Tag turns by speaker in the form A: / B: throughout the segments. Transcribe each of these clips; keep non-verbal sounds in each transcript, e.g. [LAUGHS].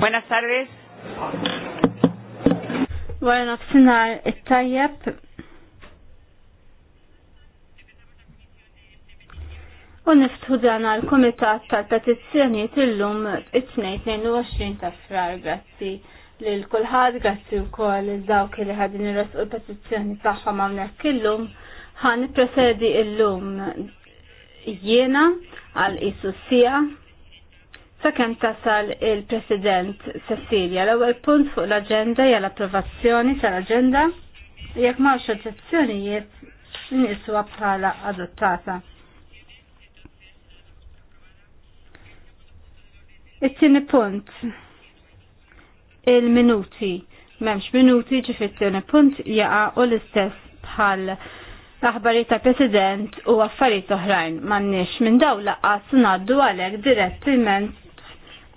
A: Buenas tardes.
B: Wara nafsinar it-tajjeb. U niftħu dan għal kumitat tal-petizzjoni tillum it-22 ta' frar, grazzi lil kulħadd, grazzi wkoll dawk li ħadin irasqu l-petizzjoni tagħhom hawnhekk illum. Ħan presedi illum jiena għal isu sija sakemm tasal il-President Cecilia. L-ewwel punt fuq l-aġenda hija l-approvazzjoni tal-aġenda jekk m'hawnx oġġezzjonijiet nisuha bħala adottata. It-tieni punt il-minuti. M'hemmx minuti ġi tieni punt jaqa' u l-istess bħal aħbarijiet ta' President u affarijiet oħrajn m'għandniex minn dawn laqqas ngħaddu għalhekk direttiment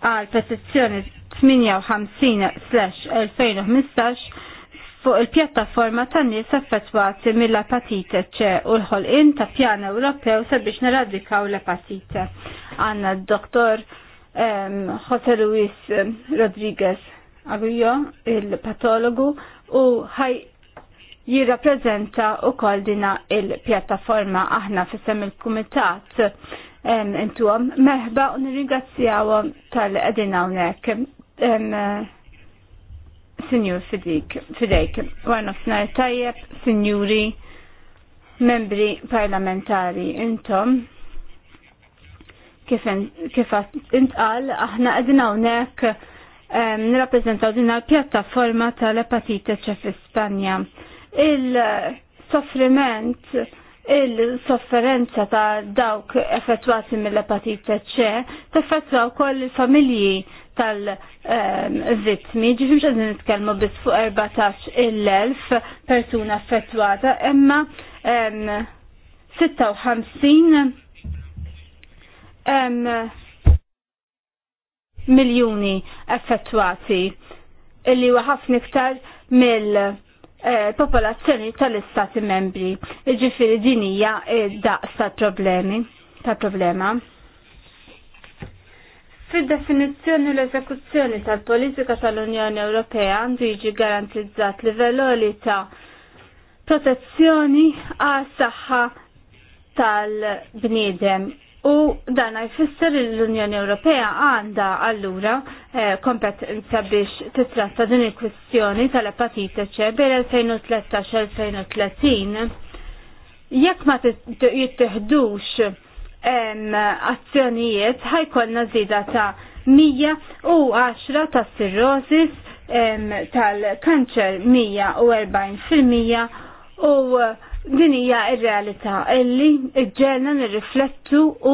B: għal petizzjoni 58-2015 fuq il-pjattaforma tan nies affettwati mill-apatite ċe u l-ħolqin ta' pjan Ewropew sabiex neradikaw l-apatite. Għanna d-doktor Jose Luis Rodriguez Agujo, il-patologu, u ħaj jirrapprezenta u koldina il-pjattaforma aħna fissem il-kumitat intuhom. Merħba u nirringrazzjawhom tal edina hawnhekk. Sinjur Fidik, Fidejk, warna f'nar tajjeb, sinjuri, membri parlamentari, intom, kif intqal, aħna għedina hawnhekk nirrappreżentaw din l-pjattaforma tal-epatite ċef Il-soffriment il-sofferenza ta' dawk effettwati mill-epatite C teffettwa wkoll il-familji tal-vittmi, ġifim xadin nitkelmu bis fuq 14.000 persuna effettuata, imma 56 miljoni effettwati, illi waħafni iktar mill- Eh, popolazzjoni tal-istati membri. Iġifiri dinija daqs sta problemi, ta' problema. Fid-definizzjoni l-eżekuzzjoni tal-politika tal-Unjoni Ewropea għandu jiġi garantizzat livelloli ta' protezzjoni għas saħħa tal-bniedem U dan jfisser l-Unjoni Ewropea għanda allura eh, kompetenza biex titratta din il-kwistjoni tal-epatite ċe bil 2013-2030. Jekk ma jittihdux azzjonijiet ħajkonna zida ta' 110 ta' sirrosis tal-kanċer 140% u Din hija r-realtà illi l-ġenna nirriflettu u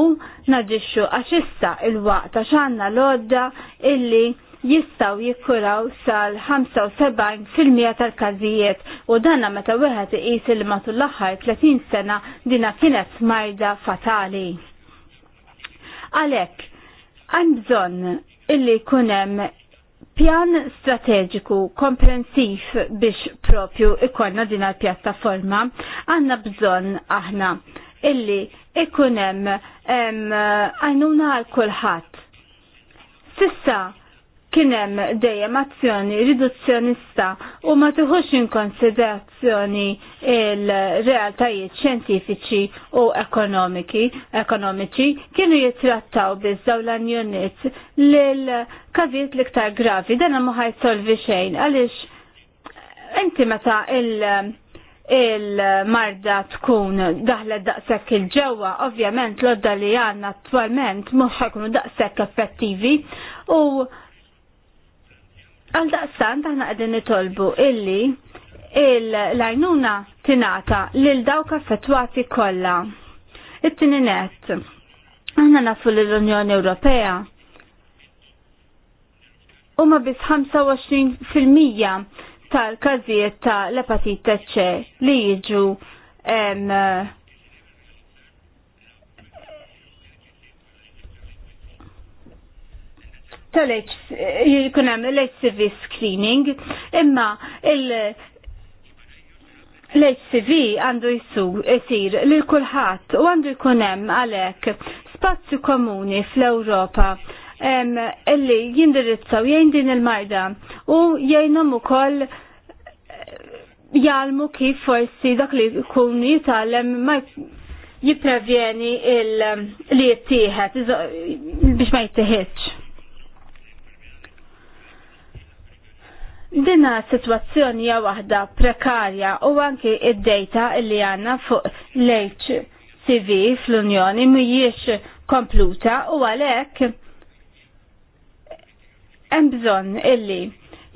B: naġixxu għax issa il-waqt għax għandna l-għodda illi jistaw jikkuraw sal-75% tal-każijiet u danna meta wieħed iqis il matul l-aħħar 30 sena dina kienet marda fatali. Għalhekk, għandżon illi kunem pjan strateġiku komprensif biex propju ikonna din għal-pjattaforma għanna bżon aħna illi ikunem għajnuna għal kulħadd. Sissa kienem dejjem azzjoni riduzzjonista u ma tuħux in konsiderazzjoni il-realtajiet xjentifiċi u ekonomiki, ekonomiċi kienu jitrattaw biz daw l-anjoniet l-kaviet l-iktar gravi dana muħaj solvi xejn għalix inti meta il- il-marda tkun daħlet daqsek il-ġewa, ovvjament l-odda li għanna attualment mux daqsek effettivi u Għal daqstant aħna qegħdin nitolbu illi il-lajnuna tinata lil dawk affettwati kollha. it tininet net. Aħna nafu l-Unjoni Ewropea huma bis 25% tal-każijiet ta' l-epatita li jiġu Tal-Hs eh, jkun hemm l-HCV screening, imma il- L-HCV għandu jissu jisir lil kulħadd u għandu jkun hemm għalhekk spazju komuni fl-Ewropa illi jindirizzaw jgħin din il-marda u jgħinhom ukoll eh, jgħalmu kif forsi dak li kun jitalem ma il li jittieħed biex ma jittieħedx. Dina situazzjoni hija waħda prekarja u anki id dejta li għanna fuq l CV fl-Unjoni mhijiex kompluta u għalhekk hemm bżonn illi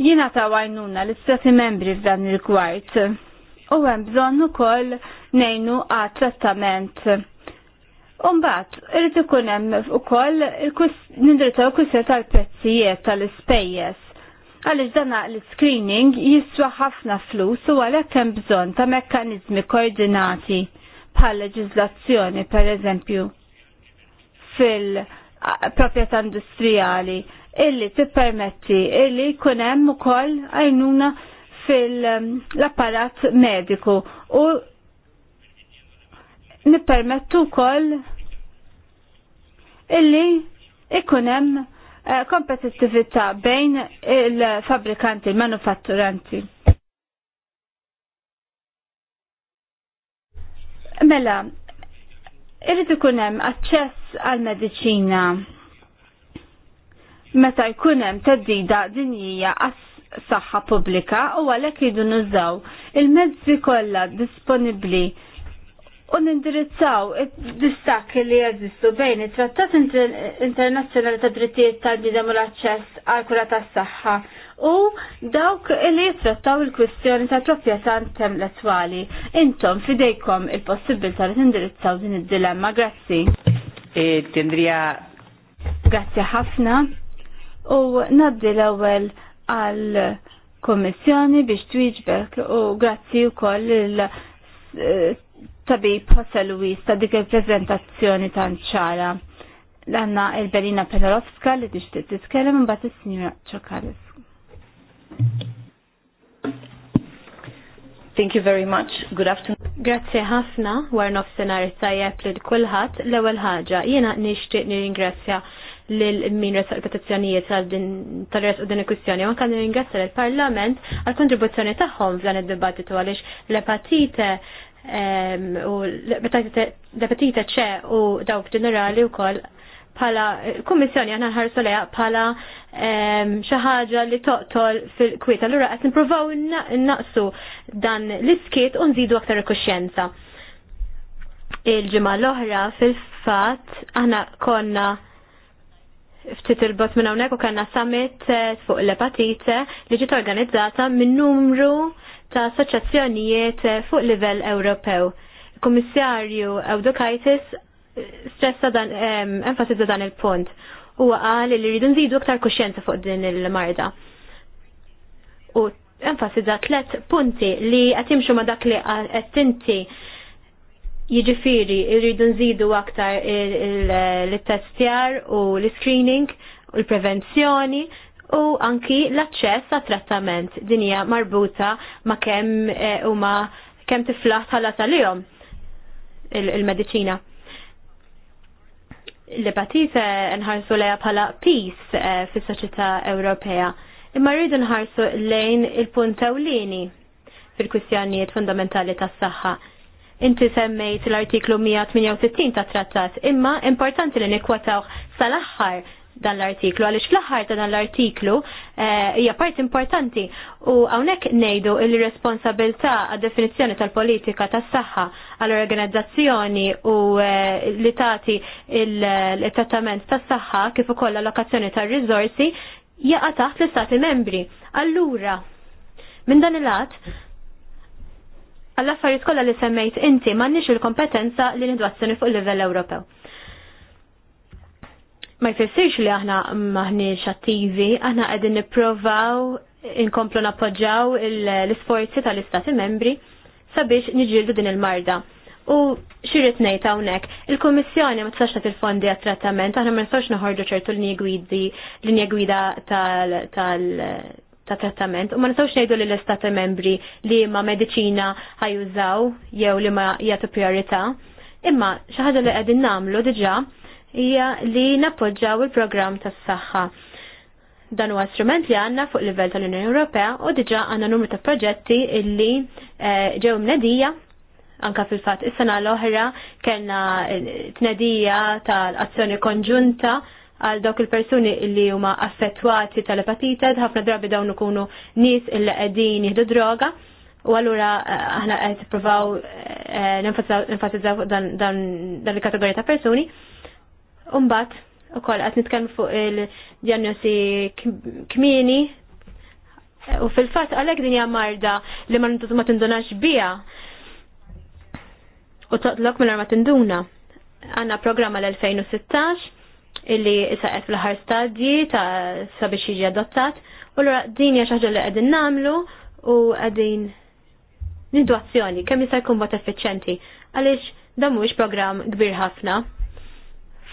B: jina ta' għajnuna l-istati membri f'dan il gwajt u għem u koll nejnu għat trattament. Umbat, irrit ikun hemm ukoll nindirizzaw kwistja tal-prezzijiet tal-ispejjeż għaliex dan l-screening jiswa ħafna flus u għalhekk hemm bżonn ta' mekkaniżmi koordinati bħal per pereżempju fil-proprjetà industrijali illi tippermetti illi jkun hemm ukoll għajnuna fil-apparat mediku u nippermettu wkoll illi ikun hemm Eh, kompetittività bejn il-fabrikanti, il-manufatturanti. Mela, irrid ikun hemm aċċess għal mediċina meta jkun hemm teddida dinjija għas saħħa pubblika u għalhekk jridu nużaw il-mezzi kollha disponibbli u nindirizzaw distak li jeżistu bejn it-Trattat Internazzjonali ta' Drittijiet tal-Bnidem u l-Aċċess għal kura tas-saħħa u dawk li jitrattaw il-kwistjoni ta' proprjetà intellettwali. Intom fidejkom il-possibilità li tindirizzaw din id-dilemma, grazzi.
A: E, tindrija.
B: Grazzi ħafna. U naddi l-ewwel għal kommissjoni biex twieġbek u grazzi wkoll il tabib Jose Luis ta' dik il-prezentazzjoni ta' ċara. L-għanna il berina Penarovska li tixtiet titkellem mbagħad is-Sinjura Ċokalis.
C: Thank you very much. Good afternoon. Grazie ħafna war nofsinhar tajjeb lil kulħadd. L-ewwel ħaġa jiena nixtieq nirringrazzja l min resaq petizzjonijiet tal u din il-kwistjoni. Ma kan nirringrazzja lill-Parlament għall kontribuzzjoni tagħhom f'dan id-dibattitu għaliex l-epatite u l-appetita ċe u dawk ġenerali u koll pala kummissjoni għana ħarsu leja pala xaħġa li toqtol fil l Allura għet niprofaw naqsu dan l-iskiet u nżidu aktar kuxjenza. Il-ġimma l-oħra fil-fat aħna konna ftit il-bot minn hawnhekk u kellna summit eh, fuq l-epatite li ġiet organizzata minn numru ta' assoċjazzjonijiet fuq livell Ewropew. Kummissarju Eudokaitis stressa dan enfasizza dan il-punt u għal li rridu nżidu aktar kuxjenza fuq din il-marda. U enfasizza tlet punti li għatimxu ma dak li għattinti jiġifiri rridu nżidu aktar l testjar u l-screening u l-prevenzjoni u anki l-aċċess ta' trattament dinja marbuta ma' kemm huma eh, kemm tiflaħ tħalla tal-jom il-medicina. L-epatite eh, nħarsu leja bħala peace eh, fis soċjetà Ewropea. Imma rridu nħarsu lejn il-punt ewlieni fil-kwistjonijiet fundamentali tas-saħħa. Inti semmejt l-artiklu 168 ta' trattat, imma importanti li nikwataw sal-aħħar dan l-artiklu, għalix fl-ħar ta' dan l-artiklu eh, hija part importanti u hawnhekk ngħidu il responsabilità għad definizzjoni tal-politika tas-saħħa għall-organizzazzjoni u eh, li tagħti il-trattament tas-saħħa kif ukoll allokazzjoni tar rizorsi jaqa' taħt l-istati membri. Allura, minn dan il-għat, għall-affarijiet kollha li semmejt inti m'għandniex il-kompetenza li nidwazzjoni fuq il-livell Ewropew ma jfessirx li aħna maħniex attivi, aħna għedin niprovaw inkomplu napoġġaw l-sforzi tal-istati membri sabiex niġildu din il-marda. U xirrit nejta hawnhekk, il-Kummissjoni ma tistax tagħti il-fondi għat-trattament, aħna ma nistgħux naħorġu ċertu l gwidi, linja gwida tal-trattament, u ma nistgħux ngħidu lill istati membri li ma medicina ħajużaw jew li ma jagħtu priorita. Imma xi ħaġa li qegħdin nagħmlu diġà hija li nappoġġaw il-programm tas-saħħa. Dan huwa strument li għandna fuq livell tal-Unjoni Ewropea u diġà għandna numru ta' proġetti illi eh, ġew mnedija anka fil-fatt is-sena l-oħra kellna eh, tnedija tal-azzjoni konġunta għal dawk il-persuni li huma affettwati tal-epatita, ħafna drabi dawn ikunu nies illi qegħdin jieħdu droga. U għallura eh, aħna qed provaw nenfasizzaw dan il-kategorija ta' persuni Umbat, u koll għat nitkellmu fuq il-diagnosi kmini u fil-fat għalek din marda li ma ma tindunax bija u toqtlok minn ma tinduna. Għanna programma l-2016 illi saqet fl-ħar stadji ta' sabiex jiġi adottat u l-ra din jaxħaġa li għedin namlu u għedin nindu azzjoni kemm jista' jkun bot effiċenti għaliex dan mhuwiex programm kbir ħafna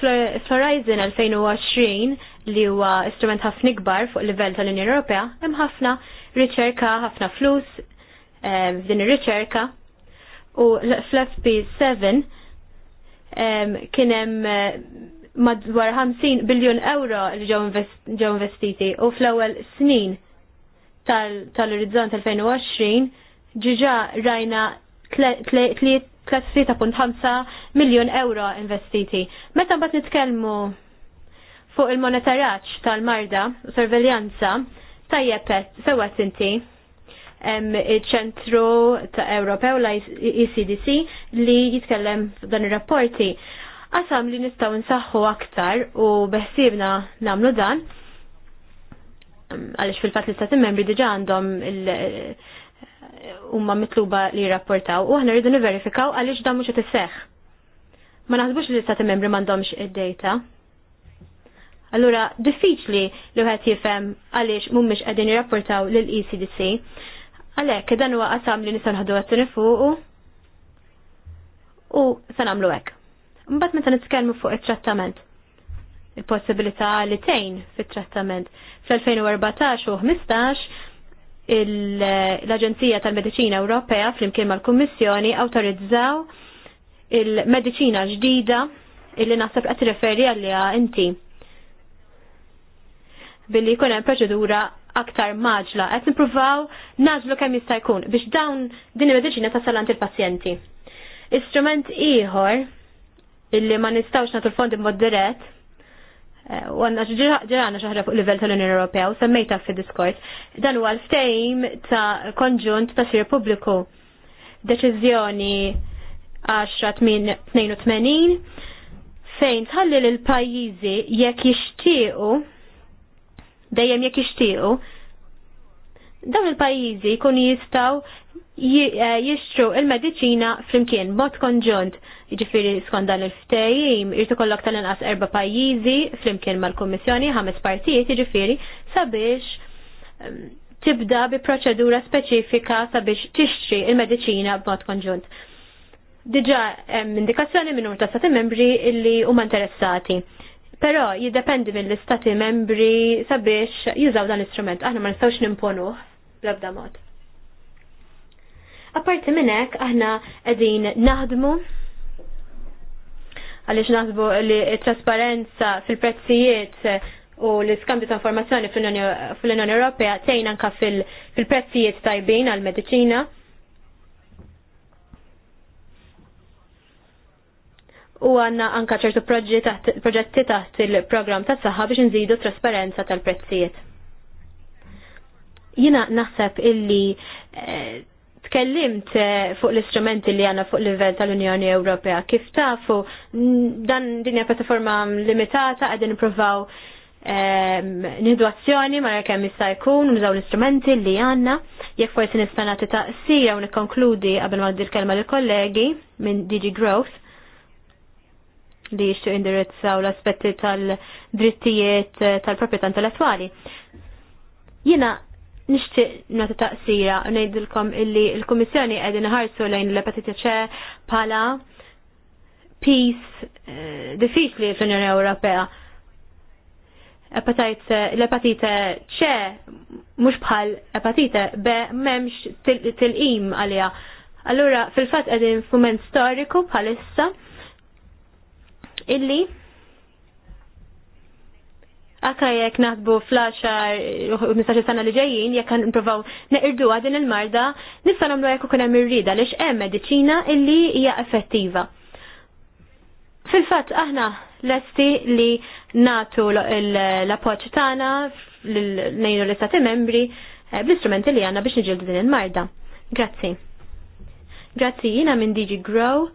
C: Florizon 2020 li huwa strument ħafna ikbar fuq livell tal-Unjoni Ewropea hemm ħafna riċerka, ħafna flus eh, f'din ir-riċerka u fl-FP7 kien hemm eh, madwar 50 biljun euro li ġew investiti u fl-ewwel snin tal-orizzont 2020 ġiġa rajna 3.5 miljon euro investiti. Meta bat nitkelmu fuq il monetaraċ tal-marda, sorveljanza, tajjeb sewa sinti il-ċentru ta' Ewropew la ECDC li jitkellem dan ir-rapporti. Qasam li nistgħu nsaħħu aktar u beħsiebna nagħmlu dan għaliex fil-fatt li stati membri diġa għandhom huma mitluba li jirrapportaw u aħna rridu niverifikaw għaliex dan mhux qed seħ Ma naħsbux li t-sati membri m'għandhomx id-data. Allura diffiċli li wieħed jifhem għaliex mhumiex qegħdin jirrapportaw l ECDC. Għalhekk dan huwa qasam li nisan nħadu għattin fuq. u se nagħmlu hekk. Mbagħad meta nitkellmu fuq it-trattament il possibilita li tejn fit-trattament fl-2014 u 15 l-Aġenzija tal-Mediċina Ewropea flimkien mal-Kummissjoni awtorizzaw il-mediċina ġdida illi naħseb qed referi għalliha inti. Billi jkun hemm proċedura aktar maġla qed nippruvaw naġlu kemm jista' jkun biex dawn din il-mediċina tasalant il-pazjenti. Istrument ieħor illi ma nistgħux nagħtu l-fondi dirett Eh, u għanna ġirana xaħra fuq livell tal-Unjoni Ewropea u semmejta fi diskors, dan huwa għal ftejm ta' konġunt ta' sir pubbliku. Deċiżjoni 10-82 fejn tħalli l-pajjiżi jekk jixtiequ dejjem jekk jixtiequ dawn il-pajjiżi jkunu jistgħu Eh, jixtru il-medicina flimkien mod konġunt ġifiri skondan il-ftejim jirtu kollok tal-inqas erba pajjiżi flimkien mal-Kommissjoni ħames partijiet ġifiri sabiex ehm, tibda bi proċedura speċifika sabiex tixtri il-medicina b'mod konġunt. Diġa indikazzjoni minn ta' stati membri li huma interessati. Però jiddependi mill-istati membri sabiex jużaw dan l-istrument. Aħna ma nistgħux nimponu bl-ebda mod. Apparti minn hekk aħna qegħdin naħdmu għaliex naħdmu li trasparenza fil-prezzijiet u l-iskambju ta' informazzjoni fil-Unjoni Ewropea tejn anka fil-prezzijiet tajbin għal-mediċina. U għanna anka ċertu proġetti taħt il-programm ta' saħħa biex nżidu trasparenza tal-prezzijiet jina naħseb illi eh, tkellimt eh, fuq l-istrumenti li għanna fuq livell tal-Unjoni Ewropea. Kif tafu, dan dinja pjattaforma limitata għadin provaw ehm, nidwazzjoni azzjoni ma kemm jista' jkun nużaw l-istrumenti li għandna. Jekk forsi nista' nagħti taqsir u nikkonkludi qabel ma ndir kelma lill-kollegi minn DG Growth li jixtieq indirizzaw l-aspetti tal-drittijiet eh, tal-proprjetà intellettwali. Jiena nixtieq nagħti taqsira u ngħidilkom illi l-Kummissjoni qegħdin ħarsu lejn l-epatiti C bħala peace eh, diffiċli fl-Unjoni Ewropea. L-epatite ċe mhux bħal epatite memx m'hemmx tilqim għalija. Allura fil-fatt qegħdin f'mument storiku bħalissa illi Akka jek naħdbu fl-10 sena li ġejjin, jek nipprovaw neqirdu din il-marda, nista' nagħmlu jekk ukun hemm irrida lix hemm mediċina illi hija effettiva. Fil-fatt aħna lesti li natu l-appoġġ tagħna nejnu l-istati membri eh, bl-istrumenti li għandna biex nġildu din il-marda. Grazzi. Grazzi jina minn Digi Grow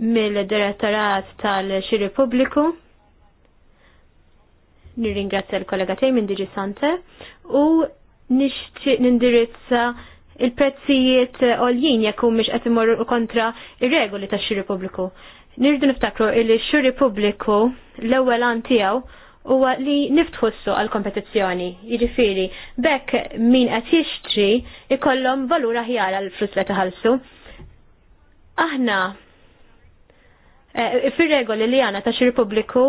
C: mill-direttorat tal-Xiri Publiku nirringrazzja l-kollega tiegħi minn Digi Sante u nixtieq nindirizza il-prezzijiet għoljien jekk mhux qed imorru kontra ir-regoli tax-xiri pubbliku. Nirdu niftakru li x-xiri pubbliku l-ewwel għan tiegħu huwa li niftħussu għal kompetizzjoni. Jiġifieri bekk min qed jixtri ikollhom valur aħjar għall flus li taħalsu. Aħna eh, fir-regoli li għandna ta' xiri pubbliku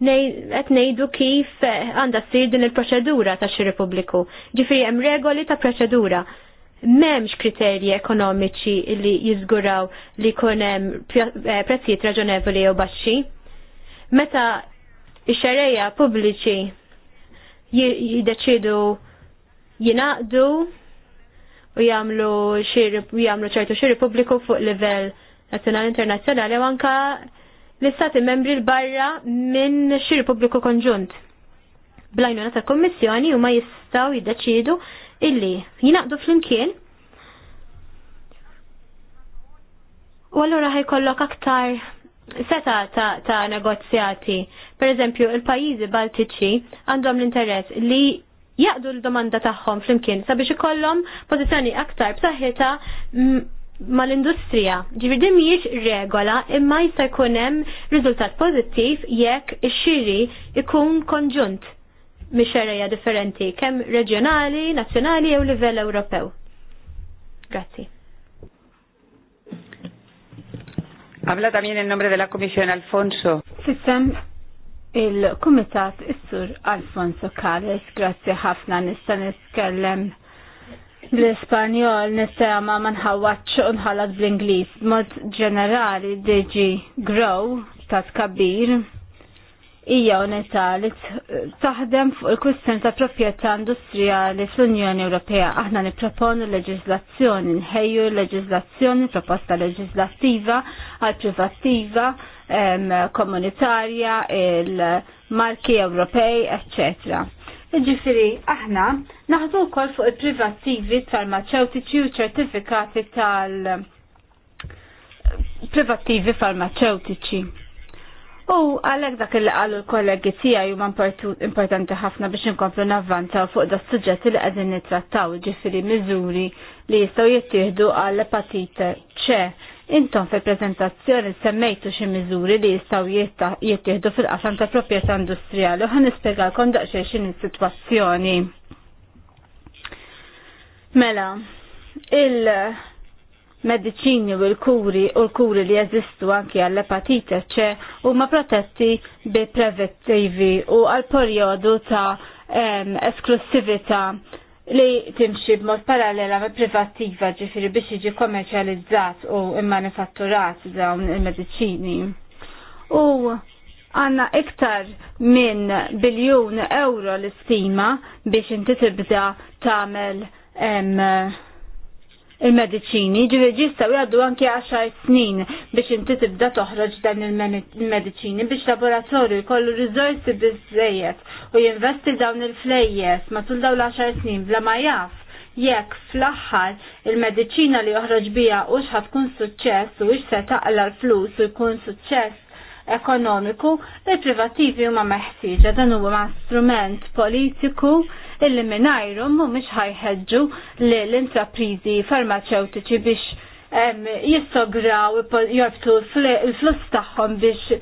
C: qed ngħidu kif għandha ssir din il-proċedura ta' xiri pubbliku. Ġifieri hemm regoli ta' proċedura. M'hemmx kriterji ekonomiċi li jiżguraw li jkun hemm eh, prezzijiet raġonevoli u baxxi. Meta ix-xerejja pubbliċi jiddeċidu jinaqdu u jagħmlu jagħmlu ċertu xi Republiku fuq livell nazzjonali internazzjonali u anka l-istati membri l-barra minn xir pubbliku konġunt. Blajnu ta' kommissjoni u ma jistaw jiddeċidu illi jinaqdu fl-imkien u għallura ħajkollok aktar seta ta', ta negozjati. Per eżempju, il-pajizi baltiċi għandhom l-interess li jaqdu l-domanda tagħhom flimkien sabiex ikollhom pożizzjoni aktar b'saħħitha mm, mal-industrija. Ġifir din mhijiex regola imma jista' jkun hemm riżultat pożittiv jekk ix-xiri ikun konġunt mixerreja differenti, kemm reġjonali, nazzjonali jew livell Ewropew. Grazzi.
A: Habla también en nombre de la Comisión Alfonso.
B: Sistem il-Kumitat Is-Sur Alfonso Kales, grazzi ħafna nista' niskellem L-Ispanjol nistema ma u unħallat bl-Inglis. Mod ġenerali diġi Grow ta' tkabbir hija unità li taħdem fuq il-kwistjoni ta' proprjetà industrijali fl-Unjoni Ewropea. Aħna nipproponu leġiżlazzjoni, nħejju leġiżlazzjoni, proposta leġiżlattiva għal privattiva komunitarja, il-marki Ewropej, eccetera Iġifiri, aħna naħdu kol fuq il-privattivi tal u ċertifikati tal-privattivi farmaceutiċi. U għalek dak il għallu l-kollegi tija juma importanti ħafna biex nkomplu navvanta fuq da s-sujġet li għedin nitrattaw ġifiri mizuri li jistaw jittieħdu għall epatite ċe Intom fil prezentazzjoni semmejtu xi miżuri li jistgħu jittieħdu fil-qasam ta' proprjetà industrijali u ħan nispjegalkom daqsxejn x'in is-sitwazzjoni. Mela, il-medicini u l-kuri u l-kuri li jeżistu anki għall-epatite ċe u ma protetti bi preventivi u għal periodu ta' esklusivita li timxi b'mod parallela me privattiva ġifiri biex jiġi kommerċjalizzat u immanifatturat dawn il-medicini. U għanna iktar minn biljun euro l-istima biex inti tibda tamel il-medicini, ġivir staw jaddu anki 10 snin biex inti tibda toħroġ dan il-medicini biex laboratorju jkollu rizorsi bizzejet u jinvesti dawn il-flejjes matul daw l-10 snin bla ma jaf jekk fl-aħħar il-medicina li joħroġ bija u xħat kun suċċess u x se taqla l-flus u jkun suċċess ekonomiku, il-privativi huma meħtieġa dan huwa strument politiku illi minajru mhumiex ħajħeġġu l-intraprizi farmaceutiċi biex jissograw jorbtu l-flus tagħhom biex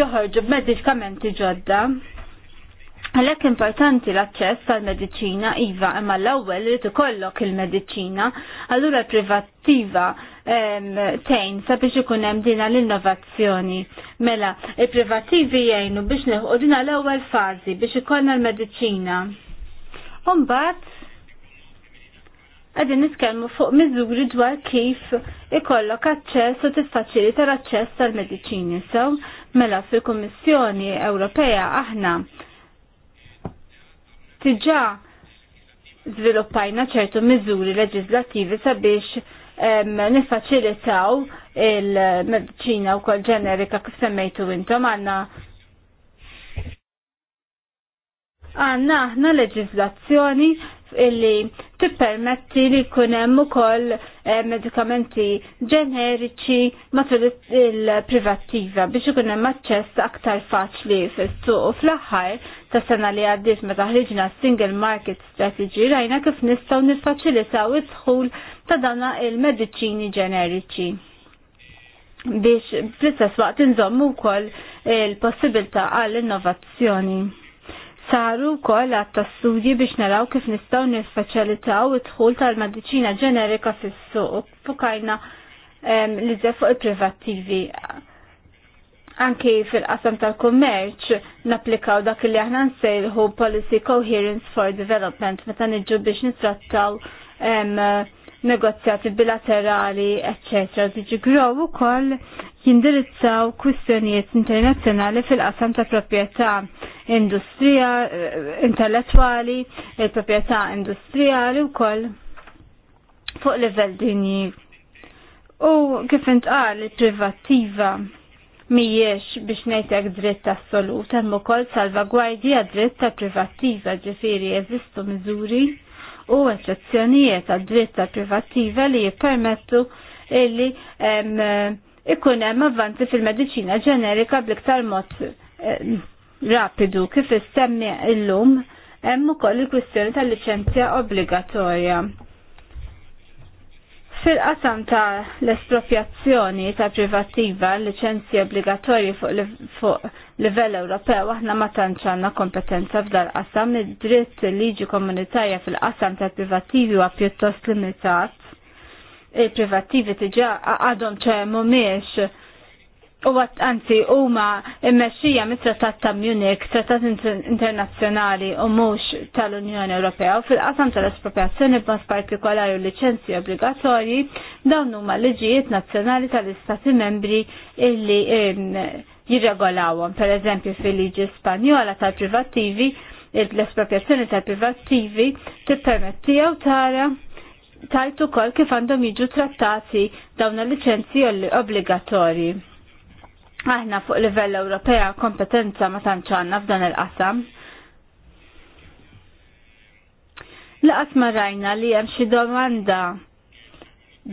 B: joħorġu b'medikamenti ġodda. Għalhekk importanti l-aċċess tal-mediċina iva imma l-ewwel irid ikollok il-mediċina, allura privattiva tejn sabiex ikun hemm dina l-innovazzjoni. Mela, il-privattivi jgħinu biex neħu dina l-ewwel fażi biex ikollna l-mediċina. Umbat, għadin nitkellmu fuq miżuri dwar kif ikollok aċċess u tiffaċilita l-aċċess tal-mediċini. Sew, mela fil-Kummissjoni Ewropea aħna tiġa żviluppajna ċertu miżuri leġislattivi sabiex nifaċilitaw il-medicina u kol ġenerika kif semmejtu intom għanna għanna aħna leġizlazzjoni illi tippermetti li kunem u koll eh, medikamenti ġeneriċi matul il-privattiva biex hemm maċċess aktar faċli fil-suq u fl aħħar ta' sena li għaddiet meta ħriġna single market strategy rajna kif nistaw nifaċilitaw id-dħul ta' dana il-mediċini ġeneriċi biex fl-istess waqt nżommu wkoll il-possibilità għall-innovazzjoni saru wkoll għat ta' studji biex naraw kif nistgħu niffaċilitaw id-dħul tal-mediċina ġenerika fis-suq. Fukajna li fuq il-privattivi. Anki fil-qasam tal-kummerċ napplikaw dak li aħna nsejħu policy coherence for development meta niġġu biex nitrattaw negozjati bilaterali, eccetera. Diġi grow ukoll jindirizzaw kwistjonijiet internazzjonali fil-qasam ta' proprjetà industrija, eh, intellettuali, il-proprjetà industrijali wkoll fuq livell dinji. U kif intqal il-privattiva mhijiex biex ngħidlek dritt assolut, hemm ukoll għad dritt ta' privattiva ġifieri jeżistu miżuri u eċċezzjonijiet għad dritt ta' privattiva li jippermettu illi ikun hemm avanti fil-mediċina ġenerika bliktar mod eh, rapidu kif issemmi illum hemm ukoll il-kwistjoni tal-liċenzja obbligatorja. Fil-qasam ta' l-espropjazzjoni ta' privattiva liċenzji obbligatorji fuq livell Ewropew aħna ma tantx għandna kompetenza f'dal qasam id-dritt liġi komunitarja fil-qasam ta' privattivi huwa pjuttost limitat Eh, privattivi tiġa għadhom ċe mumiex u għat għanzi u ma meċxija mit-trattat ta' Munich, trattat internazzjonali u mux tal-Unjoni Ewropea u fil-qasam tal-espropriazzjoni b'mas partikolari u licenzi obbligatorji dawn huma liġijiet nazzjonali tal-Istati membri illi ehm, jirregolawhom. Per eżempju fil-liġi Spanjola tal-privattivi l espropjazzjoni tal-privattivi tippermettija u tara tajtu kol kif għandhom jiġu trattati dawn il-licenzi obbligatorji. Aħna fuq livell Ewropea kompetenza ma għandna f'dan il-qasam. Laqas ma rajna li hemm xi domanda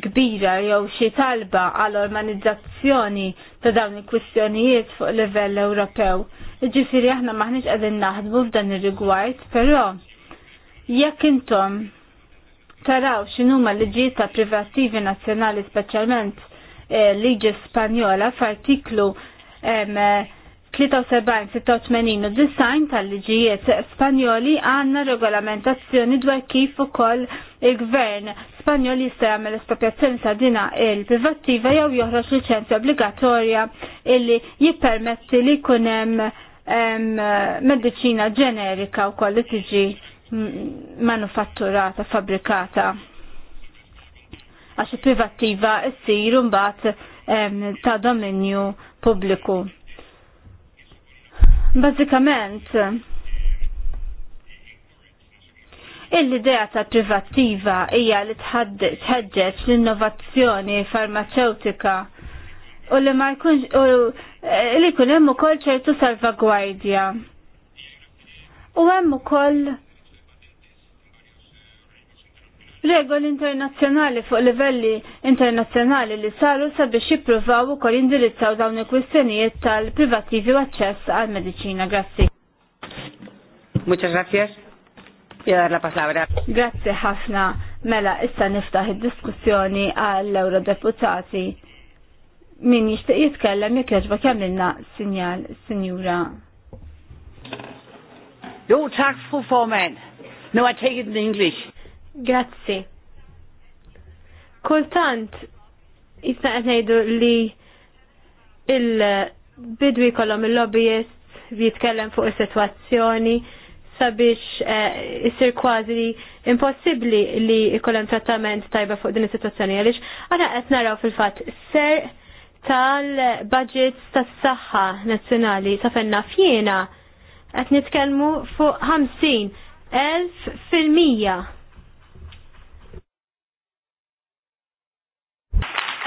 B: kbira jew xi talba għal organizzazzjoni ta' dawn il-kwistjonijiet fuq livell Ewropew. Ġifieri aħna maħniex qegħdin naħdmu f'dan ir-rigward, però jekk intom taraw x'inhuma l-liġijiet ta' privattivi nazzjonali speċjalment eh, liġi Spanjola f'artiklu 73-86 design tal-liġijiet Spanjoli għandna regolamentazzjoni dwar kif ukoll il-gvern Spanjoli jista' jagħmel espropjazzjoni ta' dina il-privattiva jew joħroġ liċenzja obbligatorja illi jippermetti li jkun hemm medicina ġenerika wkoll li tiġi manufatturata, fabbrikata. Għax privattiva ssir mbagħad ta' dominju pubbliku. Bażikament Il-idea ta' privattiva hija li tħeġġeġ l-innovazzjoni farmaceutika u li ma jkunx eh, li jkun hemm ukoll ċertu salvagwardja. U hemm ukoll regoli internazzjonali fuq livelli internazzjonali li saru sabiex jippruvaw ukoll jindirizzaw dawn il-kwistjonijiet tal-privativi u aċċess għal mediċina Grazzi.
A: Muchas gracias.
B: Jadar la palabra. Grazzi ħafna. Mela, issa niftaħ id-diskussjoni għall eurodeputati Min jixtieq jitkellem jekk jaġba kemmilna sinjal, sinjura. Jo, tax fru formand.
A: No, I take it in English.
C: Grazzi. Kultant, jisna ngħidu li il-bidwi kolom il-lobbyist jitkellem fuq il-situazzjoni sabiex jisir eh, kważi impossibli li jkollem trattament tajba fuq din is-sitwazzjoni għaliex għana qed naraw fil-fatt ser tal-budgets tas-saħħa nazzjonali sa fenna fjena qed nitkellmu fuq 50 elf fil-mija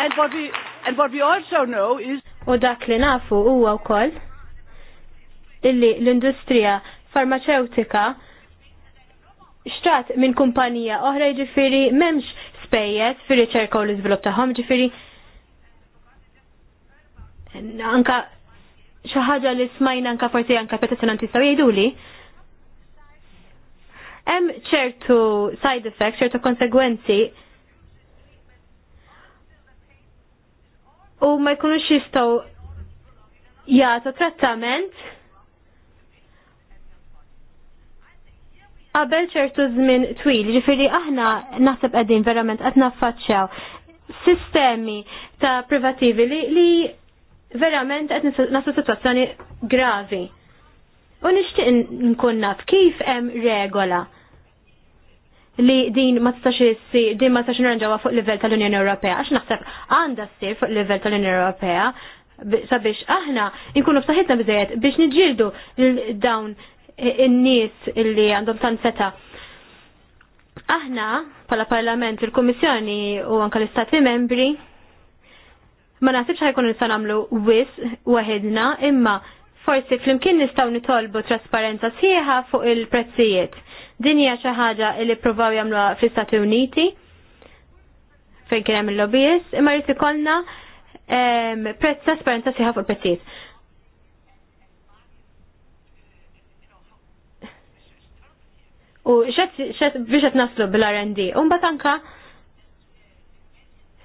B: And what we, and what we also know is...
C: U dak li nafu huwa wkoll illi l-industrija farmaceutika xtrat minn kumpanija oħra jiġifieri m'hemmx spejjeż fir riċerka u l iżvilupp tagħhom ġifieri. anka xi ħaġa li smajna anka forsi anka petizzjonanti jistgħu jgħiduli. Hemm ċertu side effects, ċertu konsegwenzi u ma jkunux jistgħu jagħtu trattament qabel ċertu żmien twil, ġifieri aħna naħseb qegħdin verament qed naffaċċjaw sistemi ta' privativi li, li verament qed nasu sitwazzjoni gravi. U nixtieq nkun naf kif hemm regola li din ma tistax issi din ma tistax nirranġawha fuq livell tal-Unjoni Ewropea għax naħseb għandha ssir fuq livell tal-Unjoni Ewropea sabiex aħna nkunu b'saħħitna biżejjed biex niġġieldu dawn in-nies li għandhom tant seta. Aħna pala Parlament il-Kummissjoni u anke l-Istati Membri ma naħsibx ħajkun nistgħu nagħmlu wis waħedna imma forsi flimkien nistgħu nitolbu trasparenza sħiħa fuq il-prezzijiet Din hija xi ħaġa li ppruvaw jagħmluha fl-Istati Uniti fejn kien hemm il lobbies imma rrid ikollna ehm, prezz trasparenza sieħa fuq il-prezzijiet. U xed biex qed naslu bil rnd U mbagħad anke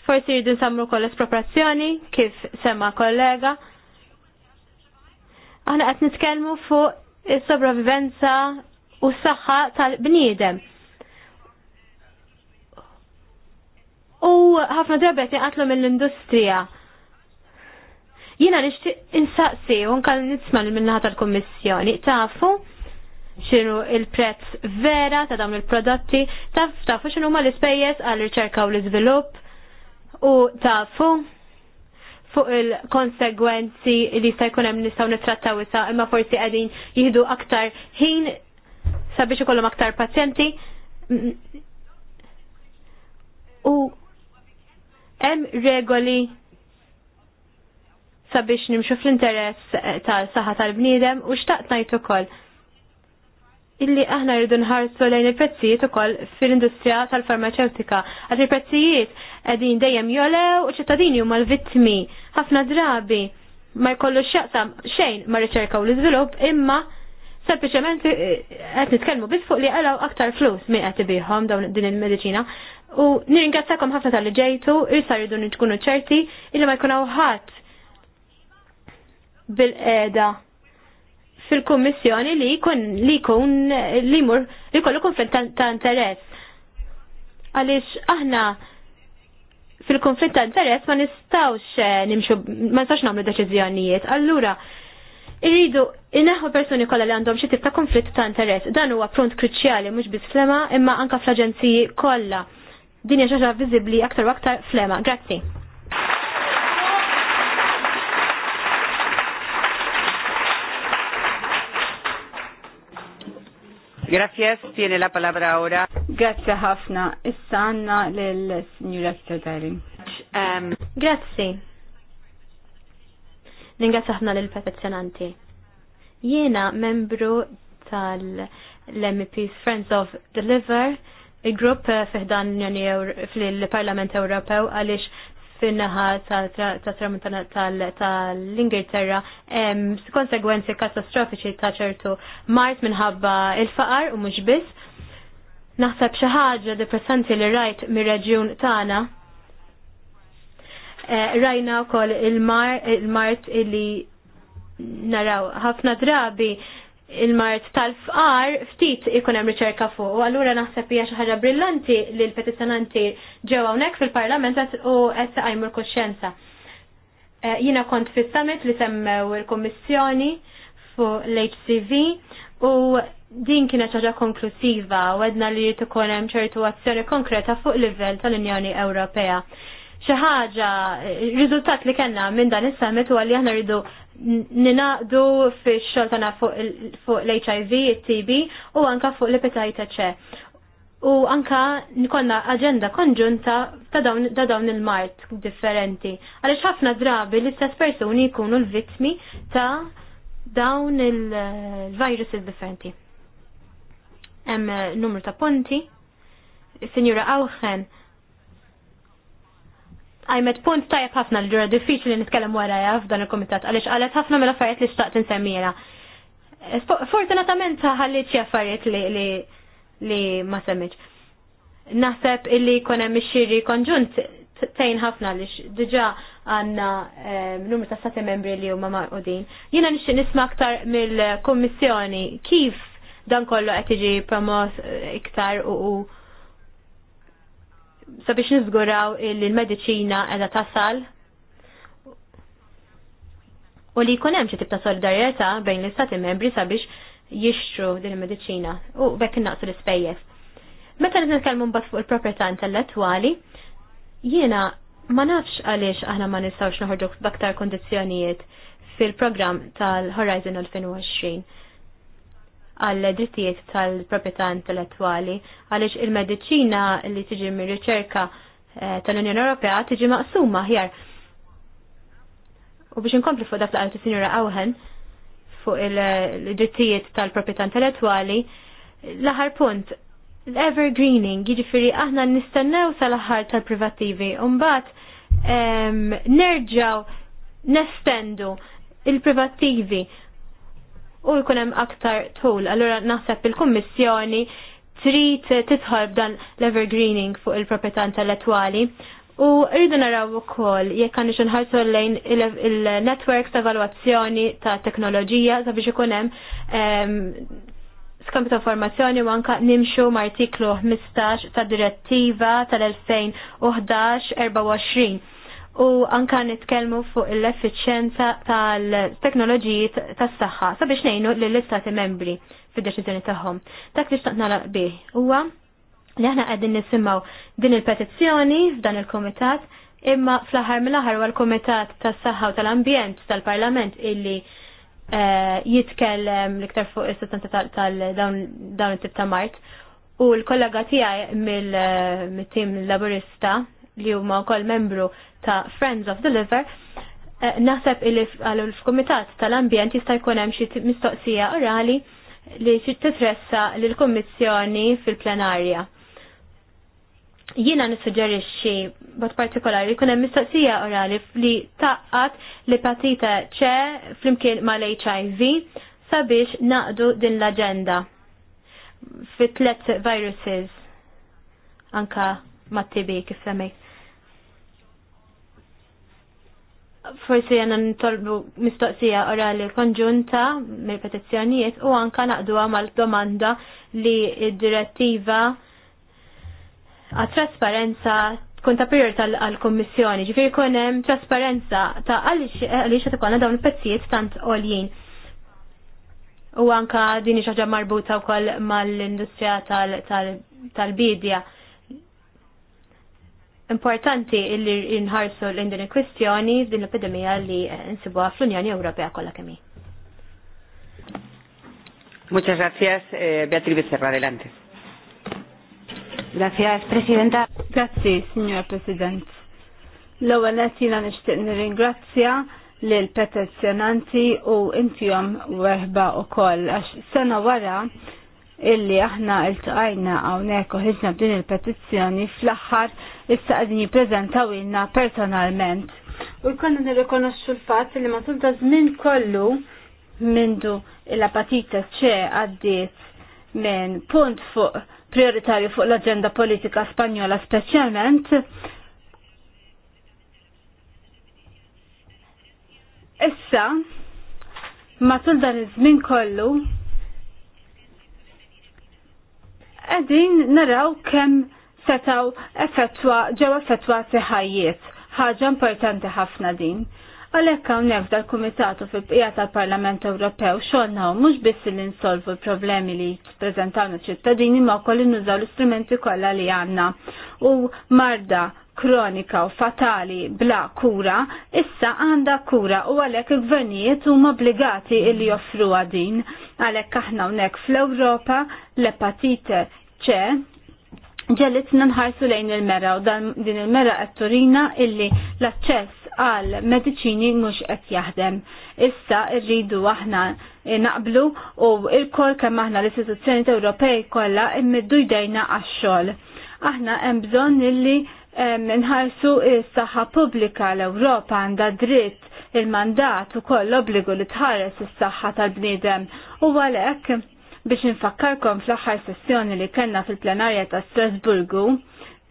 C: forsi jridu nsamru kol esproprazzjoni kif semma kollega. Aħna qed nitkellmu fuq is-sopravivenza u s-saħħa tal-bniedem. U ħafna drabet jaqatlu mill-industrija. Jina nixtieq insaqsi u nkan nisma minnaħat tal-Kommissjoni. Tafu xinu il-prezz vera ta' dawn il-prodotti, tafu xinu ma l-ispejjeż għal-riċerka u l-iżvilupp u tafu fuq il-konsegwenzi li sta' jkun hemm nistgħu nittrattaw issa imma forsi qegħdin jieħdu aktar ħin sabiex ikollhom aktar pazjenti. U hemm regoli sabiex nimxu fl-interess eh, tal-saħħa tal-bniedem u xtaqt ngħid ukoll illi aħna rridu nħarsu lejn il-prezzijiet ukoll fil-industrija tal-farmaceutika. Għad il-prezzijiet qegħdin dejjem jolew u ċittadini huma l-vittmi ħafna drabi ma jkollu xaqsam xejn ma riċerka u l-iżvilupp imma Sempliċement eh, qed nitkellmu biss fuq li qalaw aktar flus mi qed ibihom dawn din il-mediċina. U nirringrazzakom ħafna tal-li ġejtu, issa rridu nkunu ċerti illi ma jkunaw ħadd bil-qeda fil-kummissjoni li jkun li jkun li jmur li jkollu konflitt ta' interess. Għaliex aħna fil-konflitt ta' interess ma nistawx eh, nimxu ma nistawx nagħmlu deċiżjonijiet. Allura Irridu inneħu persuni kollha li għandhom xi ta' konflitt ta' interess. Dan huwa punt kruċjali mhux biss flema imma anka fl-aġenziji kollha. Din hija vizibli aktar u aktar flema. Grazzi.
A: Grazie, tiene la palabra ora.
C: Grazzi ħafna. Issa għanna lill signura
A: um,
C: Grazzi. Um, Ningrazzja ħafna lill petizzjonanti Jiena membru tal-MPs Friends of Deliver, il-grupp eh, fiħdan l fil-Parlament Ewropew għaliex fin-naħa tal-tramuntana tal-Ingilterra konsegwenzi katastrofiċi ta' ċertu mart minħabba il-faqar u mhux biss. Naħseb xi ħaġa depressanti li rajt mir-reġjun tagħna Eh, rajna wkoll il-mart illi naraw ħafna drabi il-mart tal-fqar ftit ikun hemm riċerka fuq. u Allura naħseb hija xi ħaġa brillanti li l-petizzjonanti ġew hawnhekk fil-Parlament u qed tqajmu l-kuxjenza. Eh, jiena kont fis-summit li semmew il-Kummissjoni fuq l-HCV u din kienet ħaġa konklusiva u għedna li ikun hemm ċertu azzjoni konkreta fuq livell tal-Unjoni Ewropea xi ħaġa riżultat li kellna minn dan is-summit huwa li aħna rridu ninaqdu fix-xogħol fuq l-HIV, it-TB u anka fuq l epitajta ċe. U anka nikonna aġenda konġunta ta' dawn il-mart differenti. Għaliex ħafna drabi l-istess persuni jkunu l-vittmi ta' dawn il il differenti. Hemm numru ta' punti. Sinjura Awħen għajmet punt tajab ħafna li ġura diffiċli nitkellem wara f'dan il-komitat għaliex għalet ħafna mill-affarijiet li xtaqt n eh, Fortunatament Fortunatamente xi affarijiet li li ma semmiċ. Naħseb illi konem xiri konġunt tejn ħafna li diġa għanna eh, numru ta' sati membri li huma marqudin. Jiena nixtieq nisma' aktar mill-Kummissjoni kif dan kollu qed jiġi promos eh, iktar u sabiex nizguraw il-medicina edha tasal u li jkun hemm xi tip ta' solidarjetà bejn l-istati membri sabiex jixtru din il-medicina u bekk innaqsu l-ispejjeż. Meta qed nitkellmu mbagħad fuq il-proprjetà intellettwali, jiena ma nafx għaliex aħna ma nistgħux noħorġu b'aktar kondizzjonijiet fil-programm tal-Horizon 2020 għal drittijiet tal-proprjetà intellettwali għaliex il-mediċina li tiġi mir-riċerka eh, tal-Unjoni Ewropea tiġi maqsuma ħjar. U biex inkompli fuq dak li għalti sinjura Awhen fuq il-drittijiet tal-proprjetà intellettwali, l-aħar punt, l-evergreening, jiġifieri aħna nistennew sal-aħħar tal-privattivi, u mbagħad ehm, nerġaw nestendu il-privattivi u jkun hemm aktar tul. Allura naħseb il-Kummissjoni trid titħol dan l-evergreening fuq il-proprjetà intellettwali. U rridu naraw ukoll jekk għandix l lejn il-networks ta' evalwazzjoni ta' teknoloġija sabiex ikun hemm skampi ta' formazzjoni u anka nimxu ma' artiklu 15 ta' direttiva tal-2011-24 u anka nitkellmu fuq l-effiċenza tal-teknoloġiji tas-saħħa sabiex ngħinu lill-istati membri fid-deċiżjoni tagħhom. Dak li xtaqt nara bih huwa li aħna qegħdin nisimgħu din il-petizzjoni f'dan il-kumitat imma fl-aħħar mill-aħħar huwa l-Kumitat tas-Saħħa u tal-Ambjent tal-Parlament illi eh, jitkellem l-iktar fuq is-sustanza tal-dawn it-tip ta' Mart u l-kollega tiegħi mill-tim eh, laburista li huma wkoll membru ta' Friends of the Liver, eh, naħseb l komitat tal-Ambjent jista' jkun hemm xi mistoqsija orali li xi titressa lill kummissjoni fil-plenarja. Jiena nissuġġerixxi b'mod partikolari jkun hemm mistoqsija orali li taqqat l-epatita C flimkien mal-HIV sabiex naqdu din l-aġenda fit tlet viruses anka mat-TB kif semmejt. forsi għanna nitolbu mistoqsija li konġunta mill petizzjonijiet u anka naqduha mal-domanda li id-direttiva għat trasparenza tkun ta' priorità għal-Kommissjoni. Ġifieri kun hemm trasparenza ta' għaliex qed ikonna dawn il-pezzijiet tant għoljien. U anka din xi marbuta marbuta wkoll mal-industrija tal-bidja. tal, tal importanti illi inħarsu l-indin il-kwistjoni din l-epidemija li nsibuha fl-Unjoni Ewropea kollha kemm
A: Muchas gracias, eh, Beatriz Becerra. Adelante. Gracias, Presidenta. Grazie, Signora President.
B: L-ewwel qed jiena nixtieq nirringrazzja lil petizzjonanti u intihom weħba wkoll għax sena wara illi aħna iltqajna hawnhekk u ħidna b'din il-petizzjoni fl-aħħar issa qegħdin jippreżentaw ilna personalment. U jkonna nirrikonoxxu l-fatt li matul ta' żmien kollu mindu l-apatita ċe għaddiet minn punt fuq prioritarju fuq l-agenda politika spanjola speċjalment Issa, matul dan iż-żmien kollu, għedin naraw kemm setaw effettwa ġew effettwati ħajjiet. Ħaġa importanti ħafna din. Għalhekk hawnhekk dal-Kumitatu fil-bqija tal-Parlament Ewropew u mhux biss li nsolvu l-problemi li jippreżentawna ċittadini ma kolli innużaw l-istrumenti kollha li għandna. U marda kronika u fatali bla kura, issa għanda kura u għalek il-gvernijiet huma obbligati li joffru din. Għalek aħna unek fl-Europa l-epatite ċe ġelitna nħarsu lejn il-mera u din il-mera qed turina illi l-aċċess għal mediċini mhux qed jaħdem. Issa rridu aħna naqblu u il-kol kemm aħna l-istituzzjoni Ewropej kollha immiddu jdejna għax-xogħol. Aħna hemm bżonn illi nħarsu s-saħħa pubblika l-Ewropa għandha dritt il-mandat u koll obbligu li tħares is-saħħa tal-bniedem u għalhekk biex nfakkarkom fl-aħħar sessjoni li kellna fil-plenarja ta' Strasburgu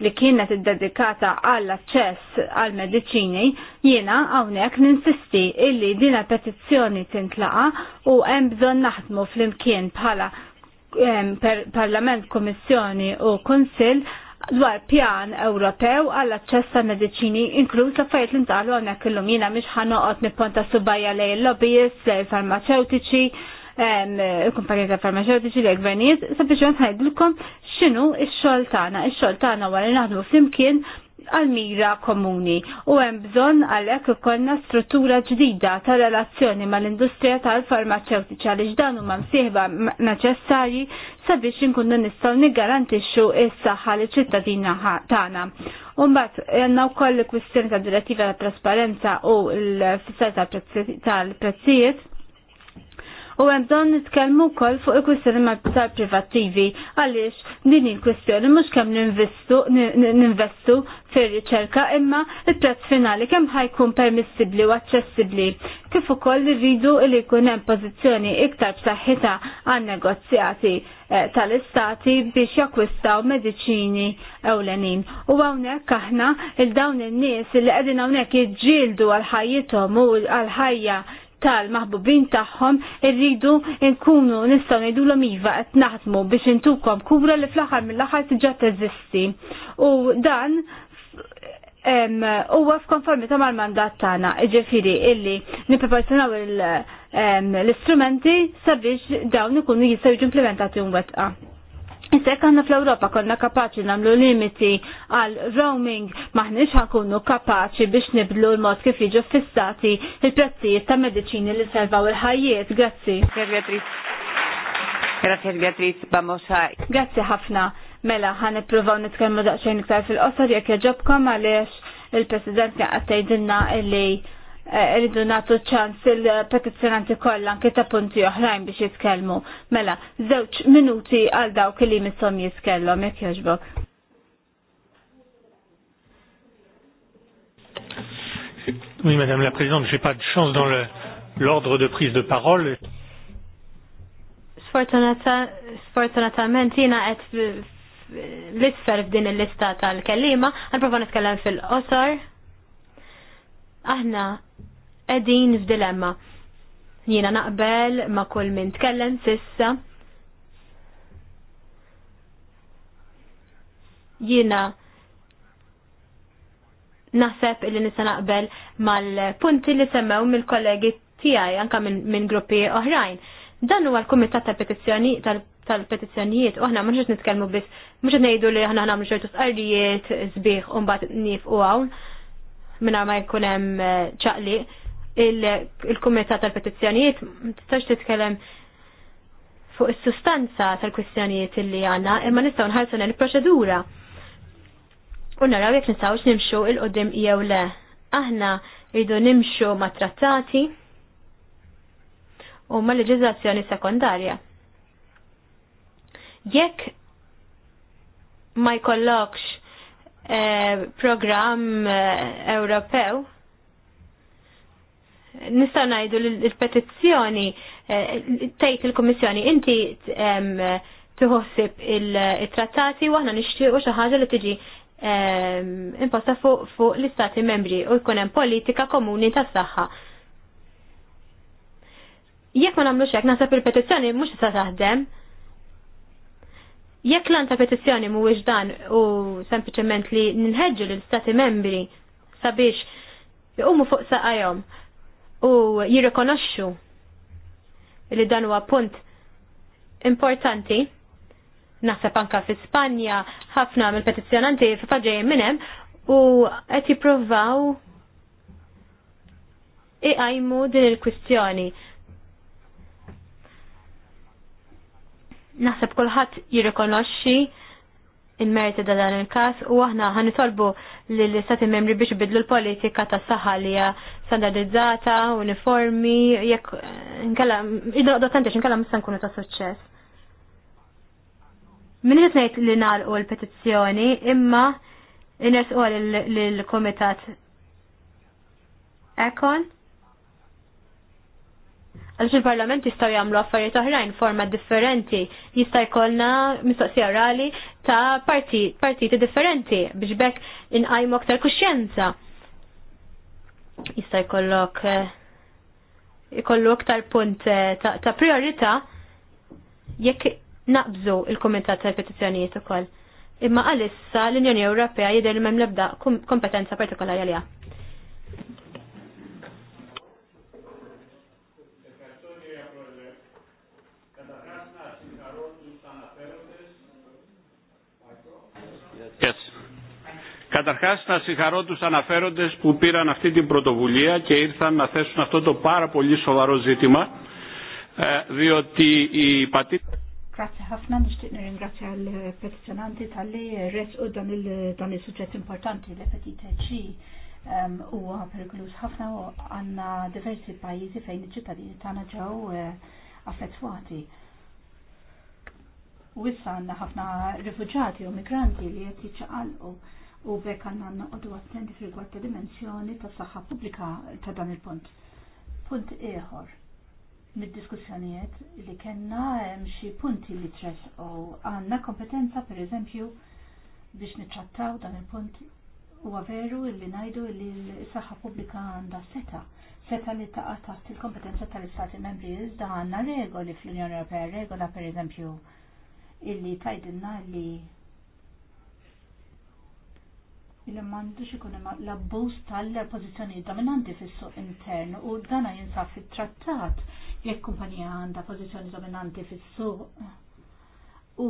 B: li kienet id-dedikata għall aċċess għal mediċini jiena hawnhekk ninsisti illi dina petizzjoni tintlaqa u hemm bżonn naħdmu fl-imkien bħala parlament, komissjoni u konsil dwar pjan Ewropew għall aċċess ta' mediċini inkluż l-affarijiet li ntqalu hawnhekk illum jina miex ħanoqgħod nipponta subbajja lej l lobbyist lej farmaceutiċi l kumpanija ta' farmaceutiċi lej gvernijiet, sempliċement ħajdilkom x'inhu il xogħol tagħna. xoltana xogħol tagħna wara naħdmu flimkien għal-mira komuni u hemm bżonn għalhekk ikollna struttura ġdida ta' relazzjoni mal-industrija tal-farmaceutiċa li x'dan huma msieħba neċessarji sabiex inkunu nistgħu niggarantixxu s-saħħa liċ ċittadina tagħna. Umbat, għanna u koll kwistjoni ta' direttiva ta' trasparenza u l-fissar tal-prezzijiet, u hemm don nitkellmu wkoll fuq il-kwistjoni tal-privattivi għaliex din il-kwistjoni mhux kem ninvestu fir-riċerka imma il-prezz finali kemm ħajkun permissibbli u aċċessibbli kif ukoll irridu li jkun hemm pożizzjoni iktar b'saħħitha għan negozjati eh, tal-istati biex jakwistaw mediċini ewlenin. U hawnhekk aħna il-dawn in-nies li qegħdin hawnhekk jiġġieldu għal ħajjithom u għal ħajja tal-maħbubin tagħhom irridu nkunu nistgħu ngħidulhom iva qed naħdmu biex intukom kura li fl-aħħar mill-aħħar tiġà teżisti. U dan huwa f'konformità mal-mandat tagħna, ġifieri illi nippreparzjonaw l-istrumenti sabiex dawn ikunu jistgħu jiġu implementati mwettqa. Issa aħna fl-Ewropa konna kapaċi namlu limiti għal roaming maħniex ħakunu kapaċi biex nibdlu l-mod kif jiġu fissati il-prezzijiet ta' mediċini li servaw il-ħajjiet.
A: Grazzi. Grazie Beatriz, vamos a... Grazie
B: ħafna. Mela, ħan ippruvaw nitkellmu daqsxejn iktar fil-qosor jekk jaġobkom għaliex il-President jaqgħod tgħidilna li Eh, rridu natu ċans il-petizjonanti kollha anke ta' punti oħrajn biex jitkellmu. Mela, żewġ minuti għal dawk li mishom jitkellhom jekk jogħġbok.
A: Oui, Madame la Présidente, j'ai pas de chance dans l'ordre de prise de parole.
C: Sfortunatament jiena qed l-isfer f'din il-lista tal-kellima, għal nitkellem fil-qosor. Aħna edin f'dilemma. Jiena naqbel ma kull min tkellem sissa. Jiena naħseb illi nisa naqbel mal-punti li semmew mill-kollegi tiegħi anka minn gruppi oħrajn. Dan huwa l-Kumitat tal-Petizzjoni tal tal-petizzjonijiet, uħna ma nitkellmu nitkelmu bis, qed nejdu li ħna ħna mġetu sqarrijiet, zbiħ, unbat nif u għawn, minna ma jkunem eh, ċaqli. Uh, il-Kumitat tal-Petizzjonijiet tistax titkellem fuq is-sustanza tal-kwistjonijiet li għanna, imma nistgħu nħarsu il-proċedura. U naraw jekk nistgħux nimxu il qudiem jew le. Aħna rridu nimxu ma' trattati u ma' leġiżlazzjoni sekondarja. Jekk ma jkollokx eh, program eh, Ewropew, nistaw najdu l-petizzjoni eh, tgħid il-Kummissjoni inti tuħossib il-trattati u aħna nixtiequ xi ħaġa li tiġi imposta fuq l-Istati membri u jkun hemm politika komuni tas-saħħa. Jekk ma nagħmlux hekk naħseb il-petizzjoni mhux se taħdem. Jekk lan ta' petizzjoni mhuwiex dan u sempliċement li ninħeġġu l-Istati membri sabiex jqumu fuq saqajhom u jirrikonoxxu li dan huwa punt importanti. Naħseb anka fi Spanja ħafna mill-petizzjonanti fi minn hemm u qed jippruvaw iqajmu din il-kwistjoni. Naħseb kulħadd jirrikonoxxi il-merti da dan il-kas u aħna ħan nitolbu l-istati membri biex bidlu l-politika ta' saħħa li hija standardizzata, uniformi, jekk nkella id-doqda tantix nkella mista nkunu ta' suċċess. Min qed ngħid li nagħlqu l-petizzjoni imma għal lill-Kumitat Ekon għalix il-parlament jistaw jamlu affarijiet oħrajn forma differenti, jista' jkollna mistoqsija orali ta' partiti differenti biex bekk inqajmu aktar kuxjenza. Jista' jkollok eh, jkollu aktar punt eh, ta', ta priorità jekk naqbżu il-Kumitat tal petizzjonijiet ukoll. Imma għalissa l-Unjoni Ewropea jidher li l memlebda kompetenza partikolari għalija.
A: Καταρχάς να συγχαρώ τους αναφέροντες που πήραν αυτή την πρωτοβουλία και ήρθαν να θέσουν αυτό το πάρα πολύ σοβαρό ζήτημα διότι η πατήτητα
B: Grazie ħafna nixtieq nirringrazzja l-petizjonanti tal-li res u dan il-suġġett importanti li petita u ehm, huwa perikolus ħafna u għandna diversi pajjiżi fejn iċ-ċittadini tagħna ġew eh, affettwati. U issa għandna ħafna rifuġati u migranti li qed jiċċaqalqu u bekk għanna noqdu attenti fil ta' dimensjoni ta' saħħa pubblika ta' dan il-punt. Punt ieħor mid-diskussjonijiet li kellna hemm xi punti li tres u għandna kompetenza pereżempju biex nittrattaw dan il-punt huwa veru li ngħidu li s-saħħa pubblika għandha seta' seta li taqa' taħt il-kompetenza tal-Istati Membri iżda għandna regoli fl-Unjoni Europea, regola pereżempju illi tajdinna li il m'għandux ikun hemm l-abbuż tal-pożizzjonijiet dominanti fis-suq intern u dana jinsab fit-trattat jekk kumpanija għandha pożizzjoni dominanti fis-suq u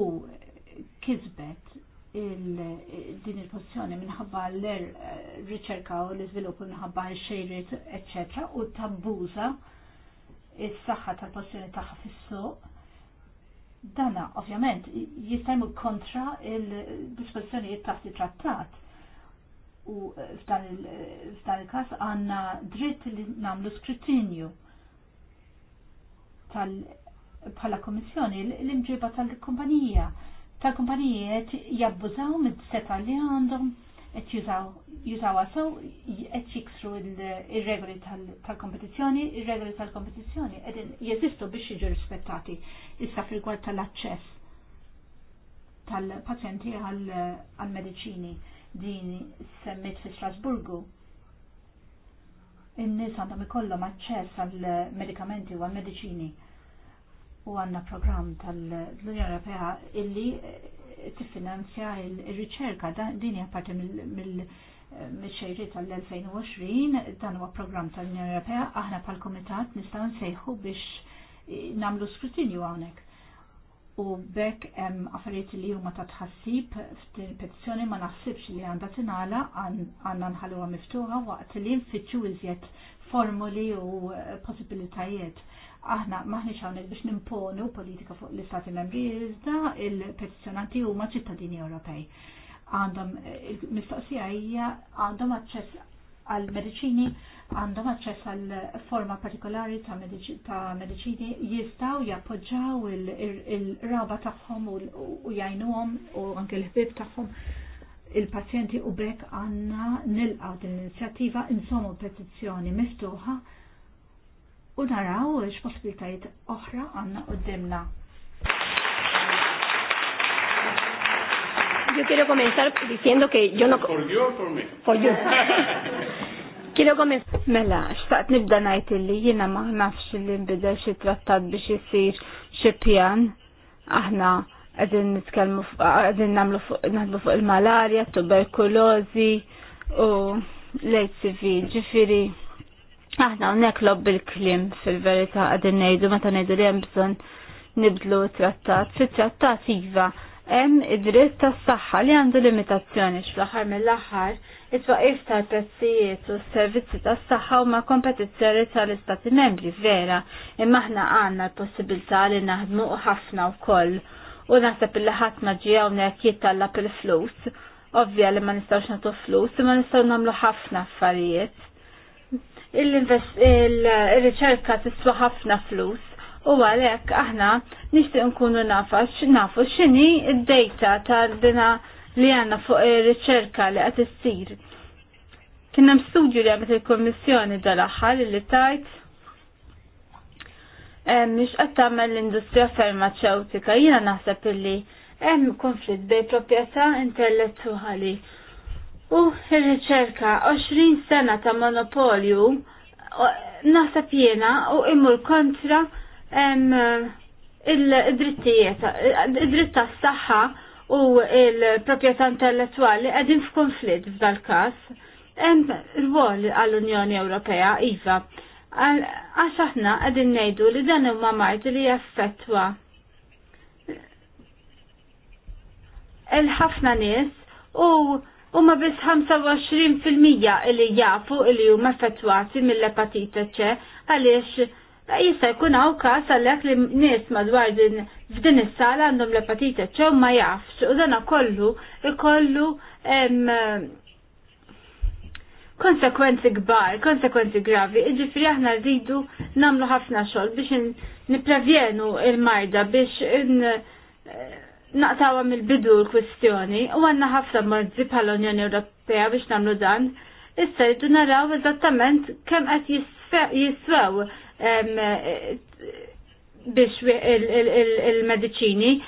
B: kisbet il din il-pożizzjoni minħabba l-riċerka u l-iżvilupp minħabba l xejriet eċċetera u tabbuża s saħħa tal-pożizzjoni tagħha fis-suq dana ovvjament jistajmu kontra il-disposizjonijiet taħt it-trattat u eh, eh, f'dan il-kas għanna dritt li namlu skrutinju tal-pala komissjoni l-imġiba tal-kumpanija tal-kumpanija jabbużaw mid-seta li għandhom et jużaw għasaw et jiksru il-regoli tal-kompetizjoni il-regoli tal-kompetizjoni ed jeżistu biex jiġu rispettati issa fil-gwad tal-access tal-pazjenti għal-medicini. tal access tal pazjenti għal medicini tal din semmit fi Strasburgu. In-nies għandhom ikollhom aċċess għall medikamenti u għall mediċini u għandna programm tal-Unjoni Ewropea illi tiffinanzja il-riċerka din hija parti mill-xejri tal-2020 dan huwa programm tal-Unjoni Ewropea aħna pal-Kumitat nistgħu nsejħu biex namlu skrutinju hawnhekk u bekk hemm affarijiet li huma ta' tħassib f'din petizzjoni ma naħsibx li għandha tingħala għandna nħalluha miftuħa waqt li nfittxu iżjed formuli u eh, possibilitajiet. Aħna maħniex hawnhekk biex nimponu politika fuq l-Istati Membri iżda il-petizzjonanti huma ċittadini Ewropej. Għandhom eh, il-mistoqsija hija għandhom aċċess għal mediċini għandhom aċċess għal forma partikolari ta' mediċini jistaw jappoġġaw il-raba tagħhom u jgħinuhom u anke l-ħbib tagħhom il-pazjenti u bekk għanna nilqa' din l-inizjattiva insomu petizzjoni miftuħa u naraw x-possibilitajiet oħra għanna qoddimna. yo quiero comenzar diciendo que yo no... For you or for me? For you. Kilo [LAUGHS] għomil. Mela, xtaqt nibda najt li jina ma nafx li nbidel xie trattat biex jisir xie pjan. Aħna għedin nitkelmu, għedin namlu naħdmu fuq il-malarja, tuberkulozi u l-HIV. Ġifiri, aħna unnek lob bil-klim fil-verita għedin nejdu, ma ta' nejdu li jembżon nibdlu trattat. Fi trattat jiva hemm id-dritt tas-saħħa li għandu limitazzjoni fl-aħħar mill-aħħar it-twaqif tal-prezzijiet u s-servizzi tas-saħħa huma kompetizzjoni tal-Istati Membri vera imma aħna għandna l-possibilità li naħdmu ħafna wkoll u naħseb illi ħadd ma ġie hawnhekk jittalla il flus Ovvja li ma nistgħux nagħtu flus, imma nistgħu nagħmlu ħafna affarijiet. Il-riċerka tiswa ħafna flus u għalhekk aħna nixtieq nkunu nafu x'inhi id-data tal-dina li għandna fuq ir-riċerka li qed issir. Kien hemm studju li għamet il-Kummissjoni dal-aħħar li tajt mhix qed tagħmel l-industrija farmaceutika jiena naħseb illi hemm konflitt bej proprjetà intellettuali u r-riċerka 20 sena ta' monopolju naħseb jiena u imur kontra il-drittijiet, id dritta tas-saħħa u il-proprjetà intellettwali qegħdin f'konflitt f'dal-każ. Hemm rwol għall-Unjoni Ewropea iva għax aħna qegħdin ngħidu li dan huma marti li jaffettwa il-ħafna nies u huma biss 25% li jafu li huma effettwati mill-epatita ċe għaliex Da jista' jkun hawn każ għalhekk li nies madwar din f'din is-sala għandhom l-epatite ċew ma jafx u dana kollu ikollu konsekwenzi kbar, konsekwenzi gravi, iġifri aħna rridu namlu ħafna xogħol biex niprevjenu il-marda biex naqtawa mill-bidu l-kwistjoni u għanna ħafna mozzi bħal-Unjoni Ewropea biex namlu dan. Issa jiddu naraw eżattament kemm qed jiswew biex il-medicini,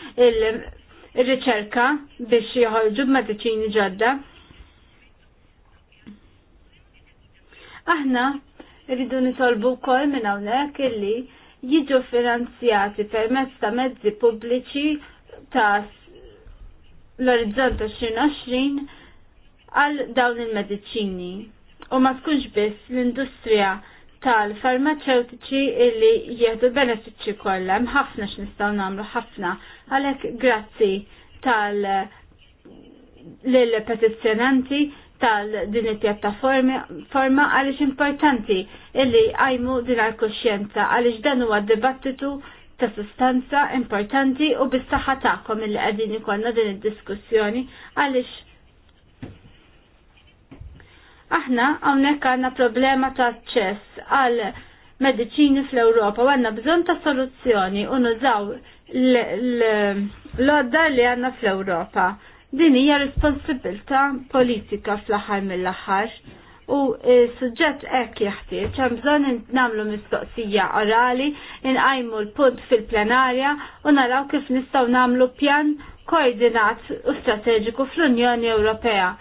B: il-riċerka biex joħolġu medicini ġodda. Aħna rridu nitolbu wkoll minn hawnhekk illi jiġu finanzjati permezz ta' mezzi pubbliċi ta' l orizzonta 2020 għal dawn il-mediċini u ma tkunx biss l-industrija tal-farmaceutiċi illi jieħdu benefiċi kollha hemm ħafna x'nistgħu nagħmlu ħafna għalhekk grazzi tal lil petizzjonanti tal din il-pjattaforma għaliex importanti illi għajmu din għal-kuxjenza għaliex dan huwa dibattitu ta' sustanza importanti u bis-saħħa tagħkom illi qegħdin ikollna din id-diskussjoni għaliex Aħna hawnhekk għandna problema ta' aċċess għal mediċini fl-Ewropa u għandna bżonn ta' soluzzjoni u nużaw l-odda li għandna fl-Ewropa. Din hija responsibilta politika fl-aħħar mill-aħħar u suġġett ek jaħtieġ hemm bżonn nagħmlu mistoqsija orali, inqajmu l-punt fil-plenarja u naraw kif nistgħu nagħmlu pjan koordinat u strateġiku fl-Unjoni Ewropea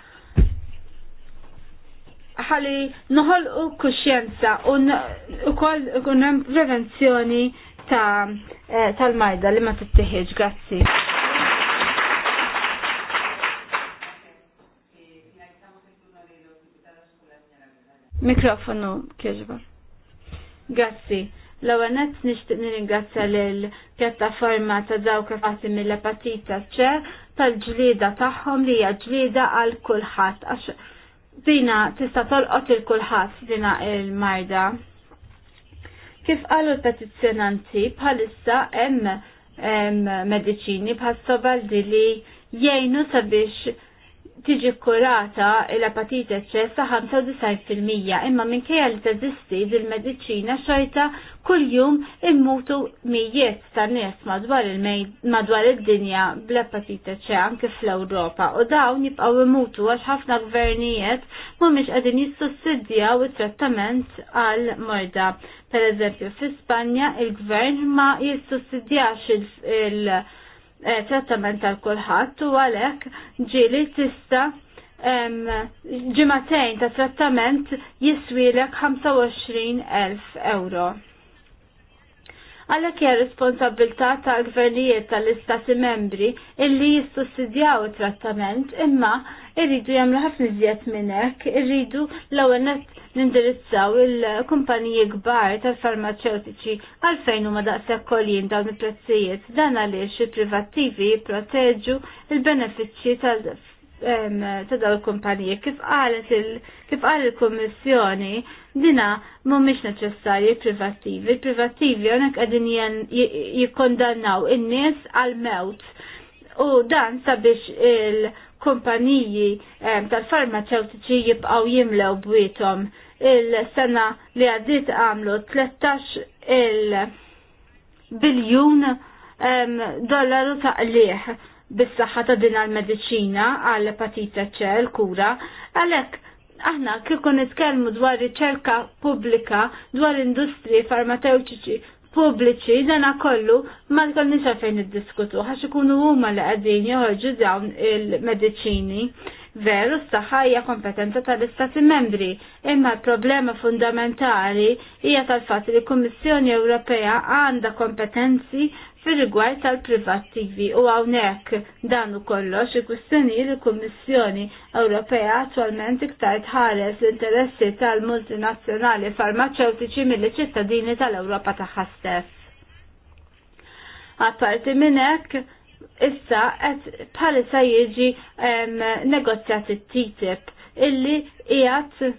B: ħalli noħol u kuxjenza u kol kunem prevenzjoni ta' eh, tal-majda li ma tittieħeġ, grazzi. Mikrofonu, kieġba. Grazzi. L-għanet nishtiq nirringrazzja l-pjattaforma ta' dawk fati mill-epatita ċe tal-ġlida tagħhom li hija ġlida għal kulħadd dina tista' tolqot il kulħadd dina il-marda. Kif qalu l-petizzjonanti bħalissa hemm medicini bħal sobaldi li jgħinu sabiex tiġi kurata l-apatite ċe sa' 95% imma minkejja li teżisti il medicina xorta kull-jum immutu mijiet ta' nies madwar id-dinja bl-apatite ċe anke fl-Ewropa u dawn jibqaw immutu għax ħafna gvernijiet mhumiex qegħdin jissussidjaw it-trattament għal morda. Per eżempju, fi Spanja il-gvern ma jissussidjax il-, il Eh, trattament tal-kulħadd u għalhekk ġieli tista' ġimatejn ta' trattament jiswilek 25,000 euro għalhekk hija responsabilità tal-gvernijiet tal-istati membri illi jissussidjaw it-trattament imma irridu jagħmlu ħafna iżjed minn hekk, irridu l-ewwel nindirizzaw il-kumpaniji kbar tal-farmaceutiċi għalfejn huma daqshekk kollin dawn il-prezzijiet dan għaliex il-privattivi jipproteġu il-benefiċċji tal- ta' dawn il-kumpaniji kif qalet il-kif qal il-Kummissjoni dina mhumiex neċessarji privattivi. Il-privattivi hawnhekk qegħdin jikondannaw in-nies għal mewt u dan sabiex il-kumpaniji eh, tal-farmaceutiċi jibqgħu jimlew bwietom il-sena li għaddit għamlu 13 il-biljun dollaru taqliħ bis-saħħa ta' din għal-medicina għal-epatita ċe l-kura għalhekk aħna kieku nitkellmu dwar riċerka pubblika, dwar industri farmaceutiċi pubbliċi, dana kollu ma fejn id-diskutu, għax ikunu huma li qegħdin joħorġu dawn il-mediċini. Veru, s-saħħa kompetenza tal-Istati membri, imma l-problema fundamentali hija tal-fatt li l-Kummissjoni Ewropea għandha kompetenzi fil-rigward tal privat TV u hawnhekk dan u kollox il-kwistjoni li l-Kummissjoni Ewropea attwalment iktar tħares l-interessi tal-multinazzjonali farmaceutiċi mill-ċittadini tal-Ewropa tagħha stess. Apparti minn hekk, issa qed bħalissa jiġi negozjat it-TTIP illi qiegħed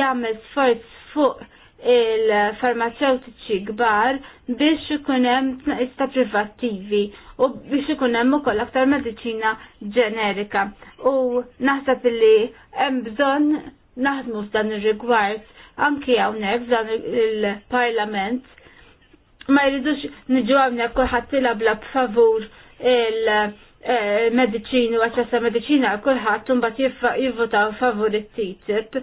B: jagħmel sforz fuq il-farmaceutiċi gbar biex ikunem tnaqista privattivi u biex ikunem u koll aktar medicina ġenerika. U naħseb li hemm bżonn naħdmu f'dan ir-rigward anki hawnhekk f'dan il-Parlament ma jridux niġu hawnhekk kulħadd tilab bla b'favur il-, -il Eh, medicini u għaċċessa medicina kullħat mbagħad jivvotaw favur it-TTIP,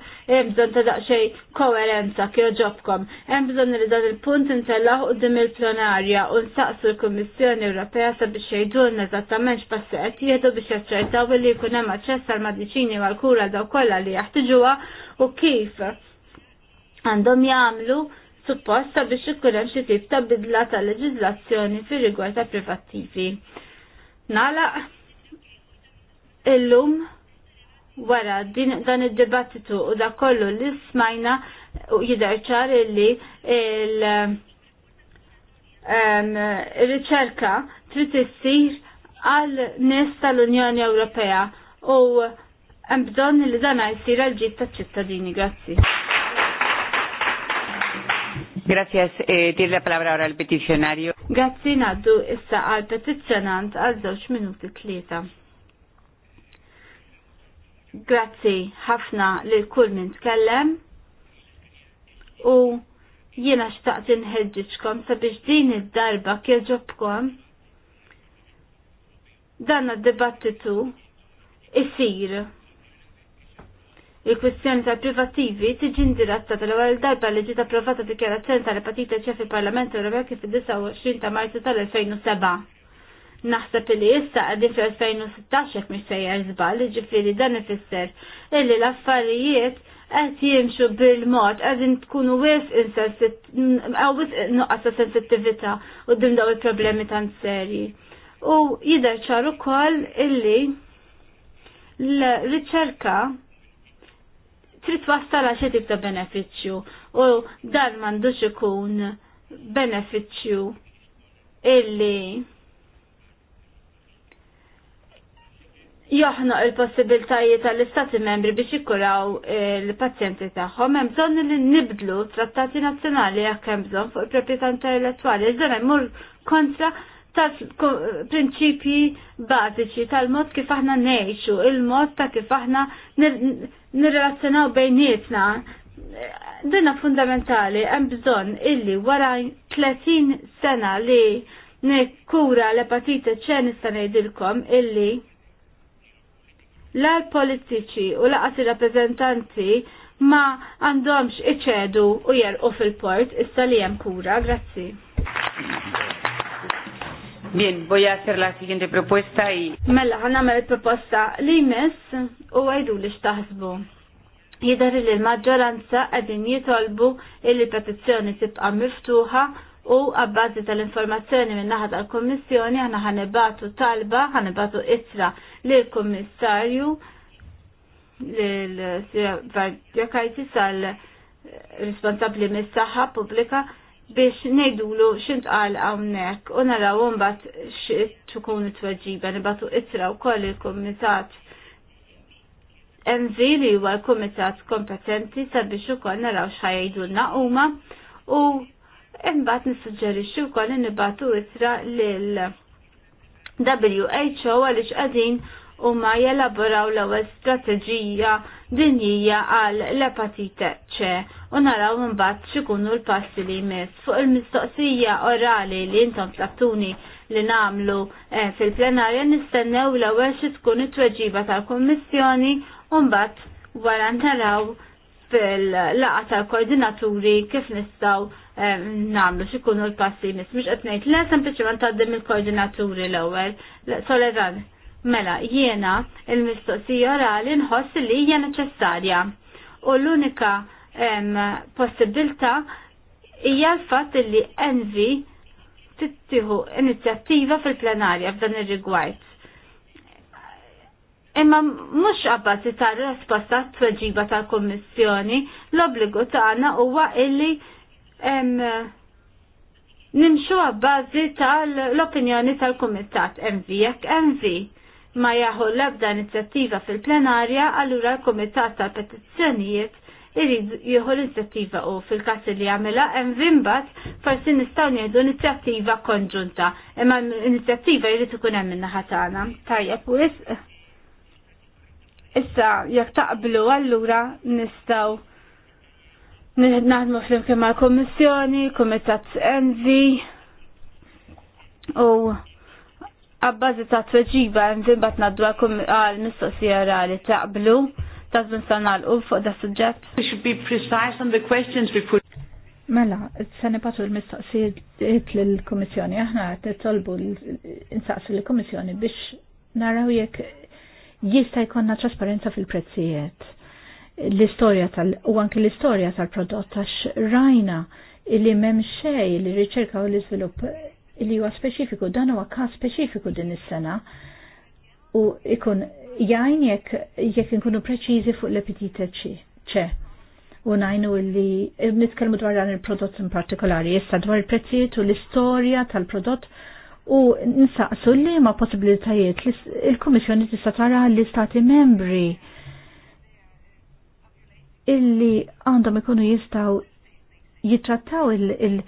B: bżonn ta' daqsxejn koerenza kjo ġobkom. Hemm bżonn li dan il-punt intellaħ qudiem il-plenarja u nsaqsu l-Kummissjoni Ewropea sabiex jgħidulna eżattament x'passi qed jieħdu biex jaċċertaw li jkun hemm aċċess għall-mediċini u għal kura daw kollha li jaħtiġuha u kif għandhom jagħmlu supposta biex ikun hemm xi tip ta' bidla ta' leġiżlazzjoni fir-rigward ta' privattivi. Nalaq illum wara din dan id-dibattitu u da kollu li smajna u jidarċar illi il-riċerka trid issir għal nies tal-Unjoni Ewropea u hemm bżonn li dan jsir għal ġid taċ-ċittadini. Grazzi.
A: Gracias, eh, tiene la palabra ahora el peticionario.
B: Grazzi naddu issa al petizzjonant għal żewġ minuti tlieta. Grazzi ħafna lil kull min tkellem u jiena xtaqt inħeġġiġkom sabiex din id-darba kieġobkom dan id-dibattitu isir il-kwistjoni tal privattivi tiġi indirizzata tal ewwel darba li ġiet approvata dikjarazzjoni tal-epatita Ċef fil-Parlament Ewropew kif id-29 ta' Marzu tal-2007. Naħseb li issa għaddi fil-2016 jekk mhux sejjer żball, ġifieri dan ifisser illi l-affarijiet qed jimxu bil-mod qegħdin tkunu wis insensittiv mm, nuqqas sensittività dim daw il-problemi tant serji. U jidher ċar ukoll illi l-riċerka trid wasala xi tip ta' benefiċċju u dan m'għandux ikun benefiċċju illi joħnoq il-possibiltajiet tal-istati membri biex jikkuraw il-pazjenti tagħhom hemm bżonn li nibdlu trattati nazzjonali jekk hemm bżonn fuq il-proprjetà intellettwali, iżda jmur kontra tal-prinċipji bażiċi tal-mod kif aħna ngħixu, il-mod ta' kif aħna nirrelazzjonaw bejnietna. Dinna fundamentali hemm bżonn illi wara 30 sena li nikkura l-epatite ċe nista' ngħidilkom illi l-politiċi u laqas ir-rappreżentanti ma għandhomx iċedu u jerqu fil-port issa li hemm kura. Grazzi.
A: Bien, voy a hacer la siguiente propuesta y...
B: Mela, ħanamel proposta li jmiss u għajdu li xtaħsbu. Jidher li l-maġġoranza qegħdin jitolbu li petizzjoni tibqa' miftuħa u għabbażi tal-informazzjoni minn naħa tal-Kommissjoni ħana ħanibatu talba, ħanibatu itra lil kommissarju l sir Vardjakajti sal responsabbli mis-saħħa pubblika biex nejdulu għal għawnek u naraw xit x'tkun it-tweġiba nibatu itra u koll il-komitat MV u huwa l-komitat kompetenti sabiex ukoll naraw x'ħajdulna huma u imbagħad nissuġġerixxi wkoll nibatu itra lil WHO għaliex u huma jelaboraw l-ewwel strateġija dinjija għal l-epatite C u naraw mbagħad x'ikunu l-passi li jmiss fuq il-mistoqsija orali li intom tlabtuni li namlu eh, fil-plenarja nistennew l-ewwel xi tkun it-tweġiba tal-Kummissjoni u mbagħad wara naraw fil-laqa tal-koordinaturi kif nistgħu eh, namlu x'ikunu l-passi jmiss mhux qed ngħid le sempliċement għaddim il-koordinaturi l-ewwel. Soledan, Mela, jiena il-mistoqsija orali nħoss li hija neċessarja. U l-unika possibilità hija l-fatt li Envi tittieħu inizjattiva fil-plenarja f'dan ir-rigward. Imma mhux abbażi tar risposta tweġiba tal-Kummissjoni, l-obbligu tagħna huwa illi nimxu għabbażi tal-opinjoni tal-Kumitat MV, jekk MV ma jaħu l-ebda inizjattiva fil-plenarja, allura l-Komitat tal-Petizzjonijiet irid jieħu l-inizjattiva u fil-każ li għamela hemm vimbat forsi nistgħu nieħdu inizjattiva konġunta. Imma l inizjattiva jrid ikun hemm min-naħa tagħna. Tajjeb u issa jekk taqblu allura nistgħu naħdmu flimkien mal-Kummissjoni, Kumitat Envi u għabbażi ta' tweġiba għandin bat naddu għal mistoqsija orali taqblu ta' zmin u fuq da' suġġett. We should be precise on the
A: questions we put.
B: Mela, s-sani patu l-mistoqsijiet l-Komissjoni, aħna għat tolbu l-insaqsu l-Komissjoni biex naraw jekk jista' jkonna trasparenza fil-prezzijiet. L-istorja tal- u anki l-istorja tal-prodott għax rajna li memxej li riċerka u l-izvilupp li huwa speċifiku, dan huwa każ speċifiku din is-sena u ikun jgħin jekk jekk inkunu preċiżi fuq l-epitite ċe. U najnu li nitkellmu dwar dan il-prodott in partikolari, issa dwar il prezziet u l-istorja tal-prodott u nsaqsu li ma possibilitajiet il-Komissjoni tista' tara l-Istati membri illi għandhom ikunu jistaw jittrattaw il-, il, il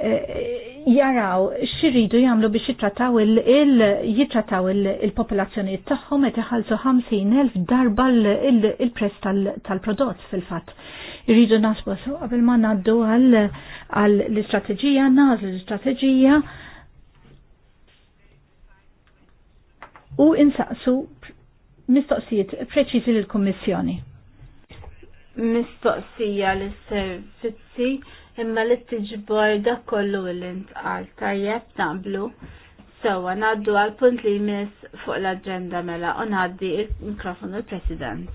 B: Eh, jaraw xirridu jamlu biex jitrataw il-jitrataw il-popolazzjoni tagħhom qed iħallsu 50,000 darba il-prezz tal-prodott fil-fatt. Irridu nasbu qabel ma ngħaddu għal l-istrateġija, nażlu l-istrateġija u insaqsu mistoqsijiet preċiżi lill-Kummissjoni. Mistoqsija l-servizzi imma li tiġbor da kollu l għal tajjeb naqblu. So, għanaddu għal punt li jmiss fuq l-agenda mela u ngħaddi il-mikrofonu l-President.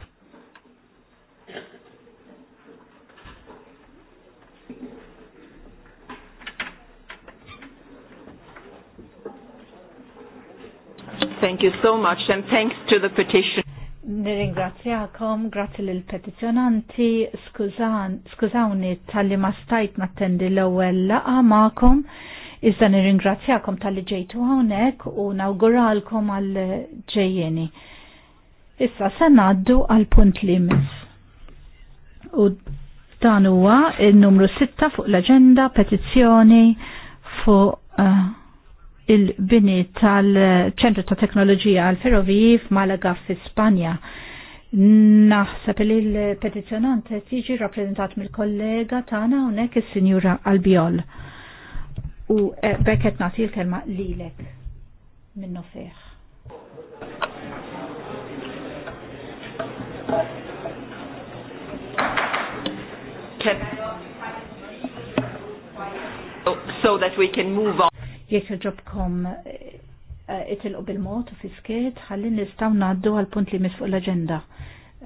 A: Thank you so much and thanks to the petition.
B: Nirringrazzjakom, grazzi lil petizjonanti skużawni tal-li ma stajt nattendi l-ewwel laqa magħkom. Iżda nirringrazzjakom tal-li ġejtu hawnhekk u nawguralkom għal ġejjeni. Issa se ngħaddu għal punt li limis. U dan huwa il-numru 6 fuq l-aġenda petizzjoni fuq uh, il-bini tal-ċentru ta' teknoloġija għal-ferroviji f'Malaga f'Ispanja. Naħseb li l-petizjonant tiġi rappresentat mill-kollega tagħna hawnhekk is-Sinjura Albiol. U bekket nagħti l-kelma lilek minnu fih.
A: Oh, so that we can move on jekk
B: ġobkom eh, itilqu bil-mod u fiskiet, ħalli nistaw naddu għal-punt li misfuq fuq l-agenda.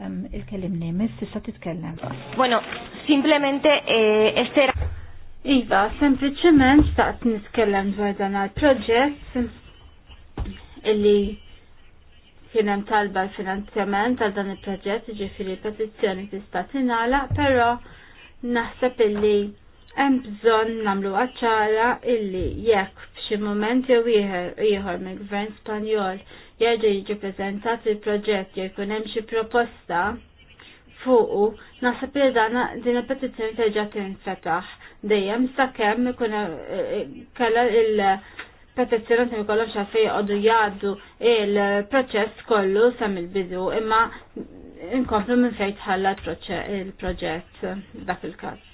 B: Il-kellim nimis, tista titkellem.
C: Bueno, simplemente
B: eh, estera. Iva, sempliciment staqt nitkellem dwar dan għal-proġett illi kienem talba l-finanzjament għal dan il-proġett, ġifiri petizjoni tista' tinala, pero naħseb illi hemm bżonn nagħmlu għaċċara illi jekk xi moment jew ieħor mill-Gvern Spanjol jerġa' jiġi preżentat il-proġett jew jkun hemm xi proposta fuqu naħseb li dan din il-petizzjoni terġa' tinfetaħ dejjem sakemm ikun eh, kellha il-petizzjoni se jkollhom xafej jqogħdu jgħaddu il-proċess kollu sa mill-bidu imma inkomplu minn fejn tħalla il-proġett dak il-każ.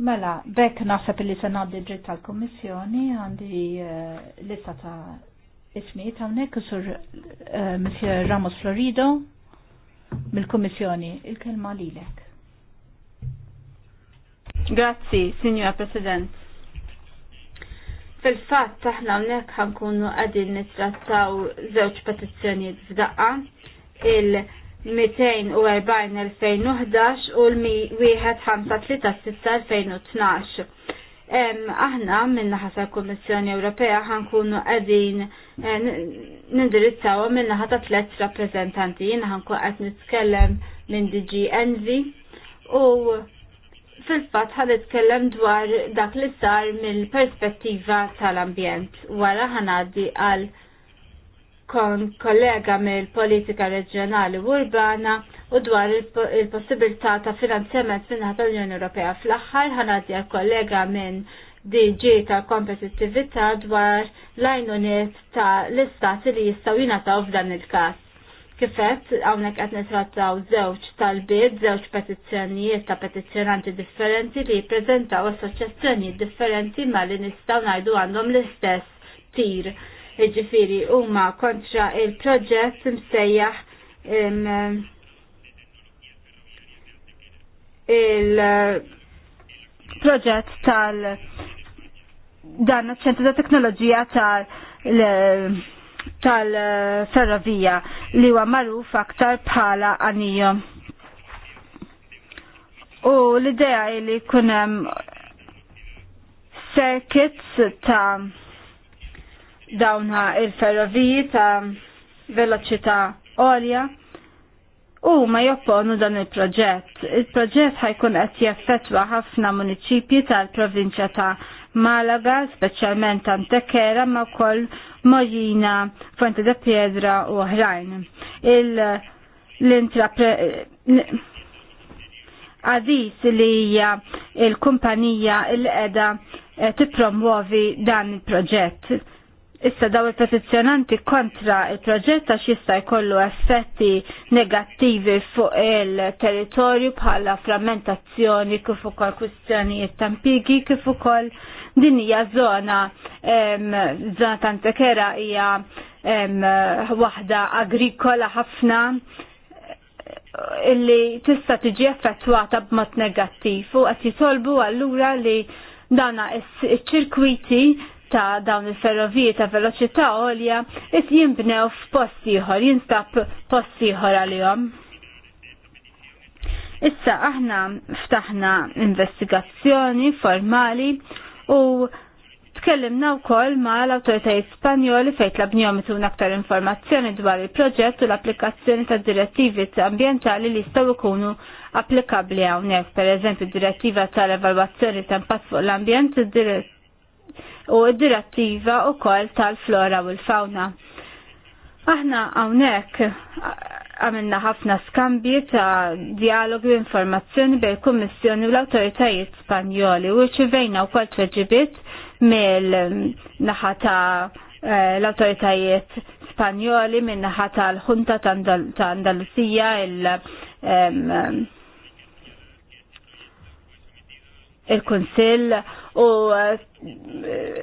B: Mela, bekk nasab li se ngħaddi dritt tal-Kummissjoni għandi uh, lista ta' ismijiet hawnhekk sur eh, Monsieur Ramos Florido mill-Kummissjoni. Il-kelma lilek. Grazzi, Signora President. Fil-fatt taħna hawnhekk ħankunu qegħdin nittrattaw żewġ petizzjonijiet f'daqqa il- 240-2011 u l-1536-2012. Aħna minna ħasa Komissjoni Ewropea ħankunu għedin eh, nindirizzawa minna ħata tlet rappresentanti jina ħanku għed nitkellem minn DG Envy u fil-fat ħad nitkellem dwar dak li sar mill-perspettiva tal-ambjent wara ħanaddi għal kon kollega mill-politika reġjonali u urbana u dwar il-possibilità ta' finanzjament minnaħat tal-Unjoni Ewropea. Fl-aħħar ħanadja kollega minn DG tal-kompetittività dwar l ajnuniet ta' l-istati li jistaw jinataw f'dan il-kas. Kifet, għawnek għet nitrattaw zewċ tal-bid, zewċ petizzjonijiet ta' petizzjonanti differenti li jippreżentaw assoċjazzjoni differenti ma li nistaw najdu għandhom l-istess tir ġifiri huma kontra il-proġett msejjaħ il-proġett tal dan ċentru ta' teknoloġija tal ferrovija li huwa magħruf aktar bħala għanija. U l-idea li kunem circuits ta' dawna il-ferroviji ta' veloċità olja u ma jopponu dan il-proġett. Il-proġett ħajkun qed jaffettwa ħafna municipji tal-provinċja ta' Malaga, speċjalment Antekera, ma' wkoll Mojina, Fuente de Piedra u oħrajn. L-intrapre għadis li hija il-kumpanija il-qeda eh, tippromuovi dan il-proġett Issa daw il-petizzjonanti kontra il-proġett għax jista' jkollu effetti negattivi fuq il-territorju bħala frammentazzjoni kif ukoll kwistjonijiet tampigi kif ukoll din hija żona żona tantekera hija waħda agrikola ħafna illi tista' tiġi effettwata b'mod negattiv u qed jitolbu allura li dana iċ-ċirkwiti ta' dawn il-ferroviji ta' veloċità għolja is jimbnew f'post ieħor, jinstab post ieħor għalihom. Issa aħna ftaħna investigazzjoni formali u Tkellimna wkoll ma l-autoritajiet Spanjoli fejn tlabnihom ituna aktar informazzjoni dwar il-proġett u l-applikazzjoni ta' direttivi ambjentali li jistgħu jkunu applikabbli hawnhekk, pereżempju direttiva tal-evalwazzjoni ta' impatt fuq l-ambjent, u d-direttiva u koll tal-flora u l-fauna. Aħna għawnek għamilna ħafna skambji ta' dialogu informazzjoni bej kummissjoni u l-autoritajiet spanjoli u ċivejna u kol tweġibiet mill-naħa ta' eh, l-autoritajiet spanjoli minn naħa tal-ħunta ta' Andalusija il- il u eh,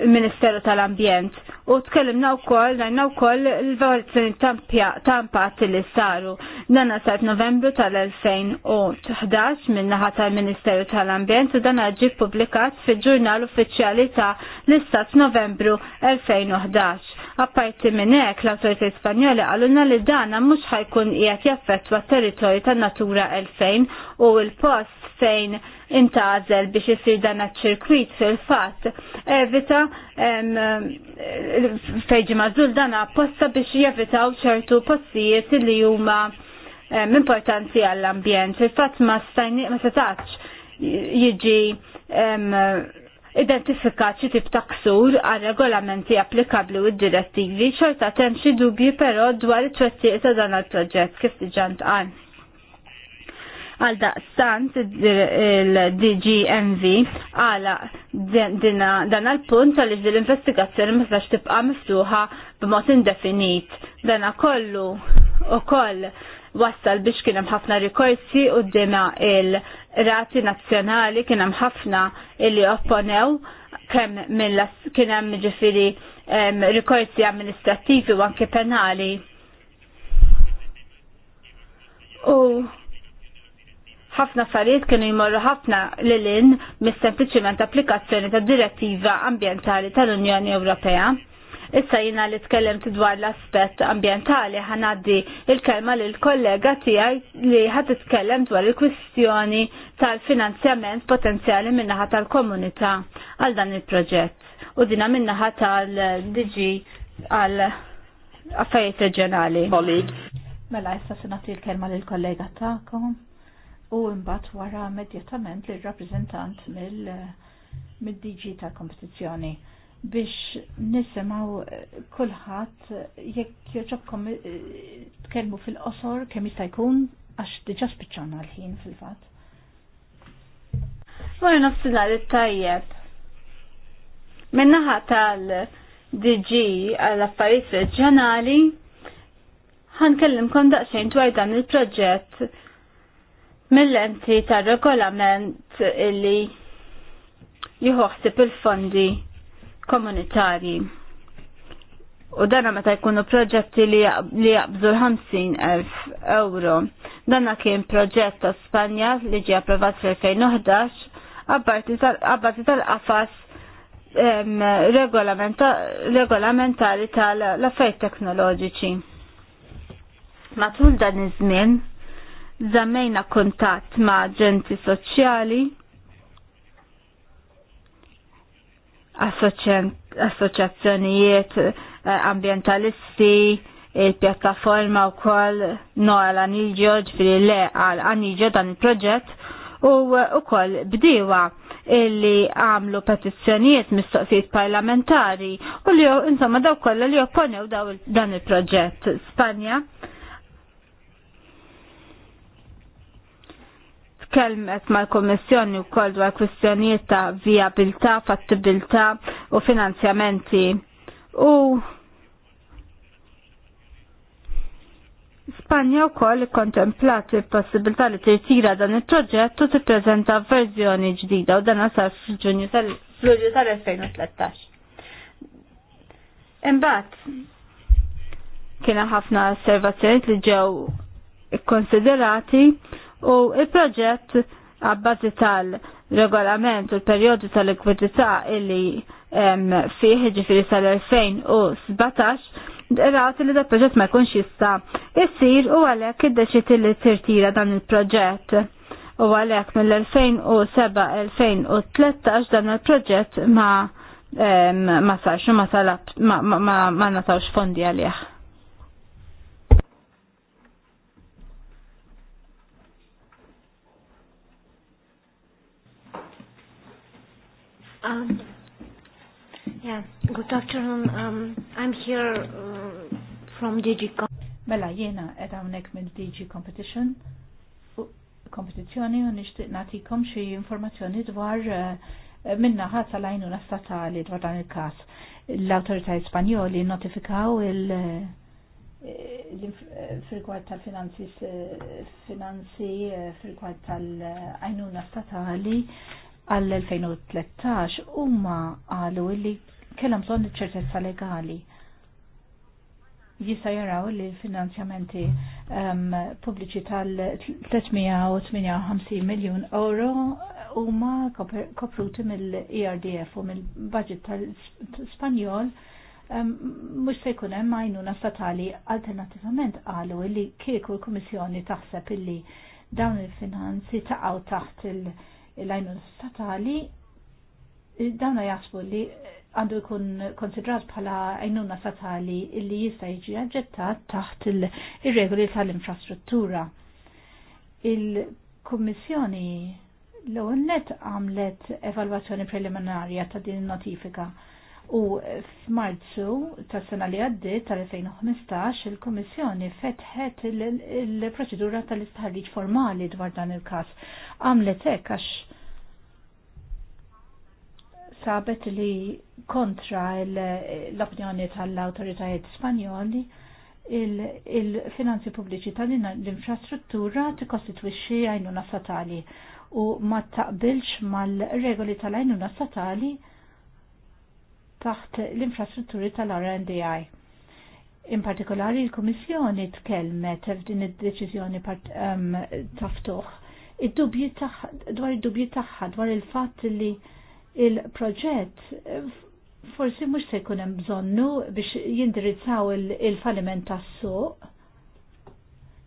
B: il-Ministeru tal-Ambjent. U tkellimna wkoll, għajna wkoll l-valutazzjoni tampat li saru. dan sajt Novembru tal-2011 min-naħa tal-Ministeru tal-Ambjent u dan ġi publikat fil-ġurnal uffiċjali ta' l-Istat Novembru 2011. Apparti minn hekk l-Awtorità Spanjoli għaluna li dana mhux ħajkun qiegħed jaffettwa t-territorju tan-Natura 2000 u l-post fejn intażel biex jisir dan ċirkwit fil-fatt. Evita fejġi mażul dan apposta biex jevitaw ċertu postijiet li huma importanti għall-ambjent. Fil-fatt ma stajni ma setax jiġi identifikat xi tip ta' ksur għal regolamenti applikabli u direttivi xorta hemm xi dubji però dwar it-twettiq ta' dan il-proġett kif diġà għan. Għal daqstant il dgmv għala dan għal-punt għal iġdil investigazzjoni ma tistax tibqa' miftuħa b'mod indefinit. Dan kollu u koll wassal biex kienem ħafna rikorsi u d-dima il-rati nazjonali kienem ħafna illi opponew kem mill kienem ġifiri rikorsi amministrativi u anke penali. U ħafna affarijiet kienu jmorru ħafna lilin mis-sempliċiment applikazzjoni ta' direttiva ambientali tal-Unjoni Ewropea. Issa jina li tkellem dwar l-aspett ambientali ħanaddi il-kelma l kollega tiegħi li ħad titkellem dwar il-kwistjoni tal-finanzjament potenzjali minnaħa tal-komunità għal dan il-proġett u dina minnaħa tal-DG għal affarijiet reġjonali. Mela, issa s-sinati il kelma lill kollega Takom u mbagħad wara immedjatament li rappreżentant mill mid-DG tal-kompetizzjoni biex nisimaw eh, kulħadd jekk joġobkom eh, tkellmu fil-qosor kemm jista' jkun għax diġà spiċċana l-ħin fil-fatt. Wara nafsi it-tajjeb. Minnaħa tal-DG għall-affarijiet reġjonali ħankellimkom daqsxejn dwar dan il-proġett mill-enti tar regolament illi jħuħsib il-fondi komunitarji. U danna meta jkunu proġetti li jabżu 50000 euro. Danna kien proġett ta' Spanja li ġie approvat fl-2011 għabbati tal-qafas regolamentari tal-affarijiet teknoloġiċi. Matul dan iż-żmien, zammejna kontatt ma' ġenti soċjali, assoċjazzjonijiet eh, ambientalisti, il-pjattaforma u koll Noel Anilġo ġifiri le għal Anilġo dan il-proġett u eh, u koll bdiwa illi għamlu petizzjonijiet mistoqsijiet parlamentari u li insomma daw kollha li opponew dan il-proġett Spanja tkelmet mal-Kommissjoni wkoll dwar kwistjonijiet ta' viabilità, fattibilità u finanzjamenti. U Spanja u koll kontemplat il-possibilità li tira dan il-proġett u tippreżenta verżjoni ġdida u dan sar fil-ġunju tal tal-2013. Imbagħad kiena ħafna osservazzjonijiet li ġew konsiderati u il-proġett għabbażi tal-regolament u l-periodu tal-likwidità illi fih ġifiri sal-2017 rat li da proġett ma jkunx jista jissir u għalek id-deċit li tirtira dan il-proġett u għalek mill-2007-2013 dan il-proġett ma ma sarx ma ma ma ma fondi għalih.
C: Um, yeah, good afternoon. Um, I'm here uh,
B: from DigiCom. Mela, jena ed hawnhekk minn DG Competition Kompetizjoni u nixtieq nagħtikom xi informazzjoni dwar uh, minna ħadd għajnuna statali dwar dan il-każ. L-awtorità Spanjoli notifikaw il- uh, uh, fil tal-finanzi finanzi finanzi fil tal ajnuna statali għall-2013 huma qalu li kellhom bżonn ċertezza legali jista' jaraw li finanzjamenti um, ehm, pubbliċi tal-358 miljun euro huma kopruti mill-ERDF u mill-budget tal-Spanjol um, mhux se jkun hemm għajnuna statali alternattivament qalu li kieku l-Kummissjoni taħseb illi dawn il-finanzi taqgħu taħt il-, -il l-għajnuna statali dawna jasbu li għandu jkun konsidrat bħala għajnuna statali li jista jiġi għagġettat taħt il-regoli tal-infrastruttura. Il-Kommissjoni l-għonnet għamlet evalwazzjoni preliminarja ta' din notifika U f'Marzu tas sena li għaddiet tal-2015 il-Kummissjoni fetħet il-proċedura tal-istħarriġ formali dwar dan il-każ. Għamlet hekk għax sabet li kontra l-opinjoni tal-autoritajiet Spanjoli il-finanzi pubbliċi tal-infrastruttura tikkostitwixxi għajnuna statali u ma taqbilx mal-regoli tal-għajnuna statali taħt l-infrastrutturi tal-RNDI. In partikolari l-Komissjoni tkellmet f'din id-deċiżjoni um, taftuħ id-dubji dwar id-dubji tagħha dwar il-fatt li il-proġett forsi mhux se jkun hemm bżonnu biex jindirizzaw il-falliment il falliment tas suq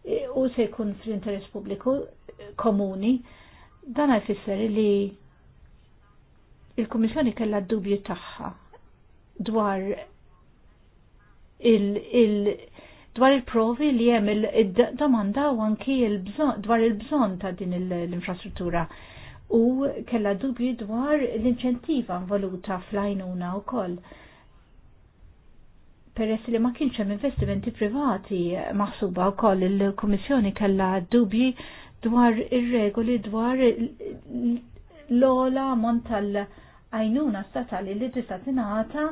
B: e, u se jkun fl-interess pubbliku komuni dan jfisser li il-Kummissjoni kellha d-dubji tagħha dwar il-, il dwar il-provi li hemm il-domanda u anki dwar il-bżon ta' din l-infrastruttura u kella dubju dwar l-inċentiva involuta fl ajnuna u koll. Peress li ma kienx hemm investimenti privati maħsuba u koll il-Kummissjoni kella dubji dwar ir-regoli dwar l-ola mont tal ajnuna statali li tista' tingħata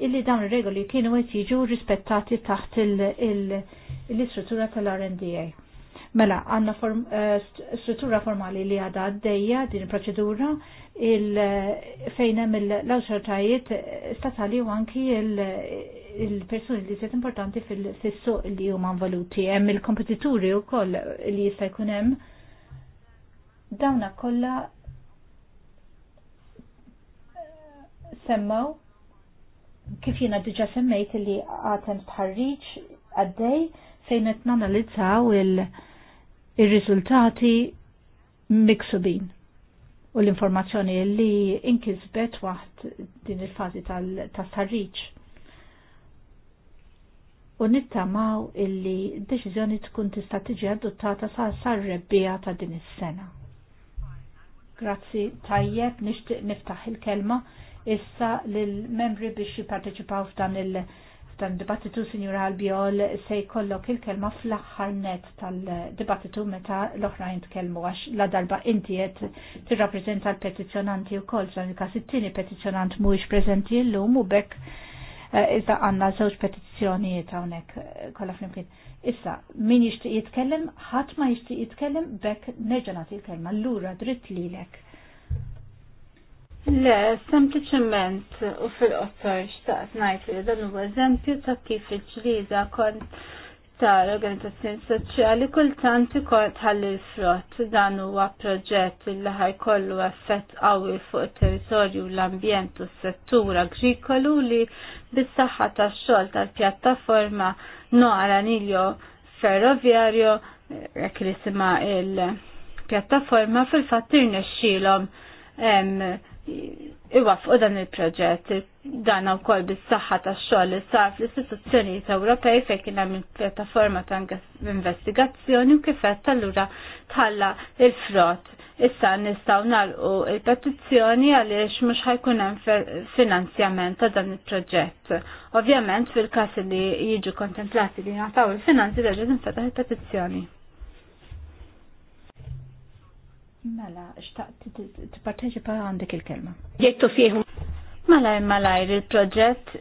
B: illi dawn ir-regoli kienu qed jiġu rispettati taħt l-istruttura tal-RNDA. Mela, għanna form, eh, struttura formali li għada għaddeja din il proċedura fejna l-autoritajiet statali u anki il-personi li set importanti fil-suq li huma valuti. Hemm il-kompetituri u koll li jista' jkun hemm dawna kollha semmaw kif jiena diġa semmejt li għatem tħarriċ għaddej fejn qed nanalizzaw il-riżultati miksubin u l-informazzjoni li inkisbet waħt din il-fazi tal-tarriċ. U nittamaw illi deċiżjoni tkun tista' tiġi adottata sa sar-rebbija ta' din is-sena. Grazzi tajjeb nixtieq niftaħ il-kelma issa lill-membri biex jipparteċipaw f'dan il- dan dibattitu Sinjura Albiol se jkollok il-kelma fl-aħħar net tal-dibattitu meta l-oħrajn tkellmu għax la darba inti qed tirrappreżenta l-petizzjonanti wkoll f'dan il-każ it-tieni petizzjonant mhuwiex preżenti llum u bekk eh, iżda għandna żewġ petizzjonijiet hawnhekk eh, kollha flimkien. Issa, min jixtieq jitkellem, ħadd ma jixtieq jitkellem bekk nerġa' nagħti l-kelma lura dritt lilek. Le, sempliciment u fil-qottor xtaqt najt li dan huwa eżempju ta' kif il-ġlieda kont l organizzazzjoni soċjali kultant ikun tħalli l-frott dan huwa proġett li ħajkollu effett qawwi fuq it-territorju l-ambjent u s-settur agrikolu li bis-saħħa tax-xogħol tal-pjattaforma Noara Nilio Ferroviario jek li sima il-pjattaforma fil-fatt irnexxielhom iwafqu dan il-proġett dan ukoll bis-saħħa tax-xogħol li sar fl-istituzzjonijiet Ewropej fejn kien hemm pjattaforma ta' investigazzjoni u kif qed allura tħalla il-frott. Issa nistgħu nagħlqu il-petizzjoni għaliex mhux ħajkun hemm finanzjament ta' dan il-proġett. Ovvjament fil-każ li jiġu kontemplati li jingħataw il-finanzi deġa infetaħ il-petizzjoni. Mela, xtaqt t-parteċipa għandek il-kelma. Jettu fieħu. Mela, mela, il-proġett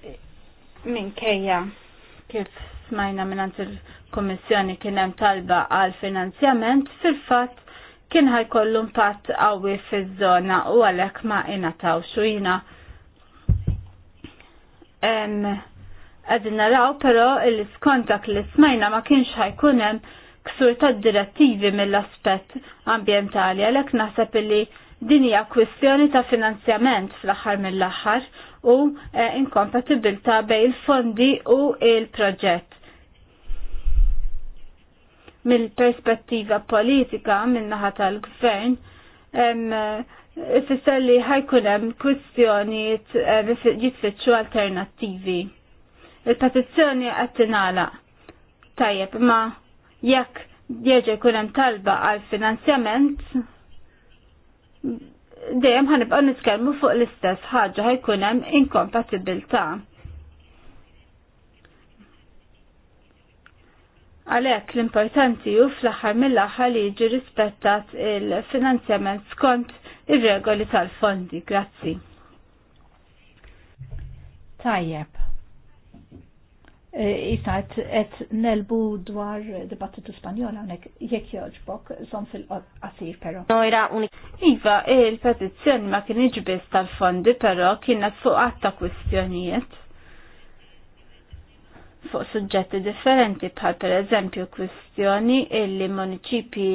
B: minn kejja kif smajna minn il-Komissjoni kien hemm talba għal finanzjament fil-fatt kien ħajkollu impatt qawwi fiż-żona u għalhekk ma ingħataw xujna. Qegħdin naraw però il-skontak li smajna ma kienx ħajkun hemm ksur tad direttivi mill-aspett ambjentali għalhekk naħseb illi din hija kwistjoni ta' finanzjament fl-aħħar mill-aħħar u eh, inkompatibilta bej il-fondi u il-proġett. Mill-perspettiva politika minnaħa tal-gvern, ifisser li ħajkun hemm kwistjonijiet jitfittxu alternattivi. Il-petizzjoni qed Tajjeb, ma' jekk jerġa' jkun hemm talba għal finanzjament dejjem ħanibqgħu nitkellmu fuq l-istess ħaġa ħajkun hemm inkompatibilta. Għalhekk l-importanti hu fl-aħħar mill-aħħar li jiġi rispettat il-finanzjament skont ir-regoli tal-fondi. Grazzi. Tajjeb jisajt eh, qed nelbu dwar dibattitu Spanjola hawnhekk jekk jogħġbok son fil-qasir però. Nojra unik. Iva, il-petizzjoni ma kienx biss tal-fondi però kienet fuq għatta kwistjonijiet fuq suġġetti differenti bħal pereżempju kwistjoni illi municipi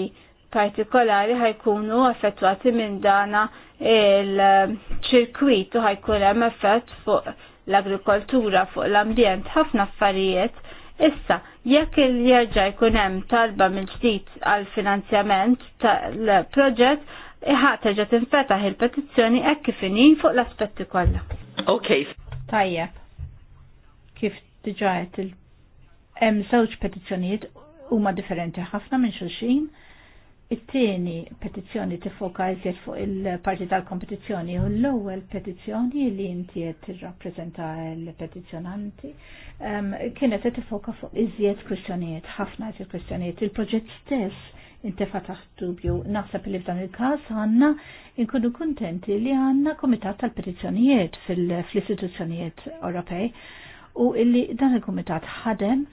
B: partikolari ħajkunu affettwati minn dana il-ċirkwit u ħajkun hemm effett fuq l-agrikoltura fuq l-ambjent ħafna affarijiet Issa, jekk il jerġa jkun hemm talba mill-ġdid għal finanzjament tal-proġett, ġet tinfetaħ il-petizzjoni hekk kif fuq l-aspetti kollha. Okay. Tajjeb. Kif diġa il hemm żewġ petizzjonijiet huma differenti ħafna minn xulxin It-tieni petizzjoni tifoka jżied fuq il-parti tal-kompetizzjoni u l-ewwel petizzjoni li inti qed tirrappreżenta l-petizzjonanti ehm, kienet qed tifoka fuq iżjed kwistjonijiet, ħafna iżjed kwistjonijiet. Il-proġett stess inti fataħ dubju naħseb li f'dan il-każ għandna inkunu kuntenti li għandna kumitat tal-petizzjonijiet fl-istituzzjonijiet Ewropej u illi dan il kumitat ħadem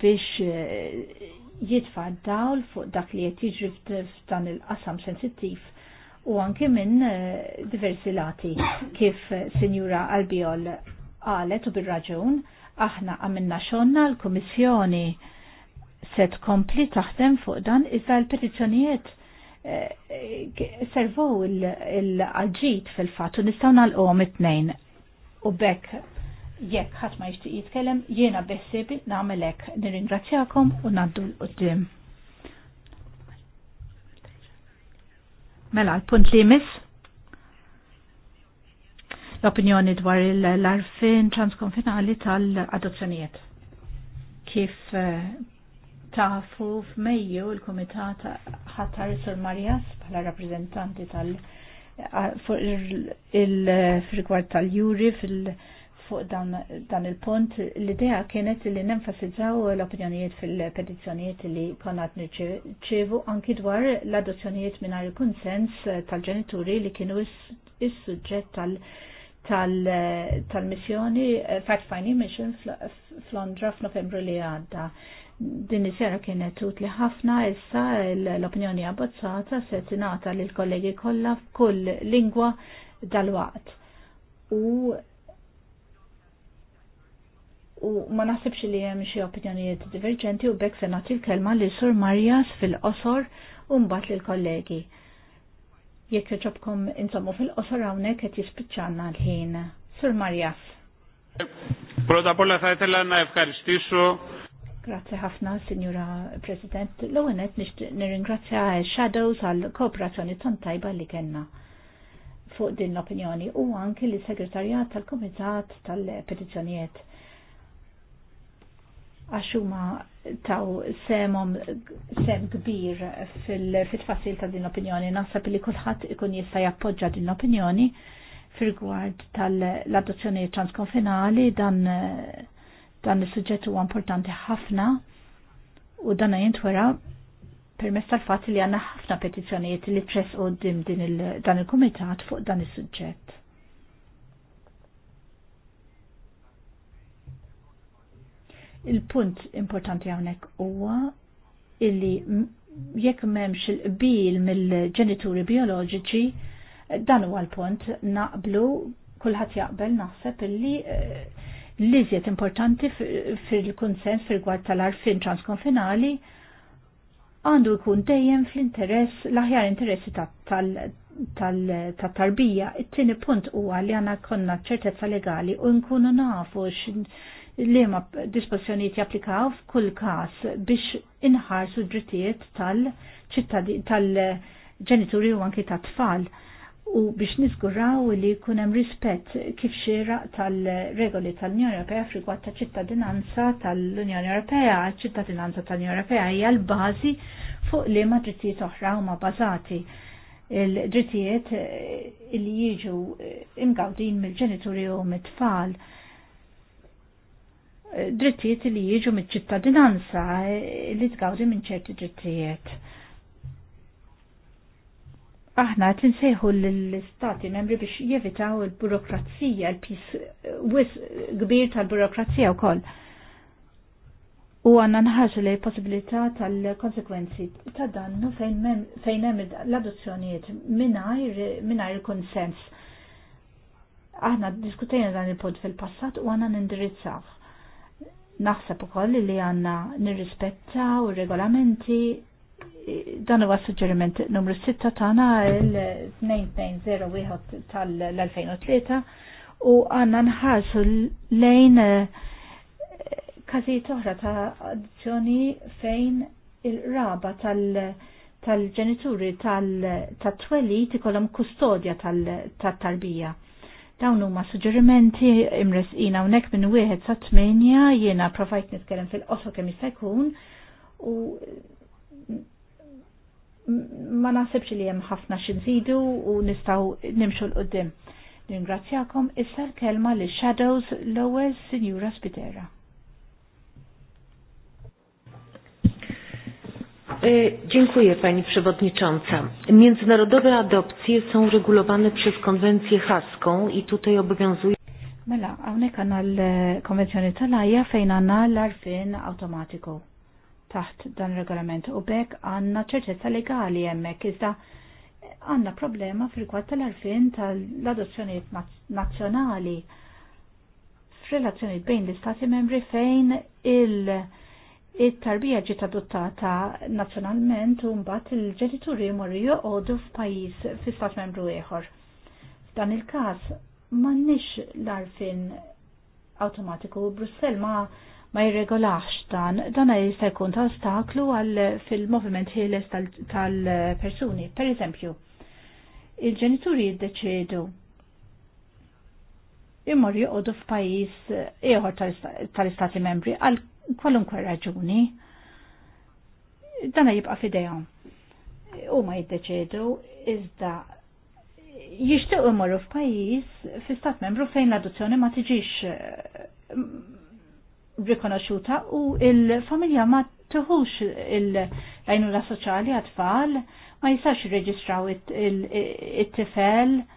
B: biex eh, jitfa' dawl fuq dak li qed jiġri f'dan il-qasam sensittiv u anke minn eh, diversi lati kif Sinjura Albiol qalet u bil raġun aħna għamilna xonna l-Kummissjoni se tkompli taħdem fuq dan iżda l-petizzjonijiet eh, servow il-ġit fil-fat u nistaw nal-qom it-nejn u bekk jekk ħadd ma jixtieq jitkellem, jiena bessib nagħmel hekk. Nirringrazzjakom u ngħaddu l-qudiem. Mela, l-punt li jmiss l-opinjoni dwar l-arfin transkonfinali tal-adozzjonijiet. Kif eh, tafu f'Mejju il-Kumitat ħatar Sur Marjas bħala rappreżentanti tal- eh, fil-rigward tal-juri -fil fuq dan, il-punt l-idea kienet li nenfasizzaw l-opinjonijiet fil-petizzjonijiet li konat nirċevu anki dwar l-adozzjonijiet minar il-konsens tal-ġenituri li kienu is-suġġett tal- tal-missjoni eh, fact-finding mission fl-Londra f'Novembru li għadda. Din is-sera kienet utli ħafna issa l-opinjoni abbozzata se tingħata lill kollegi kollha f'kull lingwa dal-waqt. U u ma naħsibx li hemm xi opinjonijiet diverġenti u bekk se nagħti l-kelma li Sur Marjas fil-qosor u mbagħad lill-kollegi. Jekk joġobkom insommu fil-qosor hawnhekk qed jispiċċanna l-ħin. Sur Marjas.
A: Πρώτα απ' όλα na ήθελα
B: Grazie ħafna, Signora President. l nixt nirringrazzja Shadows għal kooperazzjoni tan tajba li kena fuq din l-opinjoni u anki li segretarjat tal-Komitat tal-Petizzjonijiet għaxuma taw semom sem kbir fil-tfassil ta' din l-opinjoni. Nasab li kullħat ikun jista' jappoġġa din l-opinjoni fil-gward tal-adozzjoni transkonfinali dan dan is-suġġett huwa importanti ħafna u dan jintwera permess tal-fatt li għandna ħafna petizzjonijiet li tress u dim din dan il-kumitat fuq dan is-suġġett. Il-punt importanti hawnhekk huwa illi jekk m'hemmx il-qbil mill-ġenituri bioloġiċi, dan huwa l-punt naqblu kulħadd jaqbel naħseb illi eh, l-iżjed importanti fil-konsens fil-gwad tal-arfin transkonfinali għandu jkun dejjem fl-interess, l-aħjar interessi tal-tarbija. It-tieni punt huwa li għandna konna ċertezza legali u nkunu nafu li ma dispozzjoniet japplikaw f'kull kas biex inħarsu drittijiet tal-ġenituri tal u anki tat tfal u biex nizguraw li kunem rispett kif xira tal-regoli tal-Unjoni Ewropea frigwat ta' ċittadinanza tal-Unjoni Ewropea, ċittadinanza tal-Unjoni Ewropea hija l-bażi fuq li ma drittijiet oħra huma bażati il-drittijiet li jiġu imgawdin mill-ġenituri u mit-tfal drittijiet li jiġu mit-ċittadinanza eh, li tgawdi minn ċerti drittijiet. Aħna qed insejħu l-istati membri biex jevitaw il-burokrazija, l-pis wis kbir tal-burokrazija wkoll. U għanna nħarġu li possibilità tal-konsekwenzi ta' dannu fejn hemm l-adozzjonijiet mingħajr konsens. Aħna diskutejna dan il punt fil-passat u għanna nindirizzaw Naħseb ukoll li għandna nirrispettaw ir-regolamenti dan huwa suġġeriment numru 6 tagħna il-2201 tal-2003 u għandna nħarsu lejn eh, każijiet oħra ta' addizzjoni fejn il-raba tal-ġenituri tal-twelli ikollhom kustodja tal-tarbija. Dawn huma suġġerimenti imresqina hawnhekk minn wieħed sa tmenja jiena provajt nitkellem fil-qosor kemm jista' jkun u ma naħsibx li hemm ħafna xi nżidu u nistgħu nimxu l qudiem Ningrazzjakom issa l-kelma li Shadows l-ewwel Sinjura Spitera.
A: E, dziękuję Pani Przewodnicząca.
C: Międzynarodowe adopcje są regulowane przez konwencję haską i tutaj obowiązuje
B: Mela, għawnek għanna l-konvenzjoni tal-għajja fejn għanna l-arfin automatiku taħt dan regolament u bekk għanna ċertezza legali jemmek iżda għanna problema fil-kwad tal-arfin tal-adozzjoni nazzjonali f'relazzjoni bejn l-istati membri fejn il- it-tarbija ġiet adottata nazzjonalment u mbagħad il-ġenituri jmorru joqogħdu f'pajjiż fi stat membru ieħor. F'dan il-każ m'għandniex l-arfin awtomatiku Brussell ma ma jirregolax dan, dan jista' jkun ta' ostaklu għal fil-moviment ħieles tal-persuni. Per eżempju, il-ġenituri jiddeċedu imur joqogħdu f'pajjiż ieħor tal-istati membri għal kwalunkwe raġuni, dana jibqa fidejhom. U ma jiddeċedu iżda jixtiequ imorru f'pajjiż fi stat membru fejn l-adozzjoni ma tiġix eh, rikonoxuta u il-familja ma tħux il-għajnuna soċali għat ma jistax jirreġistraw it-tifel. It it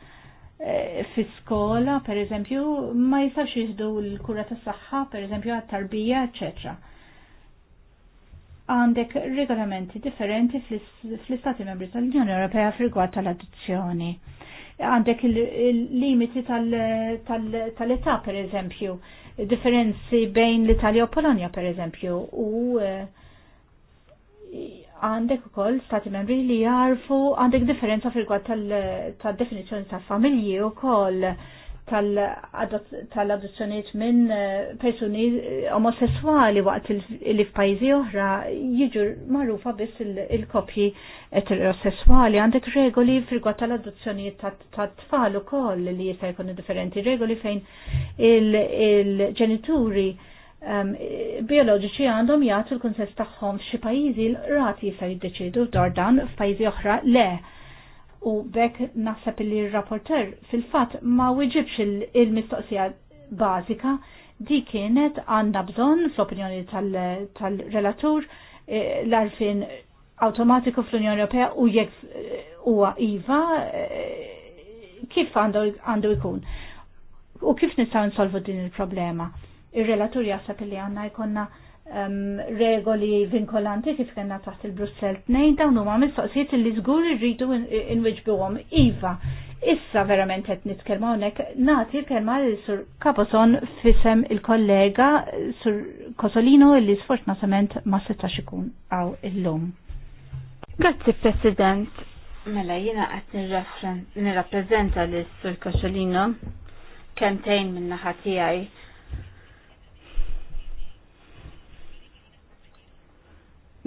B: Eh, fiskola, per eżempju, ma jistax jihdu l-kura tas saħħa per eżempju, għat-tarbija, ecc. Għandek regolamenti differenti fl-Istati membri tal-Unjoni Ewropea fil-gwad tal-addizzjoni. Għandek il-limiti tal-età, per eżempju, differenzi bejn l-Italja u Polonia, per eżempju, u eh, għandek ukoll stati membri li jarfu għandek differenza fil tal-definizjoni tal-definizjoni tal-familji koll tal-adozzjoniet minn eh, persuni eh, omosessuali waqt li f'pajzi oħra jiġu magħrufa biss il-kopji eterosessuali għandek regoli frigwat tal-adozzjoniet tat-tfal ukoll li jista' jkunu differenti regoli fejn il-ġenituri il ġenituri um, bioloġiċi għandhom jagħtu l-kunsess tagħhom f'xi pajjiżi l-rati jista' jiddeċidu dwar dan f'pajjiżi oħra le. U bekk naħseb li r-rapporter fil-fatt ma wieġibx il-mistoqsija bażika di kienet għandna bżonn fl-opinjoni tal-relatur tal eh, l-arfin automatiku fl-Unjoni Ewropea u jekk eh, huwa iva eh, kif għandu jkun u kif nistgħu nsolvu din il-problema. Ir-relatur jasab li għanna jkonna um, regoli vinkolanti kif kena taħt il-Brussel 2 dawn huma mistoqsijiet li żgur irridu għom iva. Issa verament qed nitkellmu hawnhekk nagħti l-kelma lil Sur Kaposon fisem il-kollega Sur Kosolino li sfortunatament ma setax ikun għaw illum. Grazzi President. Mela jiena qed nirrappreżenta lis Sur Kosolino kemtejn minn naħa tiegħi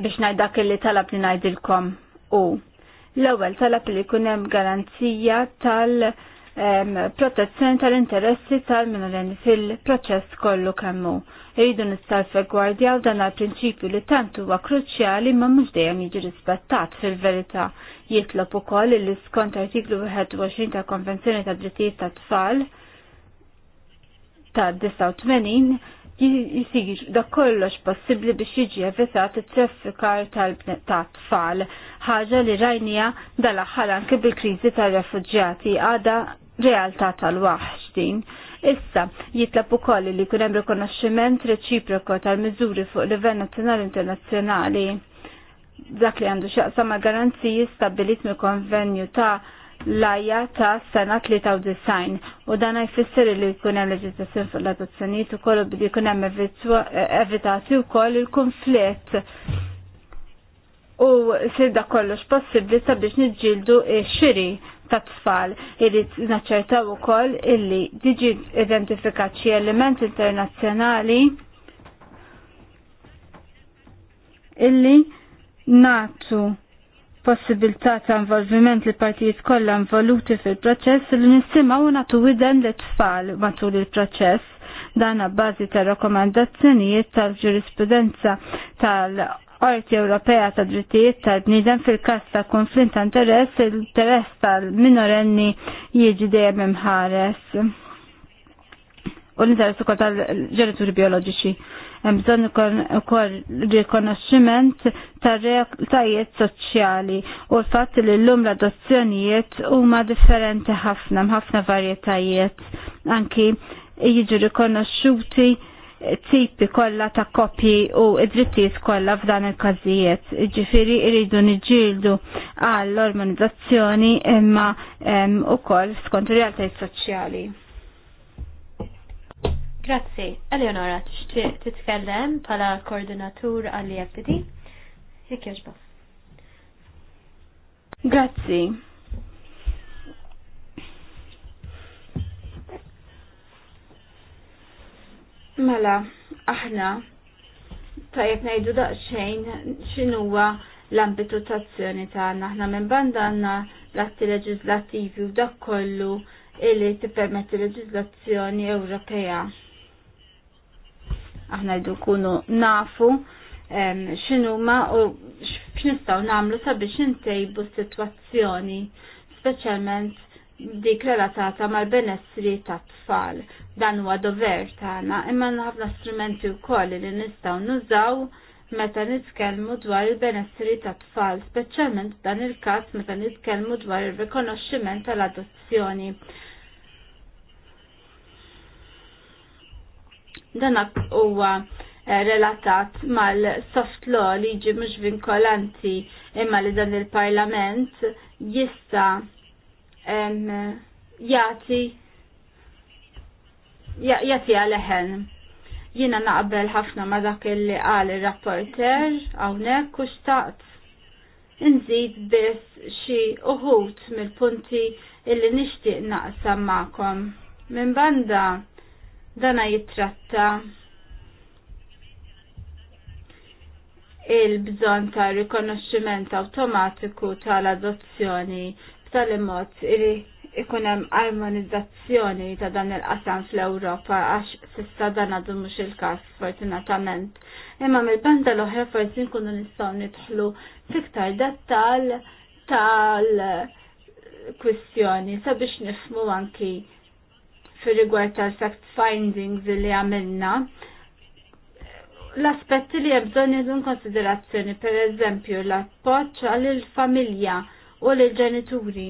B: biex najdak li talab li najdilkom u l-ewwel talab li jkun hemm garanzija tal- protezzjoni tal-interessi tal-minorenni fil-proċess kollu kemmu. Rridu u dan għal-prinċipju li tant huwa kruċjali ma mhux dejjem jiġi rispettat fil-verità. Jitlob ukoll li skont artiklu 21 tal-Konvenzjoni tad-Drittijiet tat-Tfal ta' 89 jisir dak kollox possibbli biex jiġi evitat it-traffikar tal-tfal, ħaġa li rajnija dal-aħħar anke bil-kriżi tal-refuġġjati għada realtà tal-waħx Issa jitlab ukoll li jkun hemm rikonoxximent reċiproko tal-miżuri fuq livell nazzjonali internazzjonali dak li għandu xaqsa ma' garanziji stabbilit mill konvenju ta' lajja ta' sena 93 u dan jfisser li jkun hemm leġislazzjoni fuq l-adozzjonijiet ukoll u bidi jkun hemm e- evitati wkoll il kunflitt u da kollox possibbli sabiex niġġieldu xiri ta' tfal irrid naċċertaw ukoll illi diġi identifikat xi element internazzjonali illi natu possibilità ta' involviment li partijiet kollha involuti fil-proċess li nisimgħu nagħtu widen li tfal matul il-proċess dan bażi ta' rakkomandazzjonijiet tal-ġurisprudenza tal-Qorti Ewropea ta' Drittijiet tal-Bniedem fil-każ ta' konflitt ta' interess, il-interess tal-minorenni jiġi dejjem imħares u l-interess ukoll tal-ġenituri bioloġiċi bżon ukoll rikonoxximent tar realtajiet soċjali u l-fatt li llum l-adozzjonijiet huma differenti ħafna ħafna varjetajiet anki jiġu rikonoxxuti tipi kollha ta' kopji u id-drittijiet kollha f'dan il-każijiet. Ġifieri jridu niġġieldu għall organizzazzjoni imma ukoll skont realtajiet soċjali.
C: Grazie, Eleonora, titkellem bħala koordinatur għall-EFTD? Jek jaxba.
B: Grazzi. Mela, aħna tajjeb ngħidu daqsxejn x'inhuwa l-ambitu tazzjoni tagħna. Aħna minn banda għanna l-atti leġislattivi u dak kollu illi tippermetti leġizlazzjoni Ewropea aħna jdu nkunu nafu x'inhuma u x'nistgħu nagħmlu sabiex intejbu s-sitwazzjoni, speċjalment dik relatata mal-benessri ta' tfal. Dan huwa dover tagħna, imma ħafna strumenti wkoll li nistgħu nużaw meta nitkellmu dwar il-benessri ta' tfal, speċjalment dan il-każ meta nitkellmu dwar ir rikonoxximent tal-adozzjoni. Dan huwa eh, relatat mal-soft law li ġi mhux vinkolanti imma li dan il-Parlament jista' jagħti jati għaleħen jina naqbel ħafna ma dak li qal il rapporter hawnhekk u xtaqt inżid biss xi uħut mill-punti illi nixtieq naqsam magħkom. Minn banda dana jittratta il-bżon ta' rikonoxximent automatiku tal-adozzjoni b'tal-imod li ikun hemm armonizzazzjoni ta' dan il-qasam fl-Ewropa għax s'issa dan għadu mhux il-każ fortunatament. Imma mill-banda l-oħra forsi nkunu nistgħu nidħlu fiktar dettal tal-kwistjoni sabiex nifmu anki fil-rigward tal-fact findings li għamilna, l-aspetti li jibżon jidun konsiderazzjoni, per eżempju, l-appoċ il familja u l-ġenituri,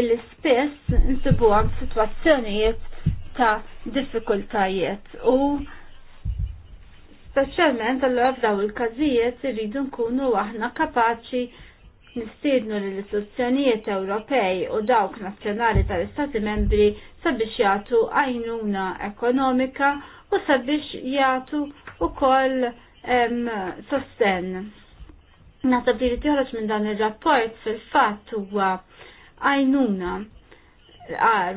B: il spess nsibu għam situazzjonijiet ta' diffikultajiet u specialment għallu għabdaw il-kazijiet irridu nkunu aħna kapaċi nistiednu l istituzzjonijiet Ewropej u dawk nazzjonali tal-Istati membri sabiex jagħtu għajnuna ekonomika u sabiex jagħtu ukoll sosten. Naħseb li toħroġ minn dan ir-rapport fil-fatt huwa għajnuna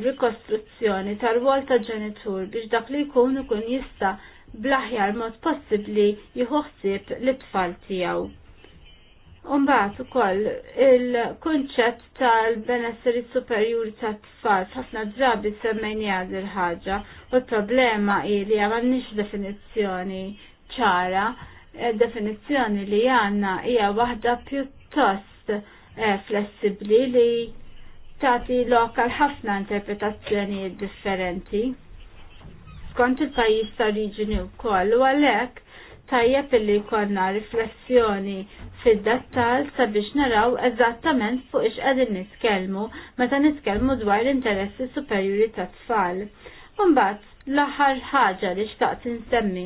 B: rikostruzzjoni tal-wol ta' ġenitur biex dak li jkun ukoll jista' blaħjar mod possibbli jħossib l-tfal tiegħu. Umbat ukoll il-kunċett tal-benesseri superjuri tat-tfal ħafna drabi semmejnija il ħaġa u l-problema li għandix definizzjoni ċara, eh, definizzjoni li għanna hija waħda pjuttost eh, flessibli li tagħti lokal ħafna interpretazzjonijiet differenti. Skont il-pajjiż ta' u wkoll u għalhekk tajjeb illi jkollna riflessjoni fid-dettal sabiex naraw eżattament fuq ix qegħdin nitkellmu meta nitkellmu dwar l-interessi superjuri ta' tfal. Mbagħad l-aħħar ħaġa li xtaqt nsemmi.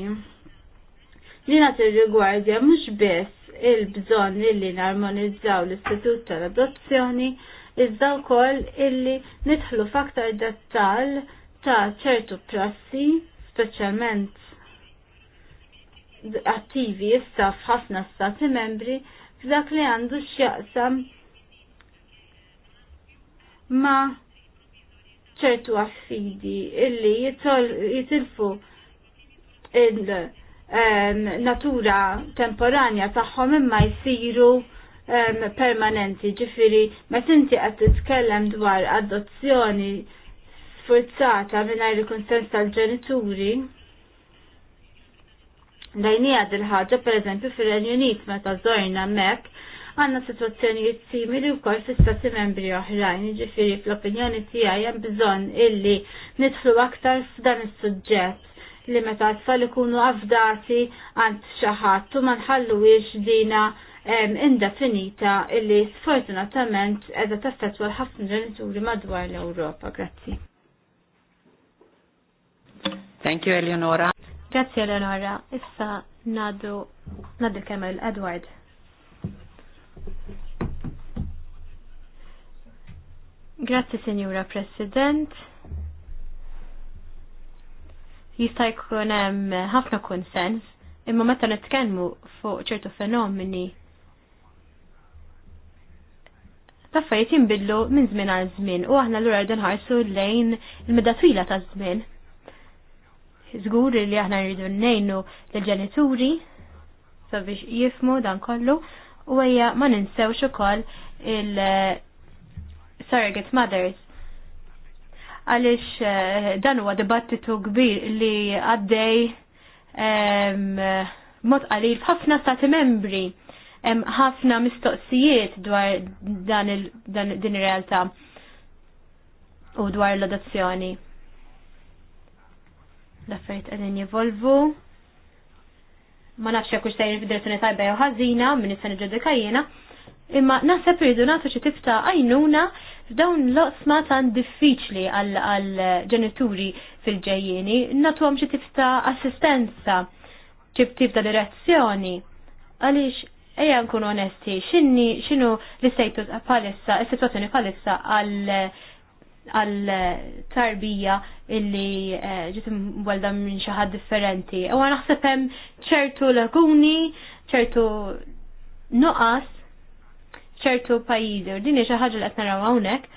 B: li nagħti rigwardja mhux biss il-bżonn li narmonizzaw l istitut tal-adozzjoni iżda wkoll illi nidħlu f'aktar dettal ta' ċertu prassi, speċjalment attivi issa f'ħafna stati membri f'dak li għandu x'jaqsam ma ċertu affidi illi jitilfu il-natura temporanja tagħhom imma jsiru permanenti ġifiri ma tinti qed titkellem dwar adozzjoni sforzata mingħajr il-konsens tal-ġenituri. Dajnija dil-ħagġa, per eżempju, fil-Renju Unit meta zorna mek, għanna situazzjonijiet simili u kol fil-stati membri oħrajn, ġifiri fl-opinjoni tijaj jem bżon illi nidħlu aktar f'dan is-suġġett li meta tfal ikunu avdati għand xaħat u ma nħalluwiex dina indefinita illi sfortunatament
C: edha taffetwa l-ħafna ġenituri madwar l-Ewropa. Grazzi.
A: Thank you, Eleonora.
C: Grazzi Eleonora. Issa nadu nadu kemmel Edward. Grazzi Signora President. Jista' jkun hemm ħafna kunsens, imma meta nitkellmu fuq ċertu fenomeni l jinbidlu minn żmien għal żmien u aħna l-ura nħarsu lejn il-meda twila ta' żmien zguri li aħna rridu nejnu l-ġenituri sabiex jifmu dan kollu u għajja ma ninsewx ukoll il-surrogate eh, mothers. Għalix eh, dan huwa dibattitu kbir li għaddej mod għalil f'ħafna stati membri hemm ħafna mistoqsijiet dwar dan il, dan, din ir-realtà u dwar l-adozzjoni l-affarijiet qegħdin jevolvu. Ma nafx jekk hux sejjer f'direzzjoni tajba jew ħażina minn is-sena ġudika jiena, imma naħseb irridu nagħtu xi tifta għajnuna f'dawn loqsma tan diffiċli għal ġenituri fil-ġejjieni, nagħtuhom xi tifta assistenza, xi tifta direzzjoni. Għaliex ejja nkunu onesti, x'inni x'inhu l-istatus palissa, is-sitwazzjoni palissa għal għal tarbija illi eh, ġitim għalda minn xi ħadd differenti. U naħseb hemm ċertu laguni ċertu nuqas, ċertu pajjiżi u dini xi ħaġa li qed naraw hawnhekk.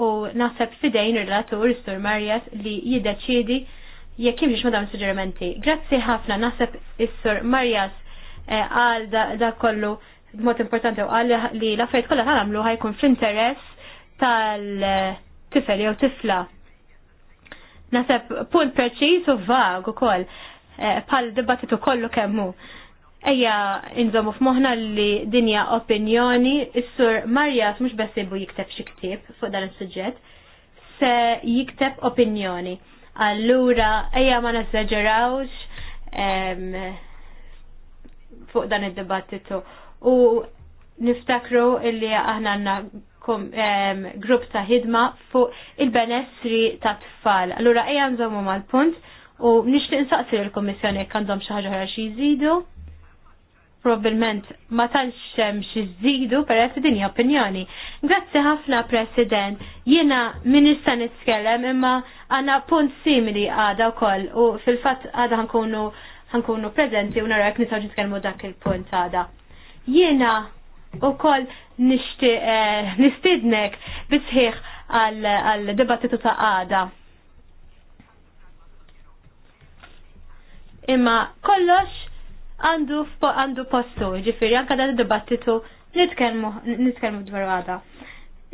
C: U naħseb fidejn ir-relatur Sur Marjas li jiddeċiedi jekk hemmx madam dawn suġġerimenti. Grazzi ħafna naħseb is-Sur Marjas eh, għal da kollu mod importanti u għal li l-affarijiet kollha tal-għamlu ħajkun fl-interess tal-tifel jew tifla. Naseb punt preċiż u vag koll, eh, pal dibattitu kollu kemmu. Ejja inżomu f'moħna li dinja opinjoni, s sur Marjas mhux bessibu jikteb xi ktieb fuq dan is-suġġett, se jikteb opinjoni. Allura ejja ma nasagġerawx fuq dan id-dibattitu u niftakru illi aħna għanna grupp ta' ħidma fuq il-benessri ta' tfal. Allura ejja nżommu mal-punt u nixtieq insaqsi l-Kummissjoni jekk għandhom xi ħaġa xi jżidu. Probabilment ma tantx hemm xi żidu peress din hija opinjoni. Grazzi ħafna President. Jiena min nista' nitkellem imma għandna punt simili għada wkoll u fil-fatt għada ħankunu ħankunu prezenti u nara jekk nistgħu nitkellmu dak il-punt għada. Jiena u kol eh, nistidnek bisħiħ għal debattitu ta' għada. Imma kollox għandu għandu postu, ġifiri, anka da' dibattitu nitkelmu dwar għada.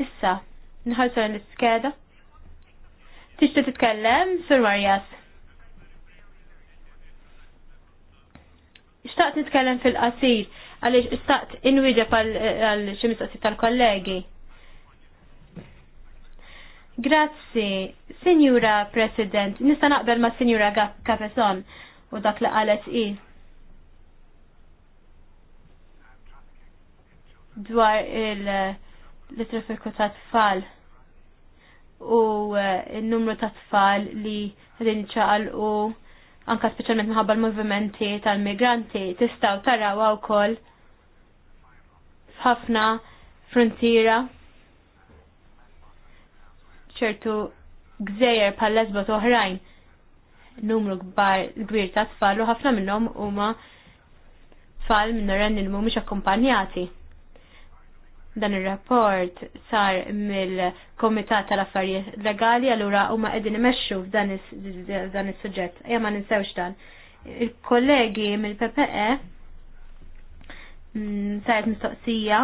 C: Issa, nħarsu l-iskeda. Tixti titkellem, Sur Marjas. Ixtaqt nitkellem fil-qasir għaliex istaqt inwieġeb għal xi tal-kollegi. Grazzi, Sinjura President, nista' naqbel ma' Sinjura Kafeson u dak li qalet i. Dwar il-traffiku ta' tfal u n eh, numru ta' tfal li rinċaqal u anka speċjalment minħabba l-movimenti tal-migranti tistgħu taraw wkoll f'ħafna frontiera ċertu gżejjer bħal lesbos oħrajn numru kbar kbir ta' tfal u ħafna minnhom huma tfal minorenni li mhumiex akkumpanjati. Dan ir-rapport sar mill-Komitat tal-Affarijiet Legali allura huma qegħdin imexxu f'dan is-suġġett. Ejja ma ninsewx dan. Il-kollegi mill-PPE mm, saret mistoqsija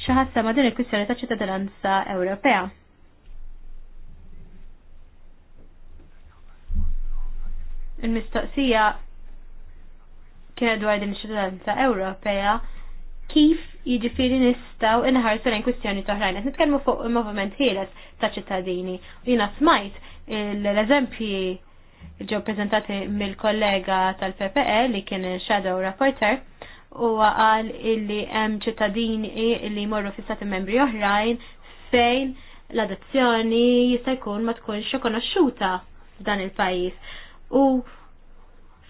C: xi ħassa ma' din il kwissjoni ta' ċittadinanza Ewropea. il-mistoqsija kienet dwar din ix Ewropea kif jiġifieri nistgħu inħarsu lejn kwistjoni toħrajn. Qed nitkellmu fuq il-moviment ħieles ta' ċittadini. Jiena smajt l-eżempji ġew preżentati mill-kollega tal-PPE li kien shadow rapporter u għal illi hemm ċittadini li jmorru fi stati membri oħrajn fejn l-adozzjoni jista' jkun ma tkunx ikonoxxuta f'dan il-pajjiż. U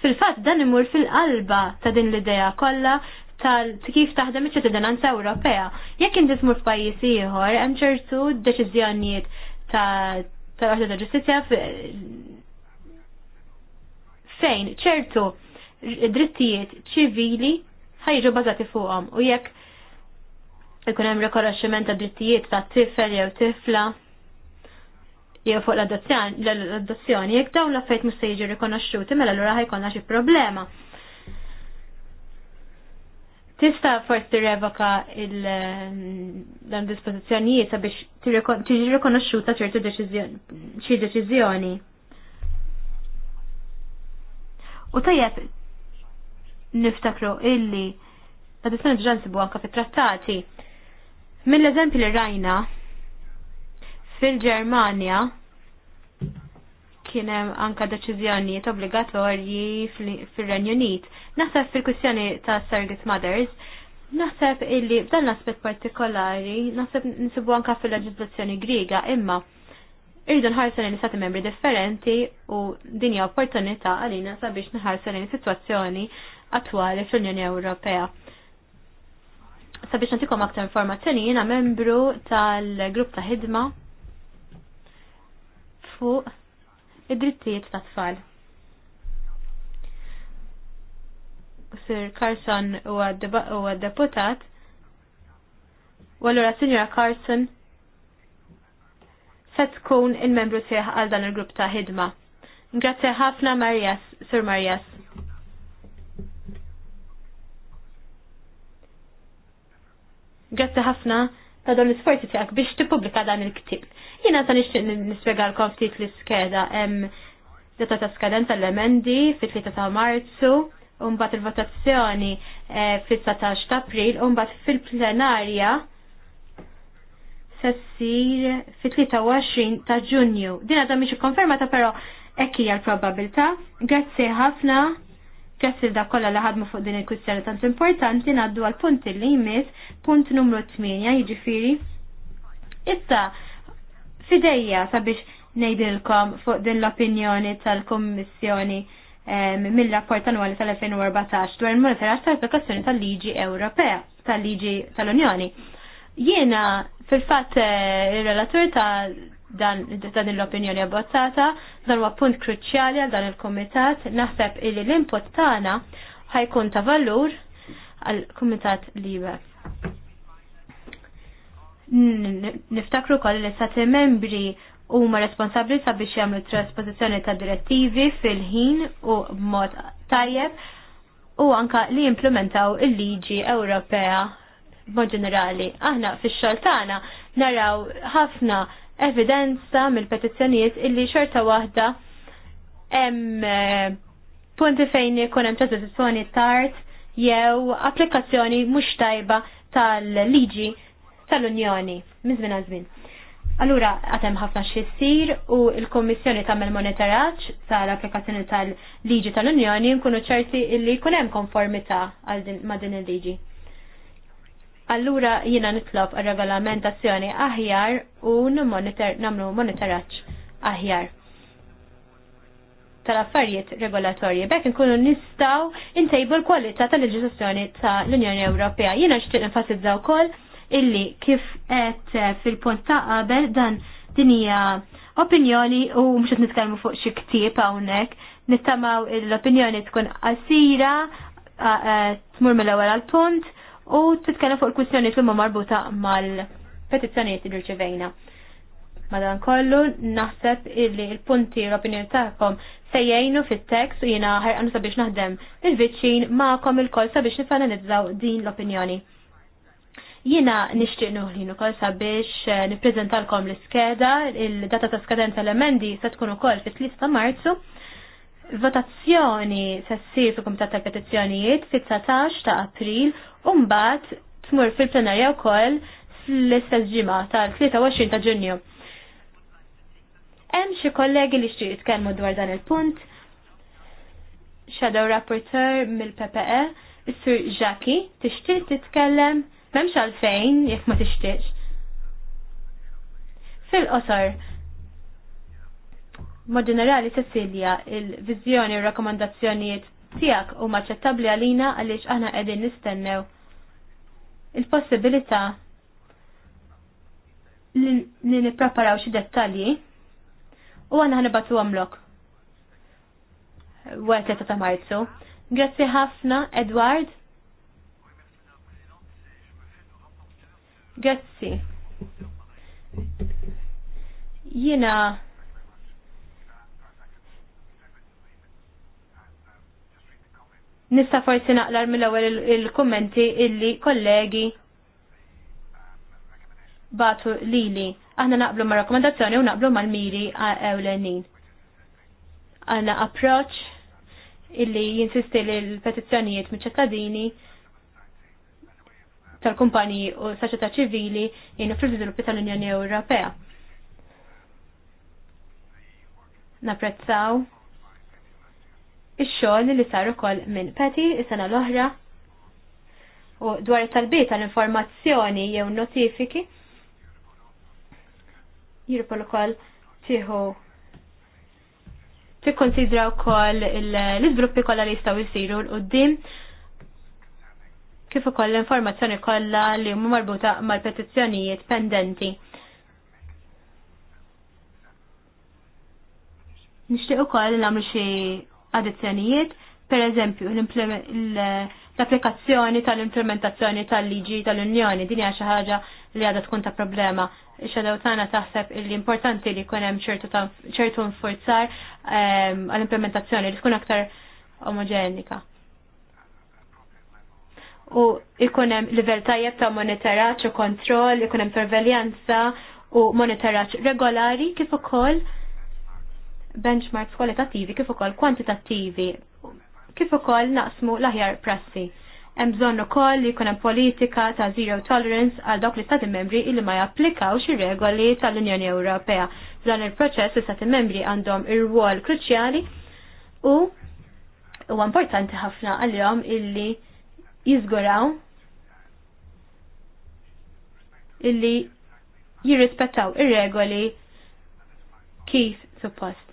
C: fil-fatt dan imur fil-qalba ta' din l-idea kollha tal kif taħdem iċ-ċittadinanza Ewropea. Jekk inti tmur f'pajjiż ieħor hemm ċertu deċiżjonijiet tal-Qorti ta' Ġustizzja fejn ċertu drittijiet ċivili ħajġu bażati fuqhom u jekk ikun hemm rikonoxximent ta' drittijiet ta' tifel jew tifla jew fuq l-adozzjoni, jekk dawn l-affarijiet mhux se jiġu rikonoxxuti mela lura ħajkonna xi problema. Tista ti revoka l ehm, dispożizzjonijiet sabiex tiġi rikonoxxuta ċertu xi deċiżjoni. U tajjeb niftakru illi għad-distan ġan sibu anka fi trattati Mill-eżempju li rajna fil-Germania kienem anka deċizjonijiet obbligatorji fil-Renju Unit. Naħseb fil-kwistjoni ta' Surrogate Mothers, naħseb illi f'dan l-aspet partikolari, naħseb nisibu anka fil-leġizlazzjoni Griga imma irridu nħarsan li stati membri differenti u dinja opportunità għalina sabiex nħarsu lejn situazzjoni attwali fl-Unjoni Ewropea. Sabiex nantikom aktar informazzjoni jiena membru tal-grupp ta' ħidma fuq id-drittijiet ta' tfal. Sir Carson huwa deputat u allura Sinjora Carson se tkun il-membru sieħ għal dan il-grupp ta' ħidma. Grazie ħafna Marias, Sir Marias. Grazie ħafna ta' dawn l-isforzi tiegħek biex tippubblika dan il-ktib. Jina ta' nixtieq nispjegalkom ftit l-iskeda hemm data ta' skadenza l-emendi fit-3 ta' Marzu, mbagħad il-votazzjoni eh, fit-19 ta' April, mbagħad fil-plenarja sessir fit-23 ta' Ġunju. Dina ta' miex ta' però hija l-probabilta. Grazzi ħafna ġessil da kolla li ħadmu fuq din il-kwistjoni tant importanti ngħaddu għal punt li jmiss punt numru 8 jiġifieri. Issa fidejja sabiex nejdilkom fuq din l-opinjoni tal-Kommissjoni mill-rapport annwali tal-2014 dwar il-monitoraġġ tal-applikazzjoni tal-liġi Ewropea, tal-liġi tal-Unjoni. Jiena fil-fatt eh, il-relatur ta' din l-opinjoni abbozzata, dan huwa punt kruċjali għal dan il-Kumitat, naħseb illi l-input tagħna ħajkun ta' valur għal-Kumitat Liber niftakru koll li stati membri huma responsabbli sabiex jagħmlu trasposizjoni ta' direttivi fil-ħin u b'mod tajjeb u anka li jimplementaw il-liġi Ewropea b'mod ġenerali. Aħna fix-xogħol tagħna naraw ħafna evidenza mill-petizzjonijiet illi xorta waħda hemm eh, punti fejn ikun hemm trasposizzjoni tard jew applikazzjoni mhux tajba tal-liġi tal-Unjoni minn żmien għal żmien. Allura għatem ħafna xissir u il-Kommissjoni tagħmel monitoraġġ tal-applikazzjoni tal-liġi tal-Unjoni nkunu ċerti li jkun hemm konformità ma' din il-liġi. Allura jiena nitlob regolamentazzjoni aħjar u -monitor, namlu monitoraġġ aħjar tal-affarijiet regolatorji. Bekk nkunu nistaw intejbu l-kwalità tal-leġislazzjoni tal-Unjoni Ewropea. Jiena xtieq enfasizza wkoll illi kif qed eh, fil-punt ta' qabel dan dinija opinjoni u mhux qed nitkellmu fuq xi ktieb hawnhekk, nittamaw l-opinjoni tkun qasira tmur mill-ewwel għall punt u titkellem fuq il-kwistjonijiet li huma marbuta mal-petizzjonijiet li rċevejna. Madan kollu naħseb illi il-punti l-opinjoni tagħkom sejjajnu fit-tekst u jina ħarqanu sabiex naħdem il-vicċin ma'kom il koll sabiex nifanalizzaw din l-opinjoni. Jina nishtiq nuħlin ukoll sabiex eh, niprezentalkom l-iskeda, il-data ta' skadenza l-emendi se tkun ukoll fit lista ta' Marzu. Votazzjoni se ssir fil-Kumitat tal-Petizzjonijiet fit-19 ta' April u mbagħad tmur fil-plenarja wkoll fl-istess ġimgħa tal-23 ta' Ġunju. Hemm xi kollegi li xtieq jitkellmu dwar dan il-punt. Shadow Rapporteur mill-PPE, Sir Jackie, tixtieq titkellem Memx għalfejn, jek ma tixtiex. Fil-qosor, mod ġenerali Cecilia, il-vizjoni u rakkomandazzjonijiet tiegħek huma maċċettabli għalina għaliex aħna qegħdin nistennew il-possibilità li nippreparaw xi dettalji u għana ħanibatu għamlok. Għetleta ta' marzu. Grazzi ħafna, Edward. Grazzi. Jina nista forsi naqlar mill-ewwel il-kummenti illi kollegi batu lili. Aħna naqblu ma' rakkomandazzjoni u naqblu mal-miri ewlenin. Għanna approach illi jinsisti li l-petizzjonijiet miċ-ċittadini tal kumpani u soċjetà ċivili jiena fil-żviluppi tal-Unjoni Ewropea. Naprezzaw ix-xogħol li sar ukoll minn Peti is-sena l-oħra u dwar it-talbiet tal-informazzjoni jew notifiki jirpol ukoll tieħu tikkonsidra wkoll l-iżviluppi kollha li jistgħu jsiru l qudiem kif ukoll l-informazzjoni kollha li huma marbuta mal-petizzjonijiet pendenti. Nixtieq ukoll nagħmlu xi addizzjonijiet, pereżempju l-applikazzjoni tal-implementazzjoni tal-liġi tal-Unjoni din hija xi ħaġa li għadha tkun ta' problema. Xadew tagħna taħseb li importanti li jkun hemm ċertu nfurzar ehm, għall-implementazzjoni li tkun aktar omogenika u ikunem livell tajjeb ta' monitoraġġ u kontrol, ikunem sorveljanza u monitoraġġ regolari kif ukoll benchmarks kwalitattivi kif ukoll kwantitattivi kif ukoll naqsmu l-aħjar prassi. Hemm bżonn ukoll li jkun hemm politika ta' zero tolerance għal dawk l-istati membri li ma japplikawx ir-regoli tal-Unjoni Ewropea. Dan il-proċess l-istati membri għandhom ir-rwol kruċjali u huwa importanti ħafna għalihom illi jizguraw illi jirrispettaw ir-regoli kif suppost.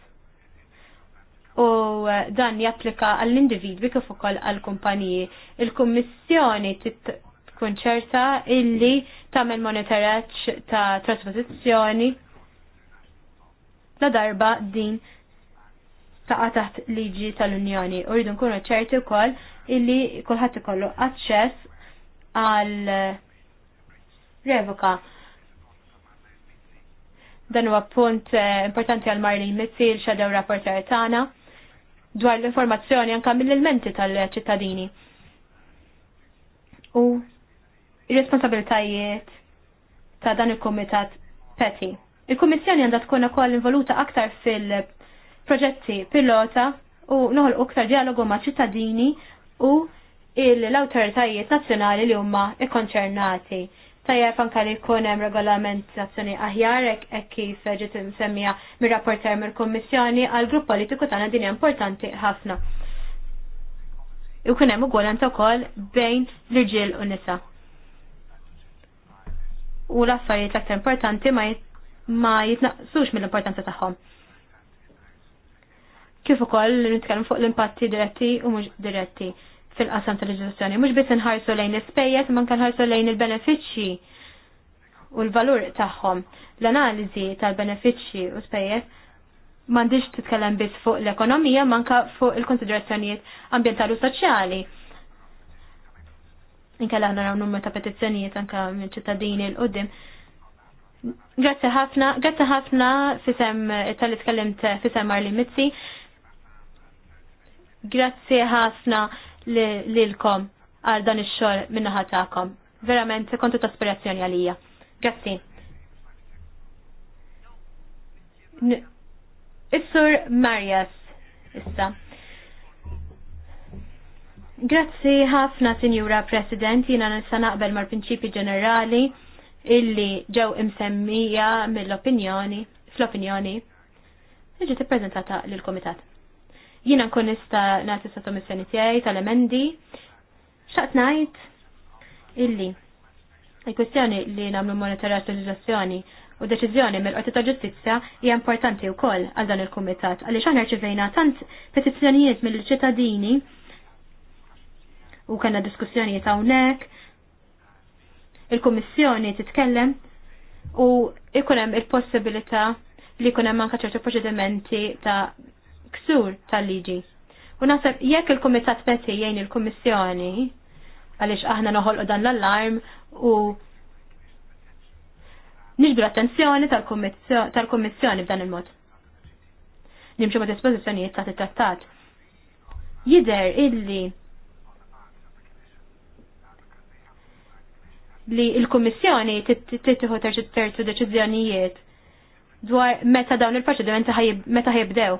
C: U uh, dan japplika għall-individwi kif ukoll għall-kumpaniji. Il-Kummissjoni tkun ċerta illi tagħmel monitoraġġ ta' trasposizzjoni la darba din taqa' taħt liġi tal-Unjoni. U rridu nkunu ċerti wkoll illi kulħadd ikollu aċċess għal revoka. Dan huwa punt eh, importanti għal Marlin Mizzi l-xadew rapporter tagħna dwar l-informazzjoni anka mill-elementi tal-ċittadini. U responsabiltajiet ta' dan il-Kumitat Peti. il komissjoni għandha tkun ukoll involuta aktar fil-proġetti pilota u noħolqu aktar dialogu ma' ċittadini u l-autoritajiet nazzjonali li huma ikkonċernati. Tajjeb anke li jkun hemm regolamentazzjoni aħjar hekk kif ġiet insemmija mir-rapporter mill-Kummissjoni għal grupp politiku tagħna din importanti ħafna. Ikun hemm ukoll ukoll bejn l-irġiel u nisa. U l-affarijiet l-aktar importanti ma jitnaqsux mill-importanza tagħhom kif ukoll nitkellmu fuq l-impatti diretti u mhux diretti fil-qasam tal-leġislazzjoni. Mhux biss inħarsu lejn l-ispejjeż, ma nħarsu lejn il-benefiċċji u l-valur tagħhom. L-analiżi tal-benefiċċji u spejjeż m'għandix titkellem biss fuq l-ekonomija, manka fuq il-konsiderazzjonijiet ambjentali u soċjali. Inkella aħna naraw numru ta' petizzjonijiet anke minn ċittadini l-qudiem. Grazie ħafna, grazie ħafna fisem tal-li tkellimt fisem Marli Mizzi. Grazzi ħafna lilkom għal dan ix-xogħol minnaħa tagħkom. Verament kontu ta' ispirazzjoni għalija. Grazzi. Is-sur issa. Grazzi ħafna, Sinjura President, jina nista naqbel mal-prinċipi ġenerali illi ġew imsemmija mill-opinjoni, fl-opinjoni, iġi prezentata lill-Kumitat. Jina nkun nista' nagħti sottomissjoni tiegħi tal-emendi. Xaqt ngħid illi il-kwestjoni li nagħmlu monitoraġġ leġiżlazzjoni u deċiżjoni mill-Qorti ta' Ġustizzja hija importanti wkoll għal dan il-Kumitat għalli xaħna rċivejna tant petizzjonijiet mill-ċittadini u kellna diskussjonijiet hawnhekk il-Kummissjoni titkellem u ikunem hemm il possibilita li jkun hemm anke ċertu proċedimenti ta' ksur tal-liġi. U naħseb jekk il-Kumitat Peti jgħin il-Kummissjoni għaliex aħna noħolqu dan l-allarm u niġbru attenzjoni tal-Kummissjoni b'dan il-mod. Nimxu ma' dispożizzjonijiet ta' trattat. Jider illi li il-Kummissjoni tittiħu terċu deċiżjonijiet dwar meta dawn il-proċedimenti meta ħajibdew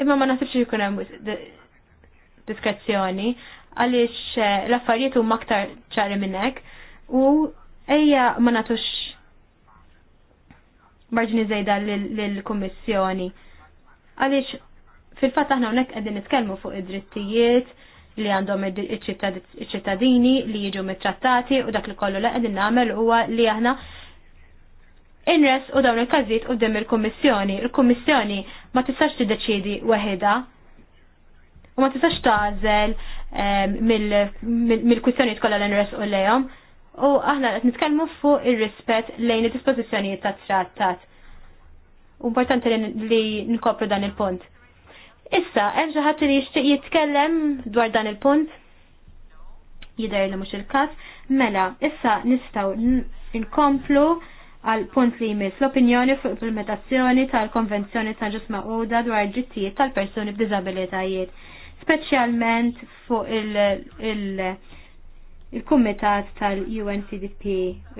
C: imma ma nasibx li jkun hemm diskrezzjoni għaliex eh, l-affarijiet huma aktar ċari minn hekk u ejja ma nagħtux marġni żejda lill-Kummissjoni. Għaliex fil-fatt aħna hawnhekk qegħdin nitkellmu fuq id-drittijiet li għandhom iċ-ċittadini li jiġu mittrattati u dak li kollu li qegħdin nagħmel huwa li aħna inres u dawn il-każijiet u dem il-Kommissjoni. Il-Kommissjoni ma tistax tiddeċidi waħida. u ma tistax tażel ehm, mill-kwistjonijiet kollha l-inres u lejhom. U aħna qed nitkellmu fuq ir-rispett lejn id-dispożizzjonijiet tat-trattat. Importanti li nkopru dan il-punt. Issa, hemm xi ħadd li jixtieq jitkellem dwar dan il-punt? Jidher li mhux il-każ. Mela, issa nistgħu nkomplu għal punt li jmiss l-opinjoni fuq implementazzjoni tal-Konvenzjoni ta' ġisma Uda dwar ġittijiet tal-persuni b'diżabilitajiet, speċjalment fuq il-Kumitat tal-UNCDP,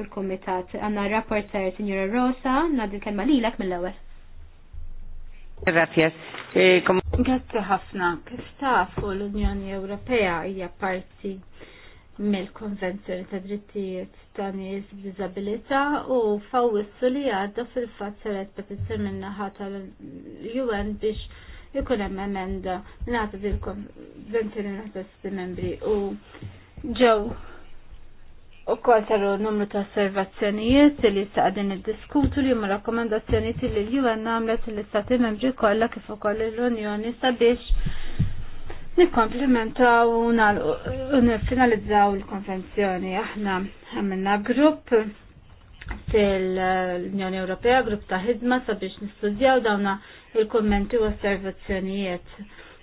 C: il-Kumitat għanna rapporter Signora Rosa, nadi kelma lilek mill-ewwel.
A: Grazie. E, Grazie ħafna. Kif
B: fuq l-Unjoni Ewropea hija parti mill-Konvenzjoni ta' Drittijiet ta' Nies b'Diżabilità u fawissu li għadda fil-fatt saret petizzjon min-naħa tal-UN biex ikun hemm emenda ngħata dil-Konvenzjoni ta' membri u ġew ukoll saru numru ta' osservazzjonijiet li saqdin id-diskutu li huma rakkomandazzjonijiet li l-UN għamlet l-Istati Membri kollha kif ukoll l-Unjoni sabiex nikkomplimentaw u nifinalizzaw il-konvenzjoni. Aħna għamilna grupp fil-Unjoni Ewropea, grupp ta' ħidma sabiex nistudjaw dawna il-kommenti u osservazzjonijiet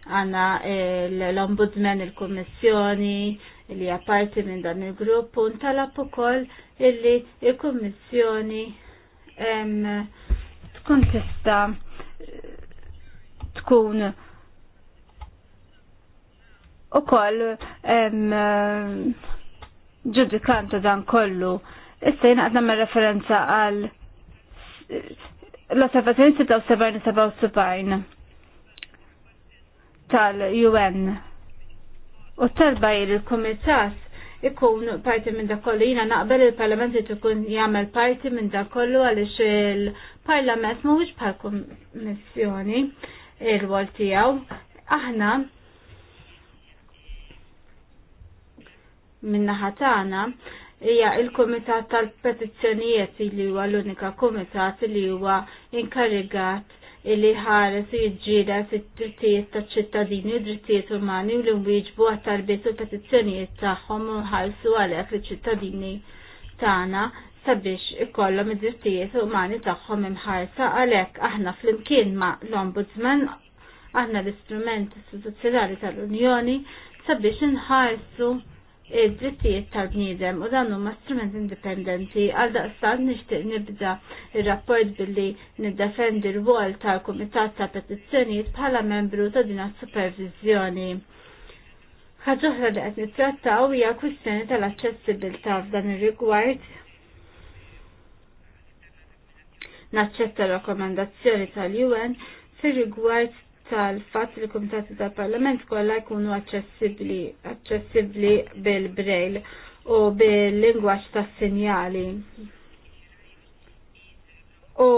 B: għanna l-Ombudsman, il-Kommissjoni, li għaparti minn dan il-grupp, un talab u koll illi il-Kommissjoni tkun tista tkun u koll eh, ġudikanta dan kollu. Issa jina għadna ma' referenza għal l-osservazzjoni 76-77 tal-UN u talba il-komitas ikun parti minn dakollu jina naqbel il-parlament li tkun jagħmel parti minn dakollu għaliex il-parlament mhuwiex bħal kummissjoni il-wol tiegħu. Aħna minna tagħna hija il-Kumitat tal-Petizzjonijiet li huwa l-unika kumitat li huwa inkarigat li ħares u jiġġieles id-drittijiet taċ-ċittadini u drittijiet umani u li nwieġbu għat-talbiet u petizzjonijiet tagħhom u ħarsu għalhekk liċ-ċittadini tagħna sabiex ikollhom id-drittijiet umani tagħhom imħarsa għalhekk aħna flimkien ma' l-Ombudsman aħna l-istrument istituzzjonali tal-Unjoni sabiex inħarsu id-drittijiet tal-bniedem u dan huma strument indipendenti għal daqstant nixtieq nibda ir-rapport billi niddefendi r-wol tal-Kumitat ta' Petizzjonijiet bħala membru ta' din supervizjoni. Ħaġoħra li qed nittrattaw hija kwistjoni tal-aċċessibilità f'dan ir-rigward naċċetta rakkomandazzjoni tal-UN fir rigward tal-fatt li komitati tal-Parlament kollha jkunu aċċessibbli aċċessibbli bil-brejl u bil-lingwaġġ tas-sinjali. U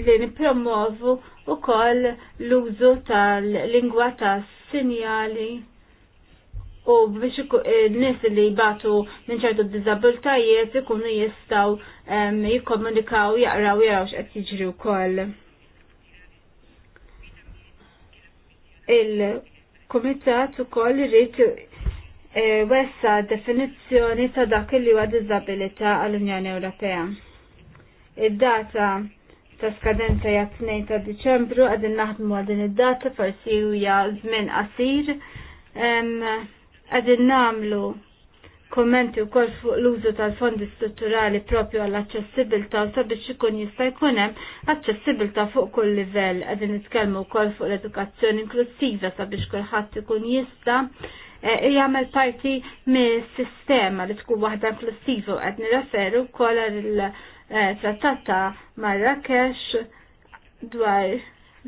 B: li u ukoll l-użu tal-lingwa ta' sinjali u biex eh, n-nis li batu minn ċertu dizabiltajiet ikunu jistaw jikkomunikaw, jaqraw, jaraw x'qed jiġri wkoll. il-Kumitat ukoll irid e, wessa definizzjoni ta' dak li huwa diżabilità għall-Unjoni Ewropea. Id-data ta' skadenza hija 2 ta' Diċembru qegħdin naħdmu għal din id-data forsi hija żmien qasir. Qegħdin nagħmlu kommenti u kol fuq l-użu tal-fondi strutturali propju għall-accessibilta u sabiex ikun jista' jkun hemm accessibilta fuq kull livell qegħdin nitkellmu wkoll fuq l-edukazzjoni inklusiva sabiex kulħadd ikun jista' e, jagħmel parti mis-sistema li tkun waħda inklusiva u qed nirreferu wkoll għall-trattat e, ta' Marrakesh dwar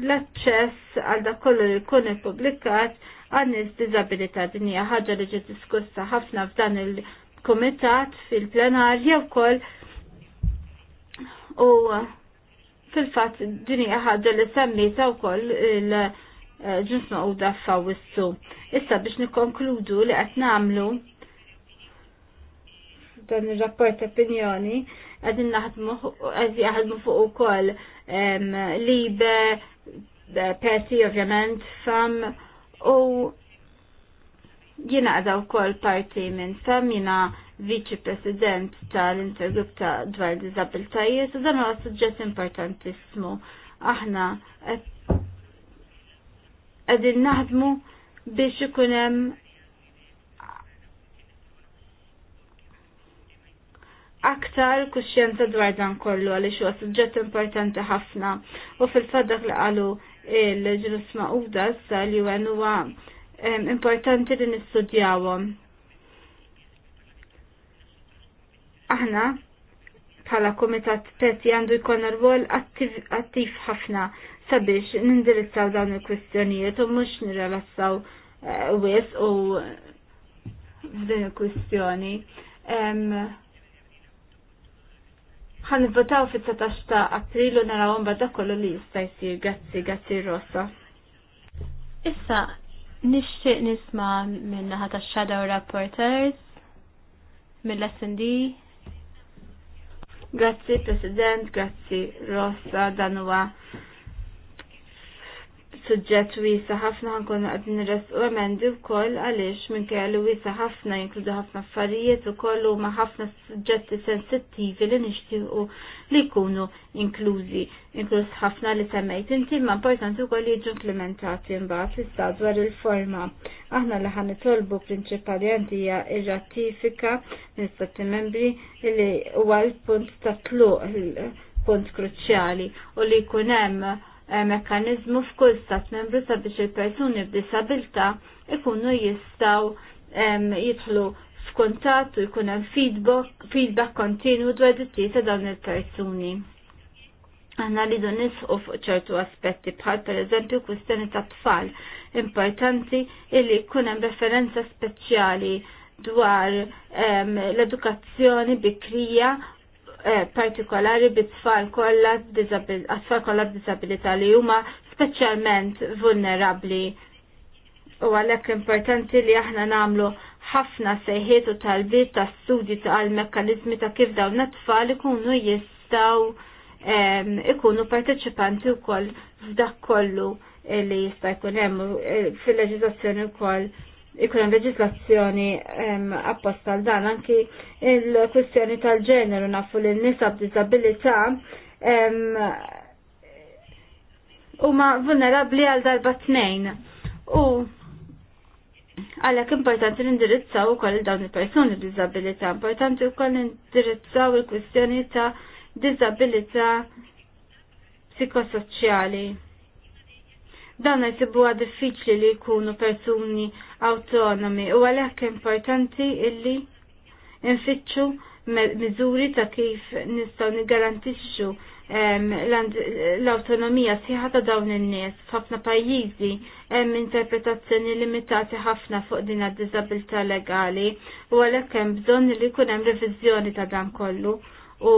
B: l-aċċess għal dak kollu li jkun ippubblikat għannis dizabilita dinja ħagġa li ġiet diskussa ħafna f'dan il-komitat fil-plenarja wkoll u fil-fatt hija ħagġa li semmita wkoll il u maqda f'awissu. Issa biex nikkonkludu li qed nagħmlu dan ir-rapport opinjoni qegħdin naħdmu fuq ukoll libe, peti ovvjament, fam, U jina għadaw kol parti minn fem jina viċi president tal-intergrupp ta' dwar disabiltajiet u dan huwa suġġett importantissimu. Aħna qegħdin naħdmu biex ikun hemm aktar kuxjenza dwar dan kollu għaliex huwa suġġett importanti ħafna u fil-fadak li qalu il ġlus maqda sa li għan huwa importanti li nistudjawhom. Aħna bħala komitat peti għandu jkun rwol attiv ħafna sabiex nindirizzaw dawn il-kwistjonijiet u mhux nirrelassaw eh, wis u f'din il-kwistjoni ħan votaw fit-19 ta' Aprilu naraw mbagħad kollu li jista' jsir grazzi grazzi rossa.
C: Issa nixtieq nisma' min-naħa tax-Shadow Rapporters mill-SD.
B: Grazzi President, grazzi Rossa, dan suġġett wisa ħafna ħankun għad nirres u emendi wkoll għaliex minkejja li wiesa ħafna jinkludu ħafna affarijiet ukoll huma ħafna suġġetti sensittivi li nixtiequ li jkunu inklużi. Inkluż ħafna li semmejt inti ma importanti wkoll jiġu implementati mbagħad stad dwar il-forma. Aħna li ħan nitolbu prinċipalment hija ir-ratifika minn stati membri li huwa l-punt ta' tluq il-punt kruċjali u li jkun hemm Eh, mekkanizmu f'kull stat membru sabiex il-persuni b'disabilta ikunu jistaw jidħlu f'kuntatt u jkun hemm feedback kontinu dwar ditti ta' dawn il-persuni. Aħna li nisqu fuq ċertu aspetti bħal pereżempju kwistjoni ta' tfal importanti illi jkun hemm referenza speċjali dwar l-edukazzjoni bikrija Eh, partikolari bit-tfal kollha disabil kolla kollha li huma speċjalment vulnerabbli. U għalhekk importanti li aħna nagħmlu ħafna sejħiet u talbiet ta' studji għal mekkaniżmi ta' kif dawn it-tfal ikunu jistgħu ikunu parteċipanti wkoll f'dak kollu li jista' jkun hemm eh, fil-leġiżlazzjoni wkoll ikun hemm leġislazzjoni apposta għal dan anki il-kwistjoni tal-ġeneru nafu li n-nisa b'diżabilità huma vulnerabbli għal darba tnejn. U għalhekk importanti indirizzaw ukoll dawn il-persuni b'diżabilità, importanti wkoll indirizzaw il-kwistjoni ta' diżabilità psikosoċjali Dan jsibu għad diffiċli li jkunu persuni autonomi u għalhekk importanti illi nfittxu miżuri ta' kif nistgħu nigarantixxu l-autonomija sħiħa ta' dawn in-nies f'ħafna pajjiżi hemm interpretazzjoni limitati ħafna fuq din id-diżabilità legali u għalhekk hemm bżonn li jkun hemm reviżjoni ta' dan kollu u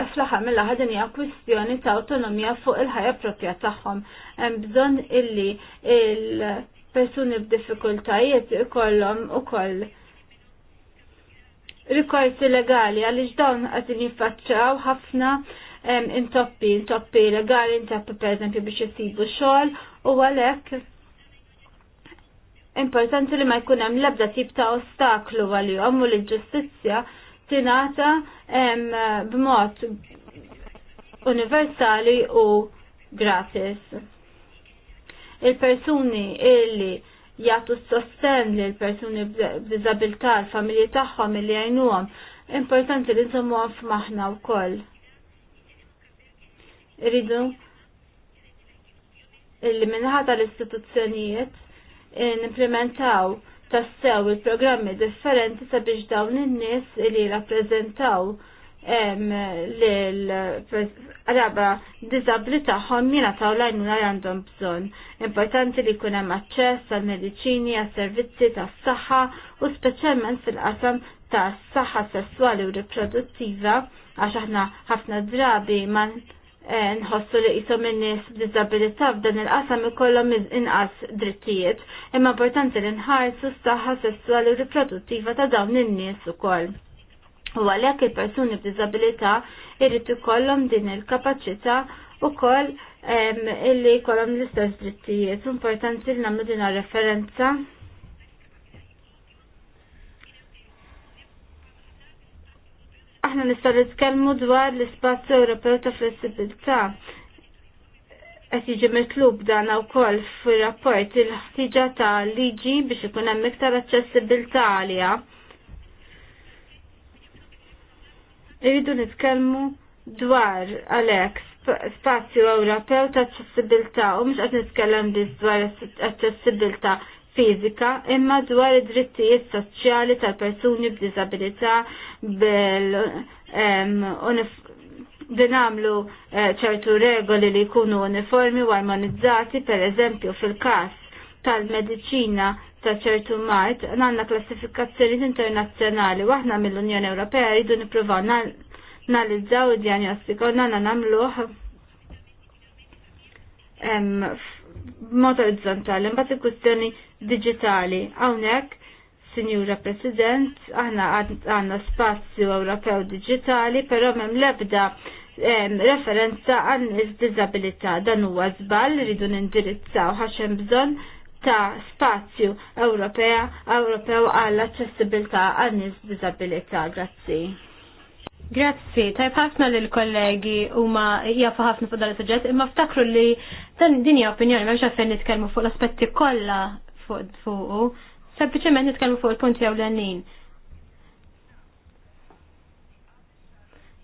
B: Aslaħa mill din hija kwistjoni ta' autonomija fuq il-ħajja proprja tagħhom. Hemm bżonn illi il-persuni b'diffikultajiet ikollhom ukoll rikorsi legali għaliex dawn qed jinfaċċaw ħafna intoppi, intoppi legali, intoppi per eżempju biex jisibu xogħol u għalhekk importanti li ma jkun hemm l-ebda tip ta' ostaklu għalihom u l-ġustizzja tingħata b'mod universali u gratis. Il-persuni illi jagħtu sosten lil persuni b'diżabilità l-familji tagħhom illi jgħinuhom importanti li maħna f'maħna wkoll. Iridu illi minnħata l-istituzzjonijiet eh, nimplementaw tassew il-programmi differenti sabiex dawn in-nies li rappreżentaw l raba disabli tagħhom jingħataw l-għajnuna għandhom bżonn. Importanti li jkun hemm aċċess għal mediċini għas-servizzi tas-saħħa u speċjalment fil-qasam tas-saħħa sesswali u riproduttiva għax aħna ħafna drabi ma' Eh, nħossu li jisom n-nis b'dizabilità f'dan il-qasam ikollhom inqas drittijiet, imma importanti li nħarsu s-saħħa sessuali u riproduttiva ta' dawn in-nies ukoll. U għalhekk il-persuni b'diżabilità jrid ikollhom din il-kapaċità ukoll illi jkollhom l-istess drittijiet. Importanti li nagħmlu din referenza aħna nistgħu nitkellmu dwar l-ispazju Ewropew ta' flessibilità. Qed jiġi mitlub dan wkoll fir-rapport il-ħtiġa ta' liġi biex ikun hemm iktar aċċessibilità għaliha. Iridu nitkellmu dwar għalhekk spazju Ewropew ta' aċċessibilità u mhux qed nitkellem biss dwar aċċessibilità fizika imma dwar id-drittijiet soċjali tal-persuni b'disabilità bil din għamlu eh, ċertu regoli li jkunu uniformi u armonizzati per eżempju fil-kas tal-medicina ta' ċertu mart għanna klassifikazzjoni internazzjonali waħna mill-Unjoni Ewropea jridu nippruvaw analizzaw id-diagnostiku għanna namluħ mod orizzontali, imbagħad il-kwistjoni diġitali. Hawnhekk, Sinjura President, aħna għandna spazju Ewropew Diġitali, però m'hemm l-ebda referenza għan iż-disabilità dan huwa żball rridu nindirizzaw għax hemm bżonn ta' spazju Ewropea Ewropew għall aċċessibilità għan iż-disabilità. Grazzi.
C: Grazzi, tajb ħafna li l-kollegi u ma jafu ħafna fuq dal suġġett imma ftakru li dan dinja opinjoni ma xafen nitkellmu fuq l-aspetti kollha fuq fuqu, sempliċement nitkellmu fuq il-punti ewlenin.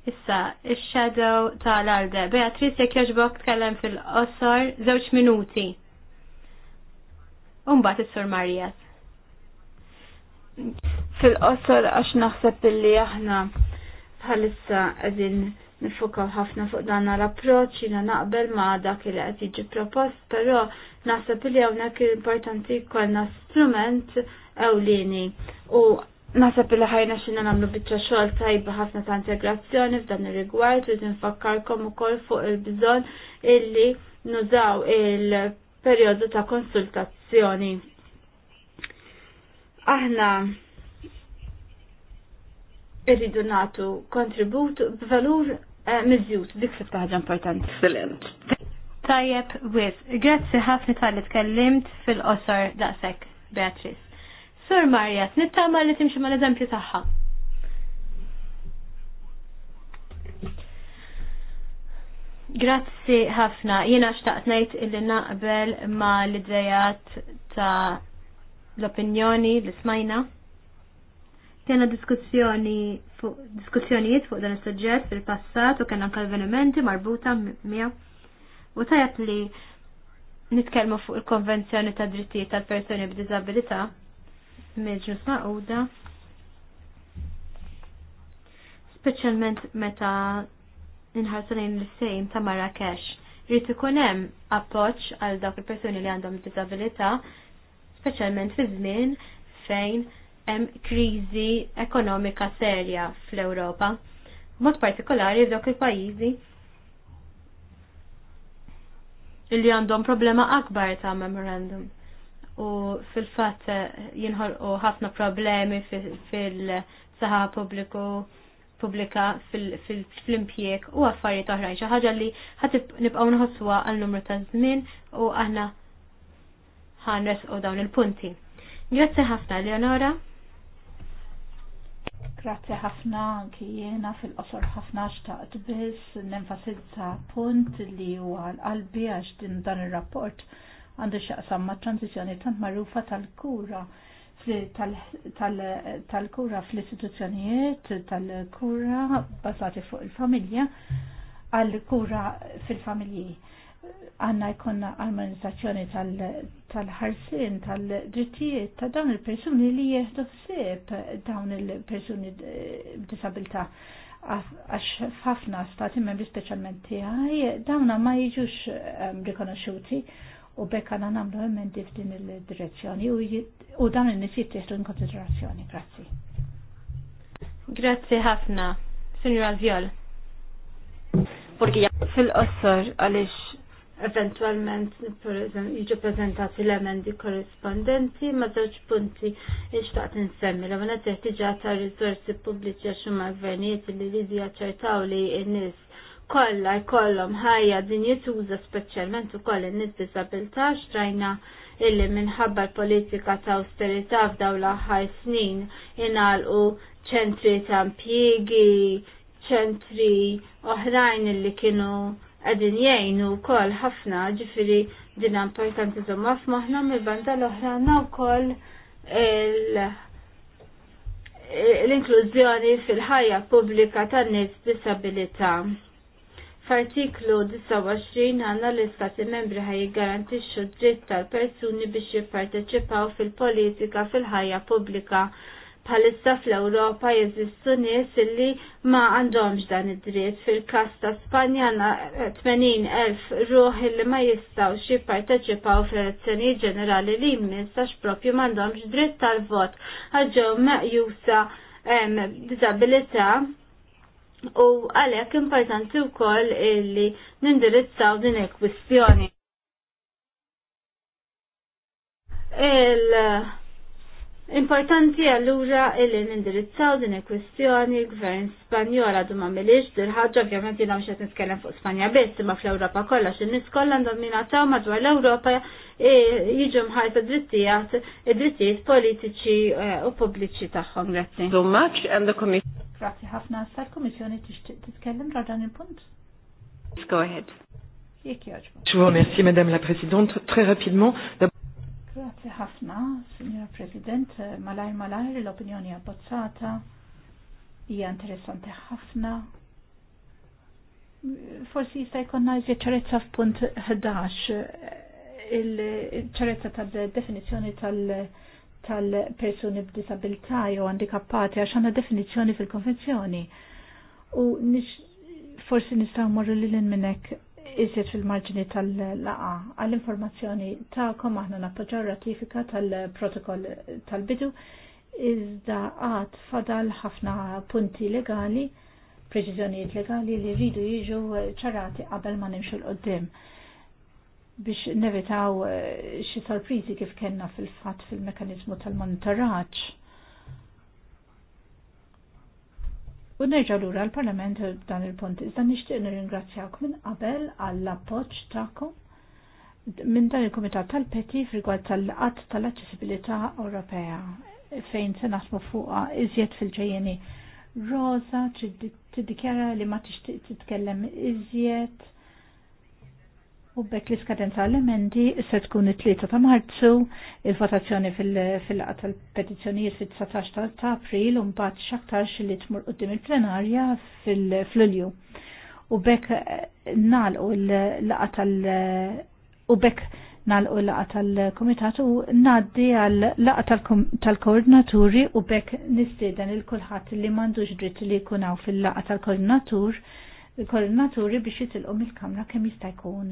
C: Issa, il-shadow tal-alde. Beatriz, jek joġbok tkellem fil-qosor, żewġ minuti. Umbat is-sur Marijas. Fil-qosor għax naħseb illi aħna
B: bħalissa għedin nifuka ħafna fuq dan l-approċ jina naqbel ma dak li qed jiġi propost, però naħseb li hawnhekk importanti jkollna strument ewlieni u naħseb li ħajna xina nagħmlu biċċa xogħol tajba ħafna ta' integrazzjoni f'dan ir-rigward u u ukoll fuq il-bżonn illi nużaw il-perjodu ta' konsultazzjoni. Aħna irridu natu kontribut b'valur eh, miżjut dik se ħaġa importanti. Excellent.
C: Tajjeb, wis, grazzi ħafna tal-li tkellimt fil-qosor daqshekk, Beatrice. Sur Marja, nittama li timxi mal eżempju tagħha. Grazzi ħafna, jiena xtaqt ngħid illi naqbel ma l-idejat ta' l-opinjoni li smajna. Kena diskussjoni fuq diskussjonijiet fuq dan is-suġġett fil-passat u kien anke avvenimenti marbuta miegħu. U tajab li nitkellmu fuq il-Konvenzjoni ta' Drittijiet tal-Persuni b'Diżabilità mill-ġnus maquda. Speċjalment meta inħarsu lejn l-sejm ta' Marrakesh. Rrid ikun hemm appoġġ għal dawk il-persuni li għandhom diżabilità, speċjalment fi żmien fejn hemm kriżi ekonomika serja fl-Ewropa, mod partikolari f'dawk il-pajjiżi illi għandhom problema akbar ta' memorandum. U fil-fatt eh, jinħolqu ħafna problemi fil saħa pubbliku pubblika fil-impjek u affarijiet oħrajn xi ħaġa li ħat nibqgħu nħosswa għal numru ta' żmien u aħna ħanres u dawn il-punti. Grazzi ħafna Leonora. Grazie ħafna anki
B: jiena fil-qosor ħafna xtaqt biss nenfasizza punt li huwa l-qalbi għax din dan ir-rapport għandu x'aqsam ma' transizjoni tant magħrufa tal-kura tal-kura fl-istituzzjonijiet tal-kura bazzati fuq il-familja għal kura fil-familji għanna jkonna armonizzazzjoni tal-ħarsin, tal-drittijiet, ta' dawn il-persuni li jieħdu f'sib dawn il-persuni eh, b'disabilità. Għax f'ħafna stati membri speċjalment tiegħi dawna ma jiġux ehm, rikonoxxuti u bekk għandna nagħmlu emendi f'din il-direzzjoni u dawn in-nies jieħdu in Grazzi.
C: Grazzi ħafna, Sinjur Alvjol. Fil-qossor għaliex
B: eventualment jiġu prezentati l-emendi korrispondenti ma' żewġ punti ixtaqt insemmi l għana teħtiġa ta' rizorsi pubbliċi għax huma gvernijiet li jridu jaċċertaw li n-nies kollha jkollhom ħajja din jituża speċjalment ukoll in-nies diżabilità xtrajna illi minħabba l-politika ta' austerità f'daw l-aħħar snin ingħalqu ċentri ta' impjiegi, ċentri oħrajn illi kienu għadin jajnu kol ħafna ġifiri din importanti zomma f'maħna mill-banda l-oħra għanna kol l-inklużjoni fil-ħajja pubblika tan nies b'disabilità. F'artiklu 29 għanna l-Istati membri ħaj jiggarantixxu dritt tal-persuni biex jipparteċipaw fil-politika fil-ħajja pubblika Palissa fl-Europa jeżistu nies illi ma għandhomx dan id-dritt. Fil-kas ta' Spanja għandna 80.000 ruħ illi ma jistgħux jipparteċipaw fl-elezzjoni ġenerali li jmissax propju ma m'għandhomx dritt tal-vot ħaġew meqjusa disabilità u għalhekk importanti wkoll illi nindirizzaw din il-kwistjoni. il Importanti għallura illi nindirizzaw din il-kwistjoni gvern Spanjol għadu ma milix dirħagġa ovvjament jina mxet niskellem fuq Spanja biss imma fl europa kolla x'in niskolla kollha ndominataw madwar l-Ewropa europa jiġu id drittijat id drittijat politiċi e, u pubbliċi taħħom Grazzi. So much and the commission. Grazzi ħafna sal-Kummissjoni tixtieq tiskellem raġan il-punt. Go ahead. Je
A: vous merci, Madame la Présidente. Très rapidement,
B: Grazie ħafna, Signor President, malajr malajr l-opinjoni abbozzata hija interessanti ħafna. Forsi jista' jkollna iżjed ċarezza f'punt 11 il-ċarezza tad-definizzjoni tal- persuni b'disabilità jew handikappati għax għandha definizzjoni fil-konvenzjoni. U forsi nistgħu morru lil minn hekk iżjed fil-marġini tal-laqa għall-informazzjoni kom aħna nappoġġaw ratifika tal-protokoll tal-bidu iżda għad fadal ħafna punti legali, preċiżjonijiet legali li rridu jiġu ċarati qabel ma nimxu l-qoddim biex nevitaw eh, xi sorpriżi kif kellna fil-fatt fil-mekanizmu tal-monitoraġġ U nerġa' lura l-Parlament dan il-punt. Iżda nixtieq nirringrazzjawk minn qabel għall-appoġġ tagħkom minn dan il-Kumitat tal-Peti rigward tal-qatt tal-aċċessibilità Ewropea fejn se naħsmu fuqha iżjed fil-ġejjeni. Rosa tiddikjara li ma tixtieq titkellem iżjed U bekk l skadenza l-emendi se tkun it-3 ta' marzu, il-votazzjoni fil-qaqa tal-petizzjonijiet fit-19 ta' april u mbagħad x'aktarx li tmur qudiem il-plenarja fil-Lulju. U bekk eh, nagħlqu l-laqa tal- u bekk nalqu laqa tal-komitatu naddi għal laqa tal-koordinaturi u bekk nistieden il-kulħadd li m'għandux dritt li jkun hawn fil-laqa tal-koordinatur il-koordinaturi biex jitilqu mill-kamra kemm jista' jkun.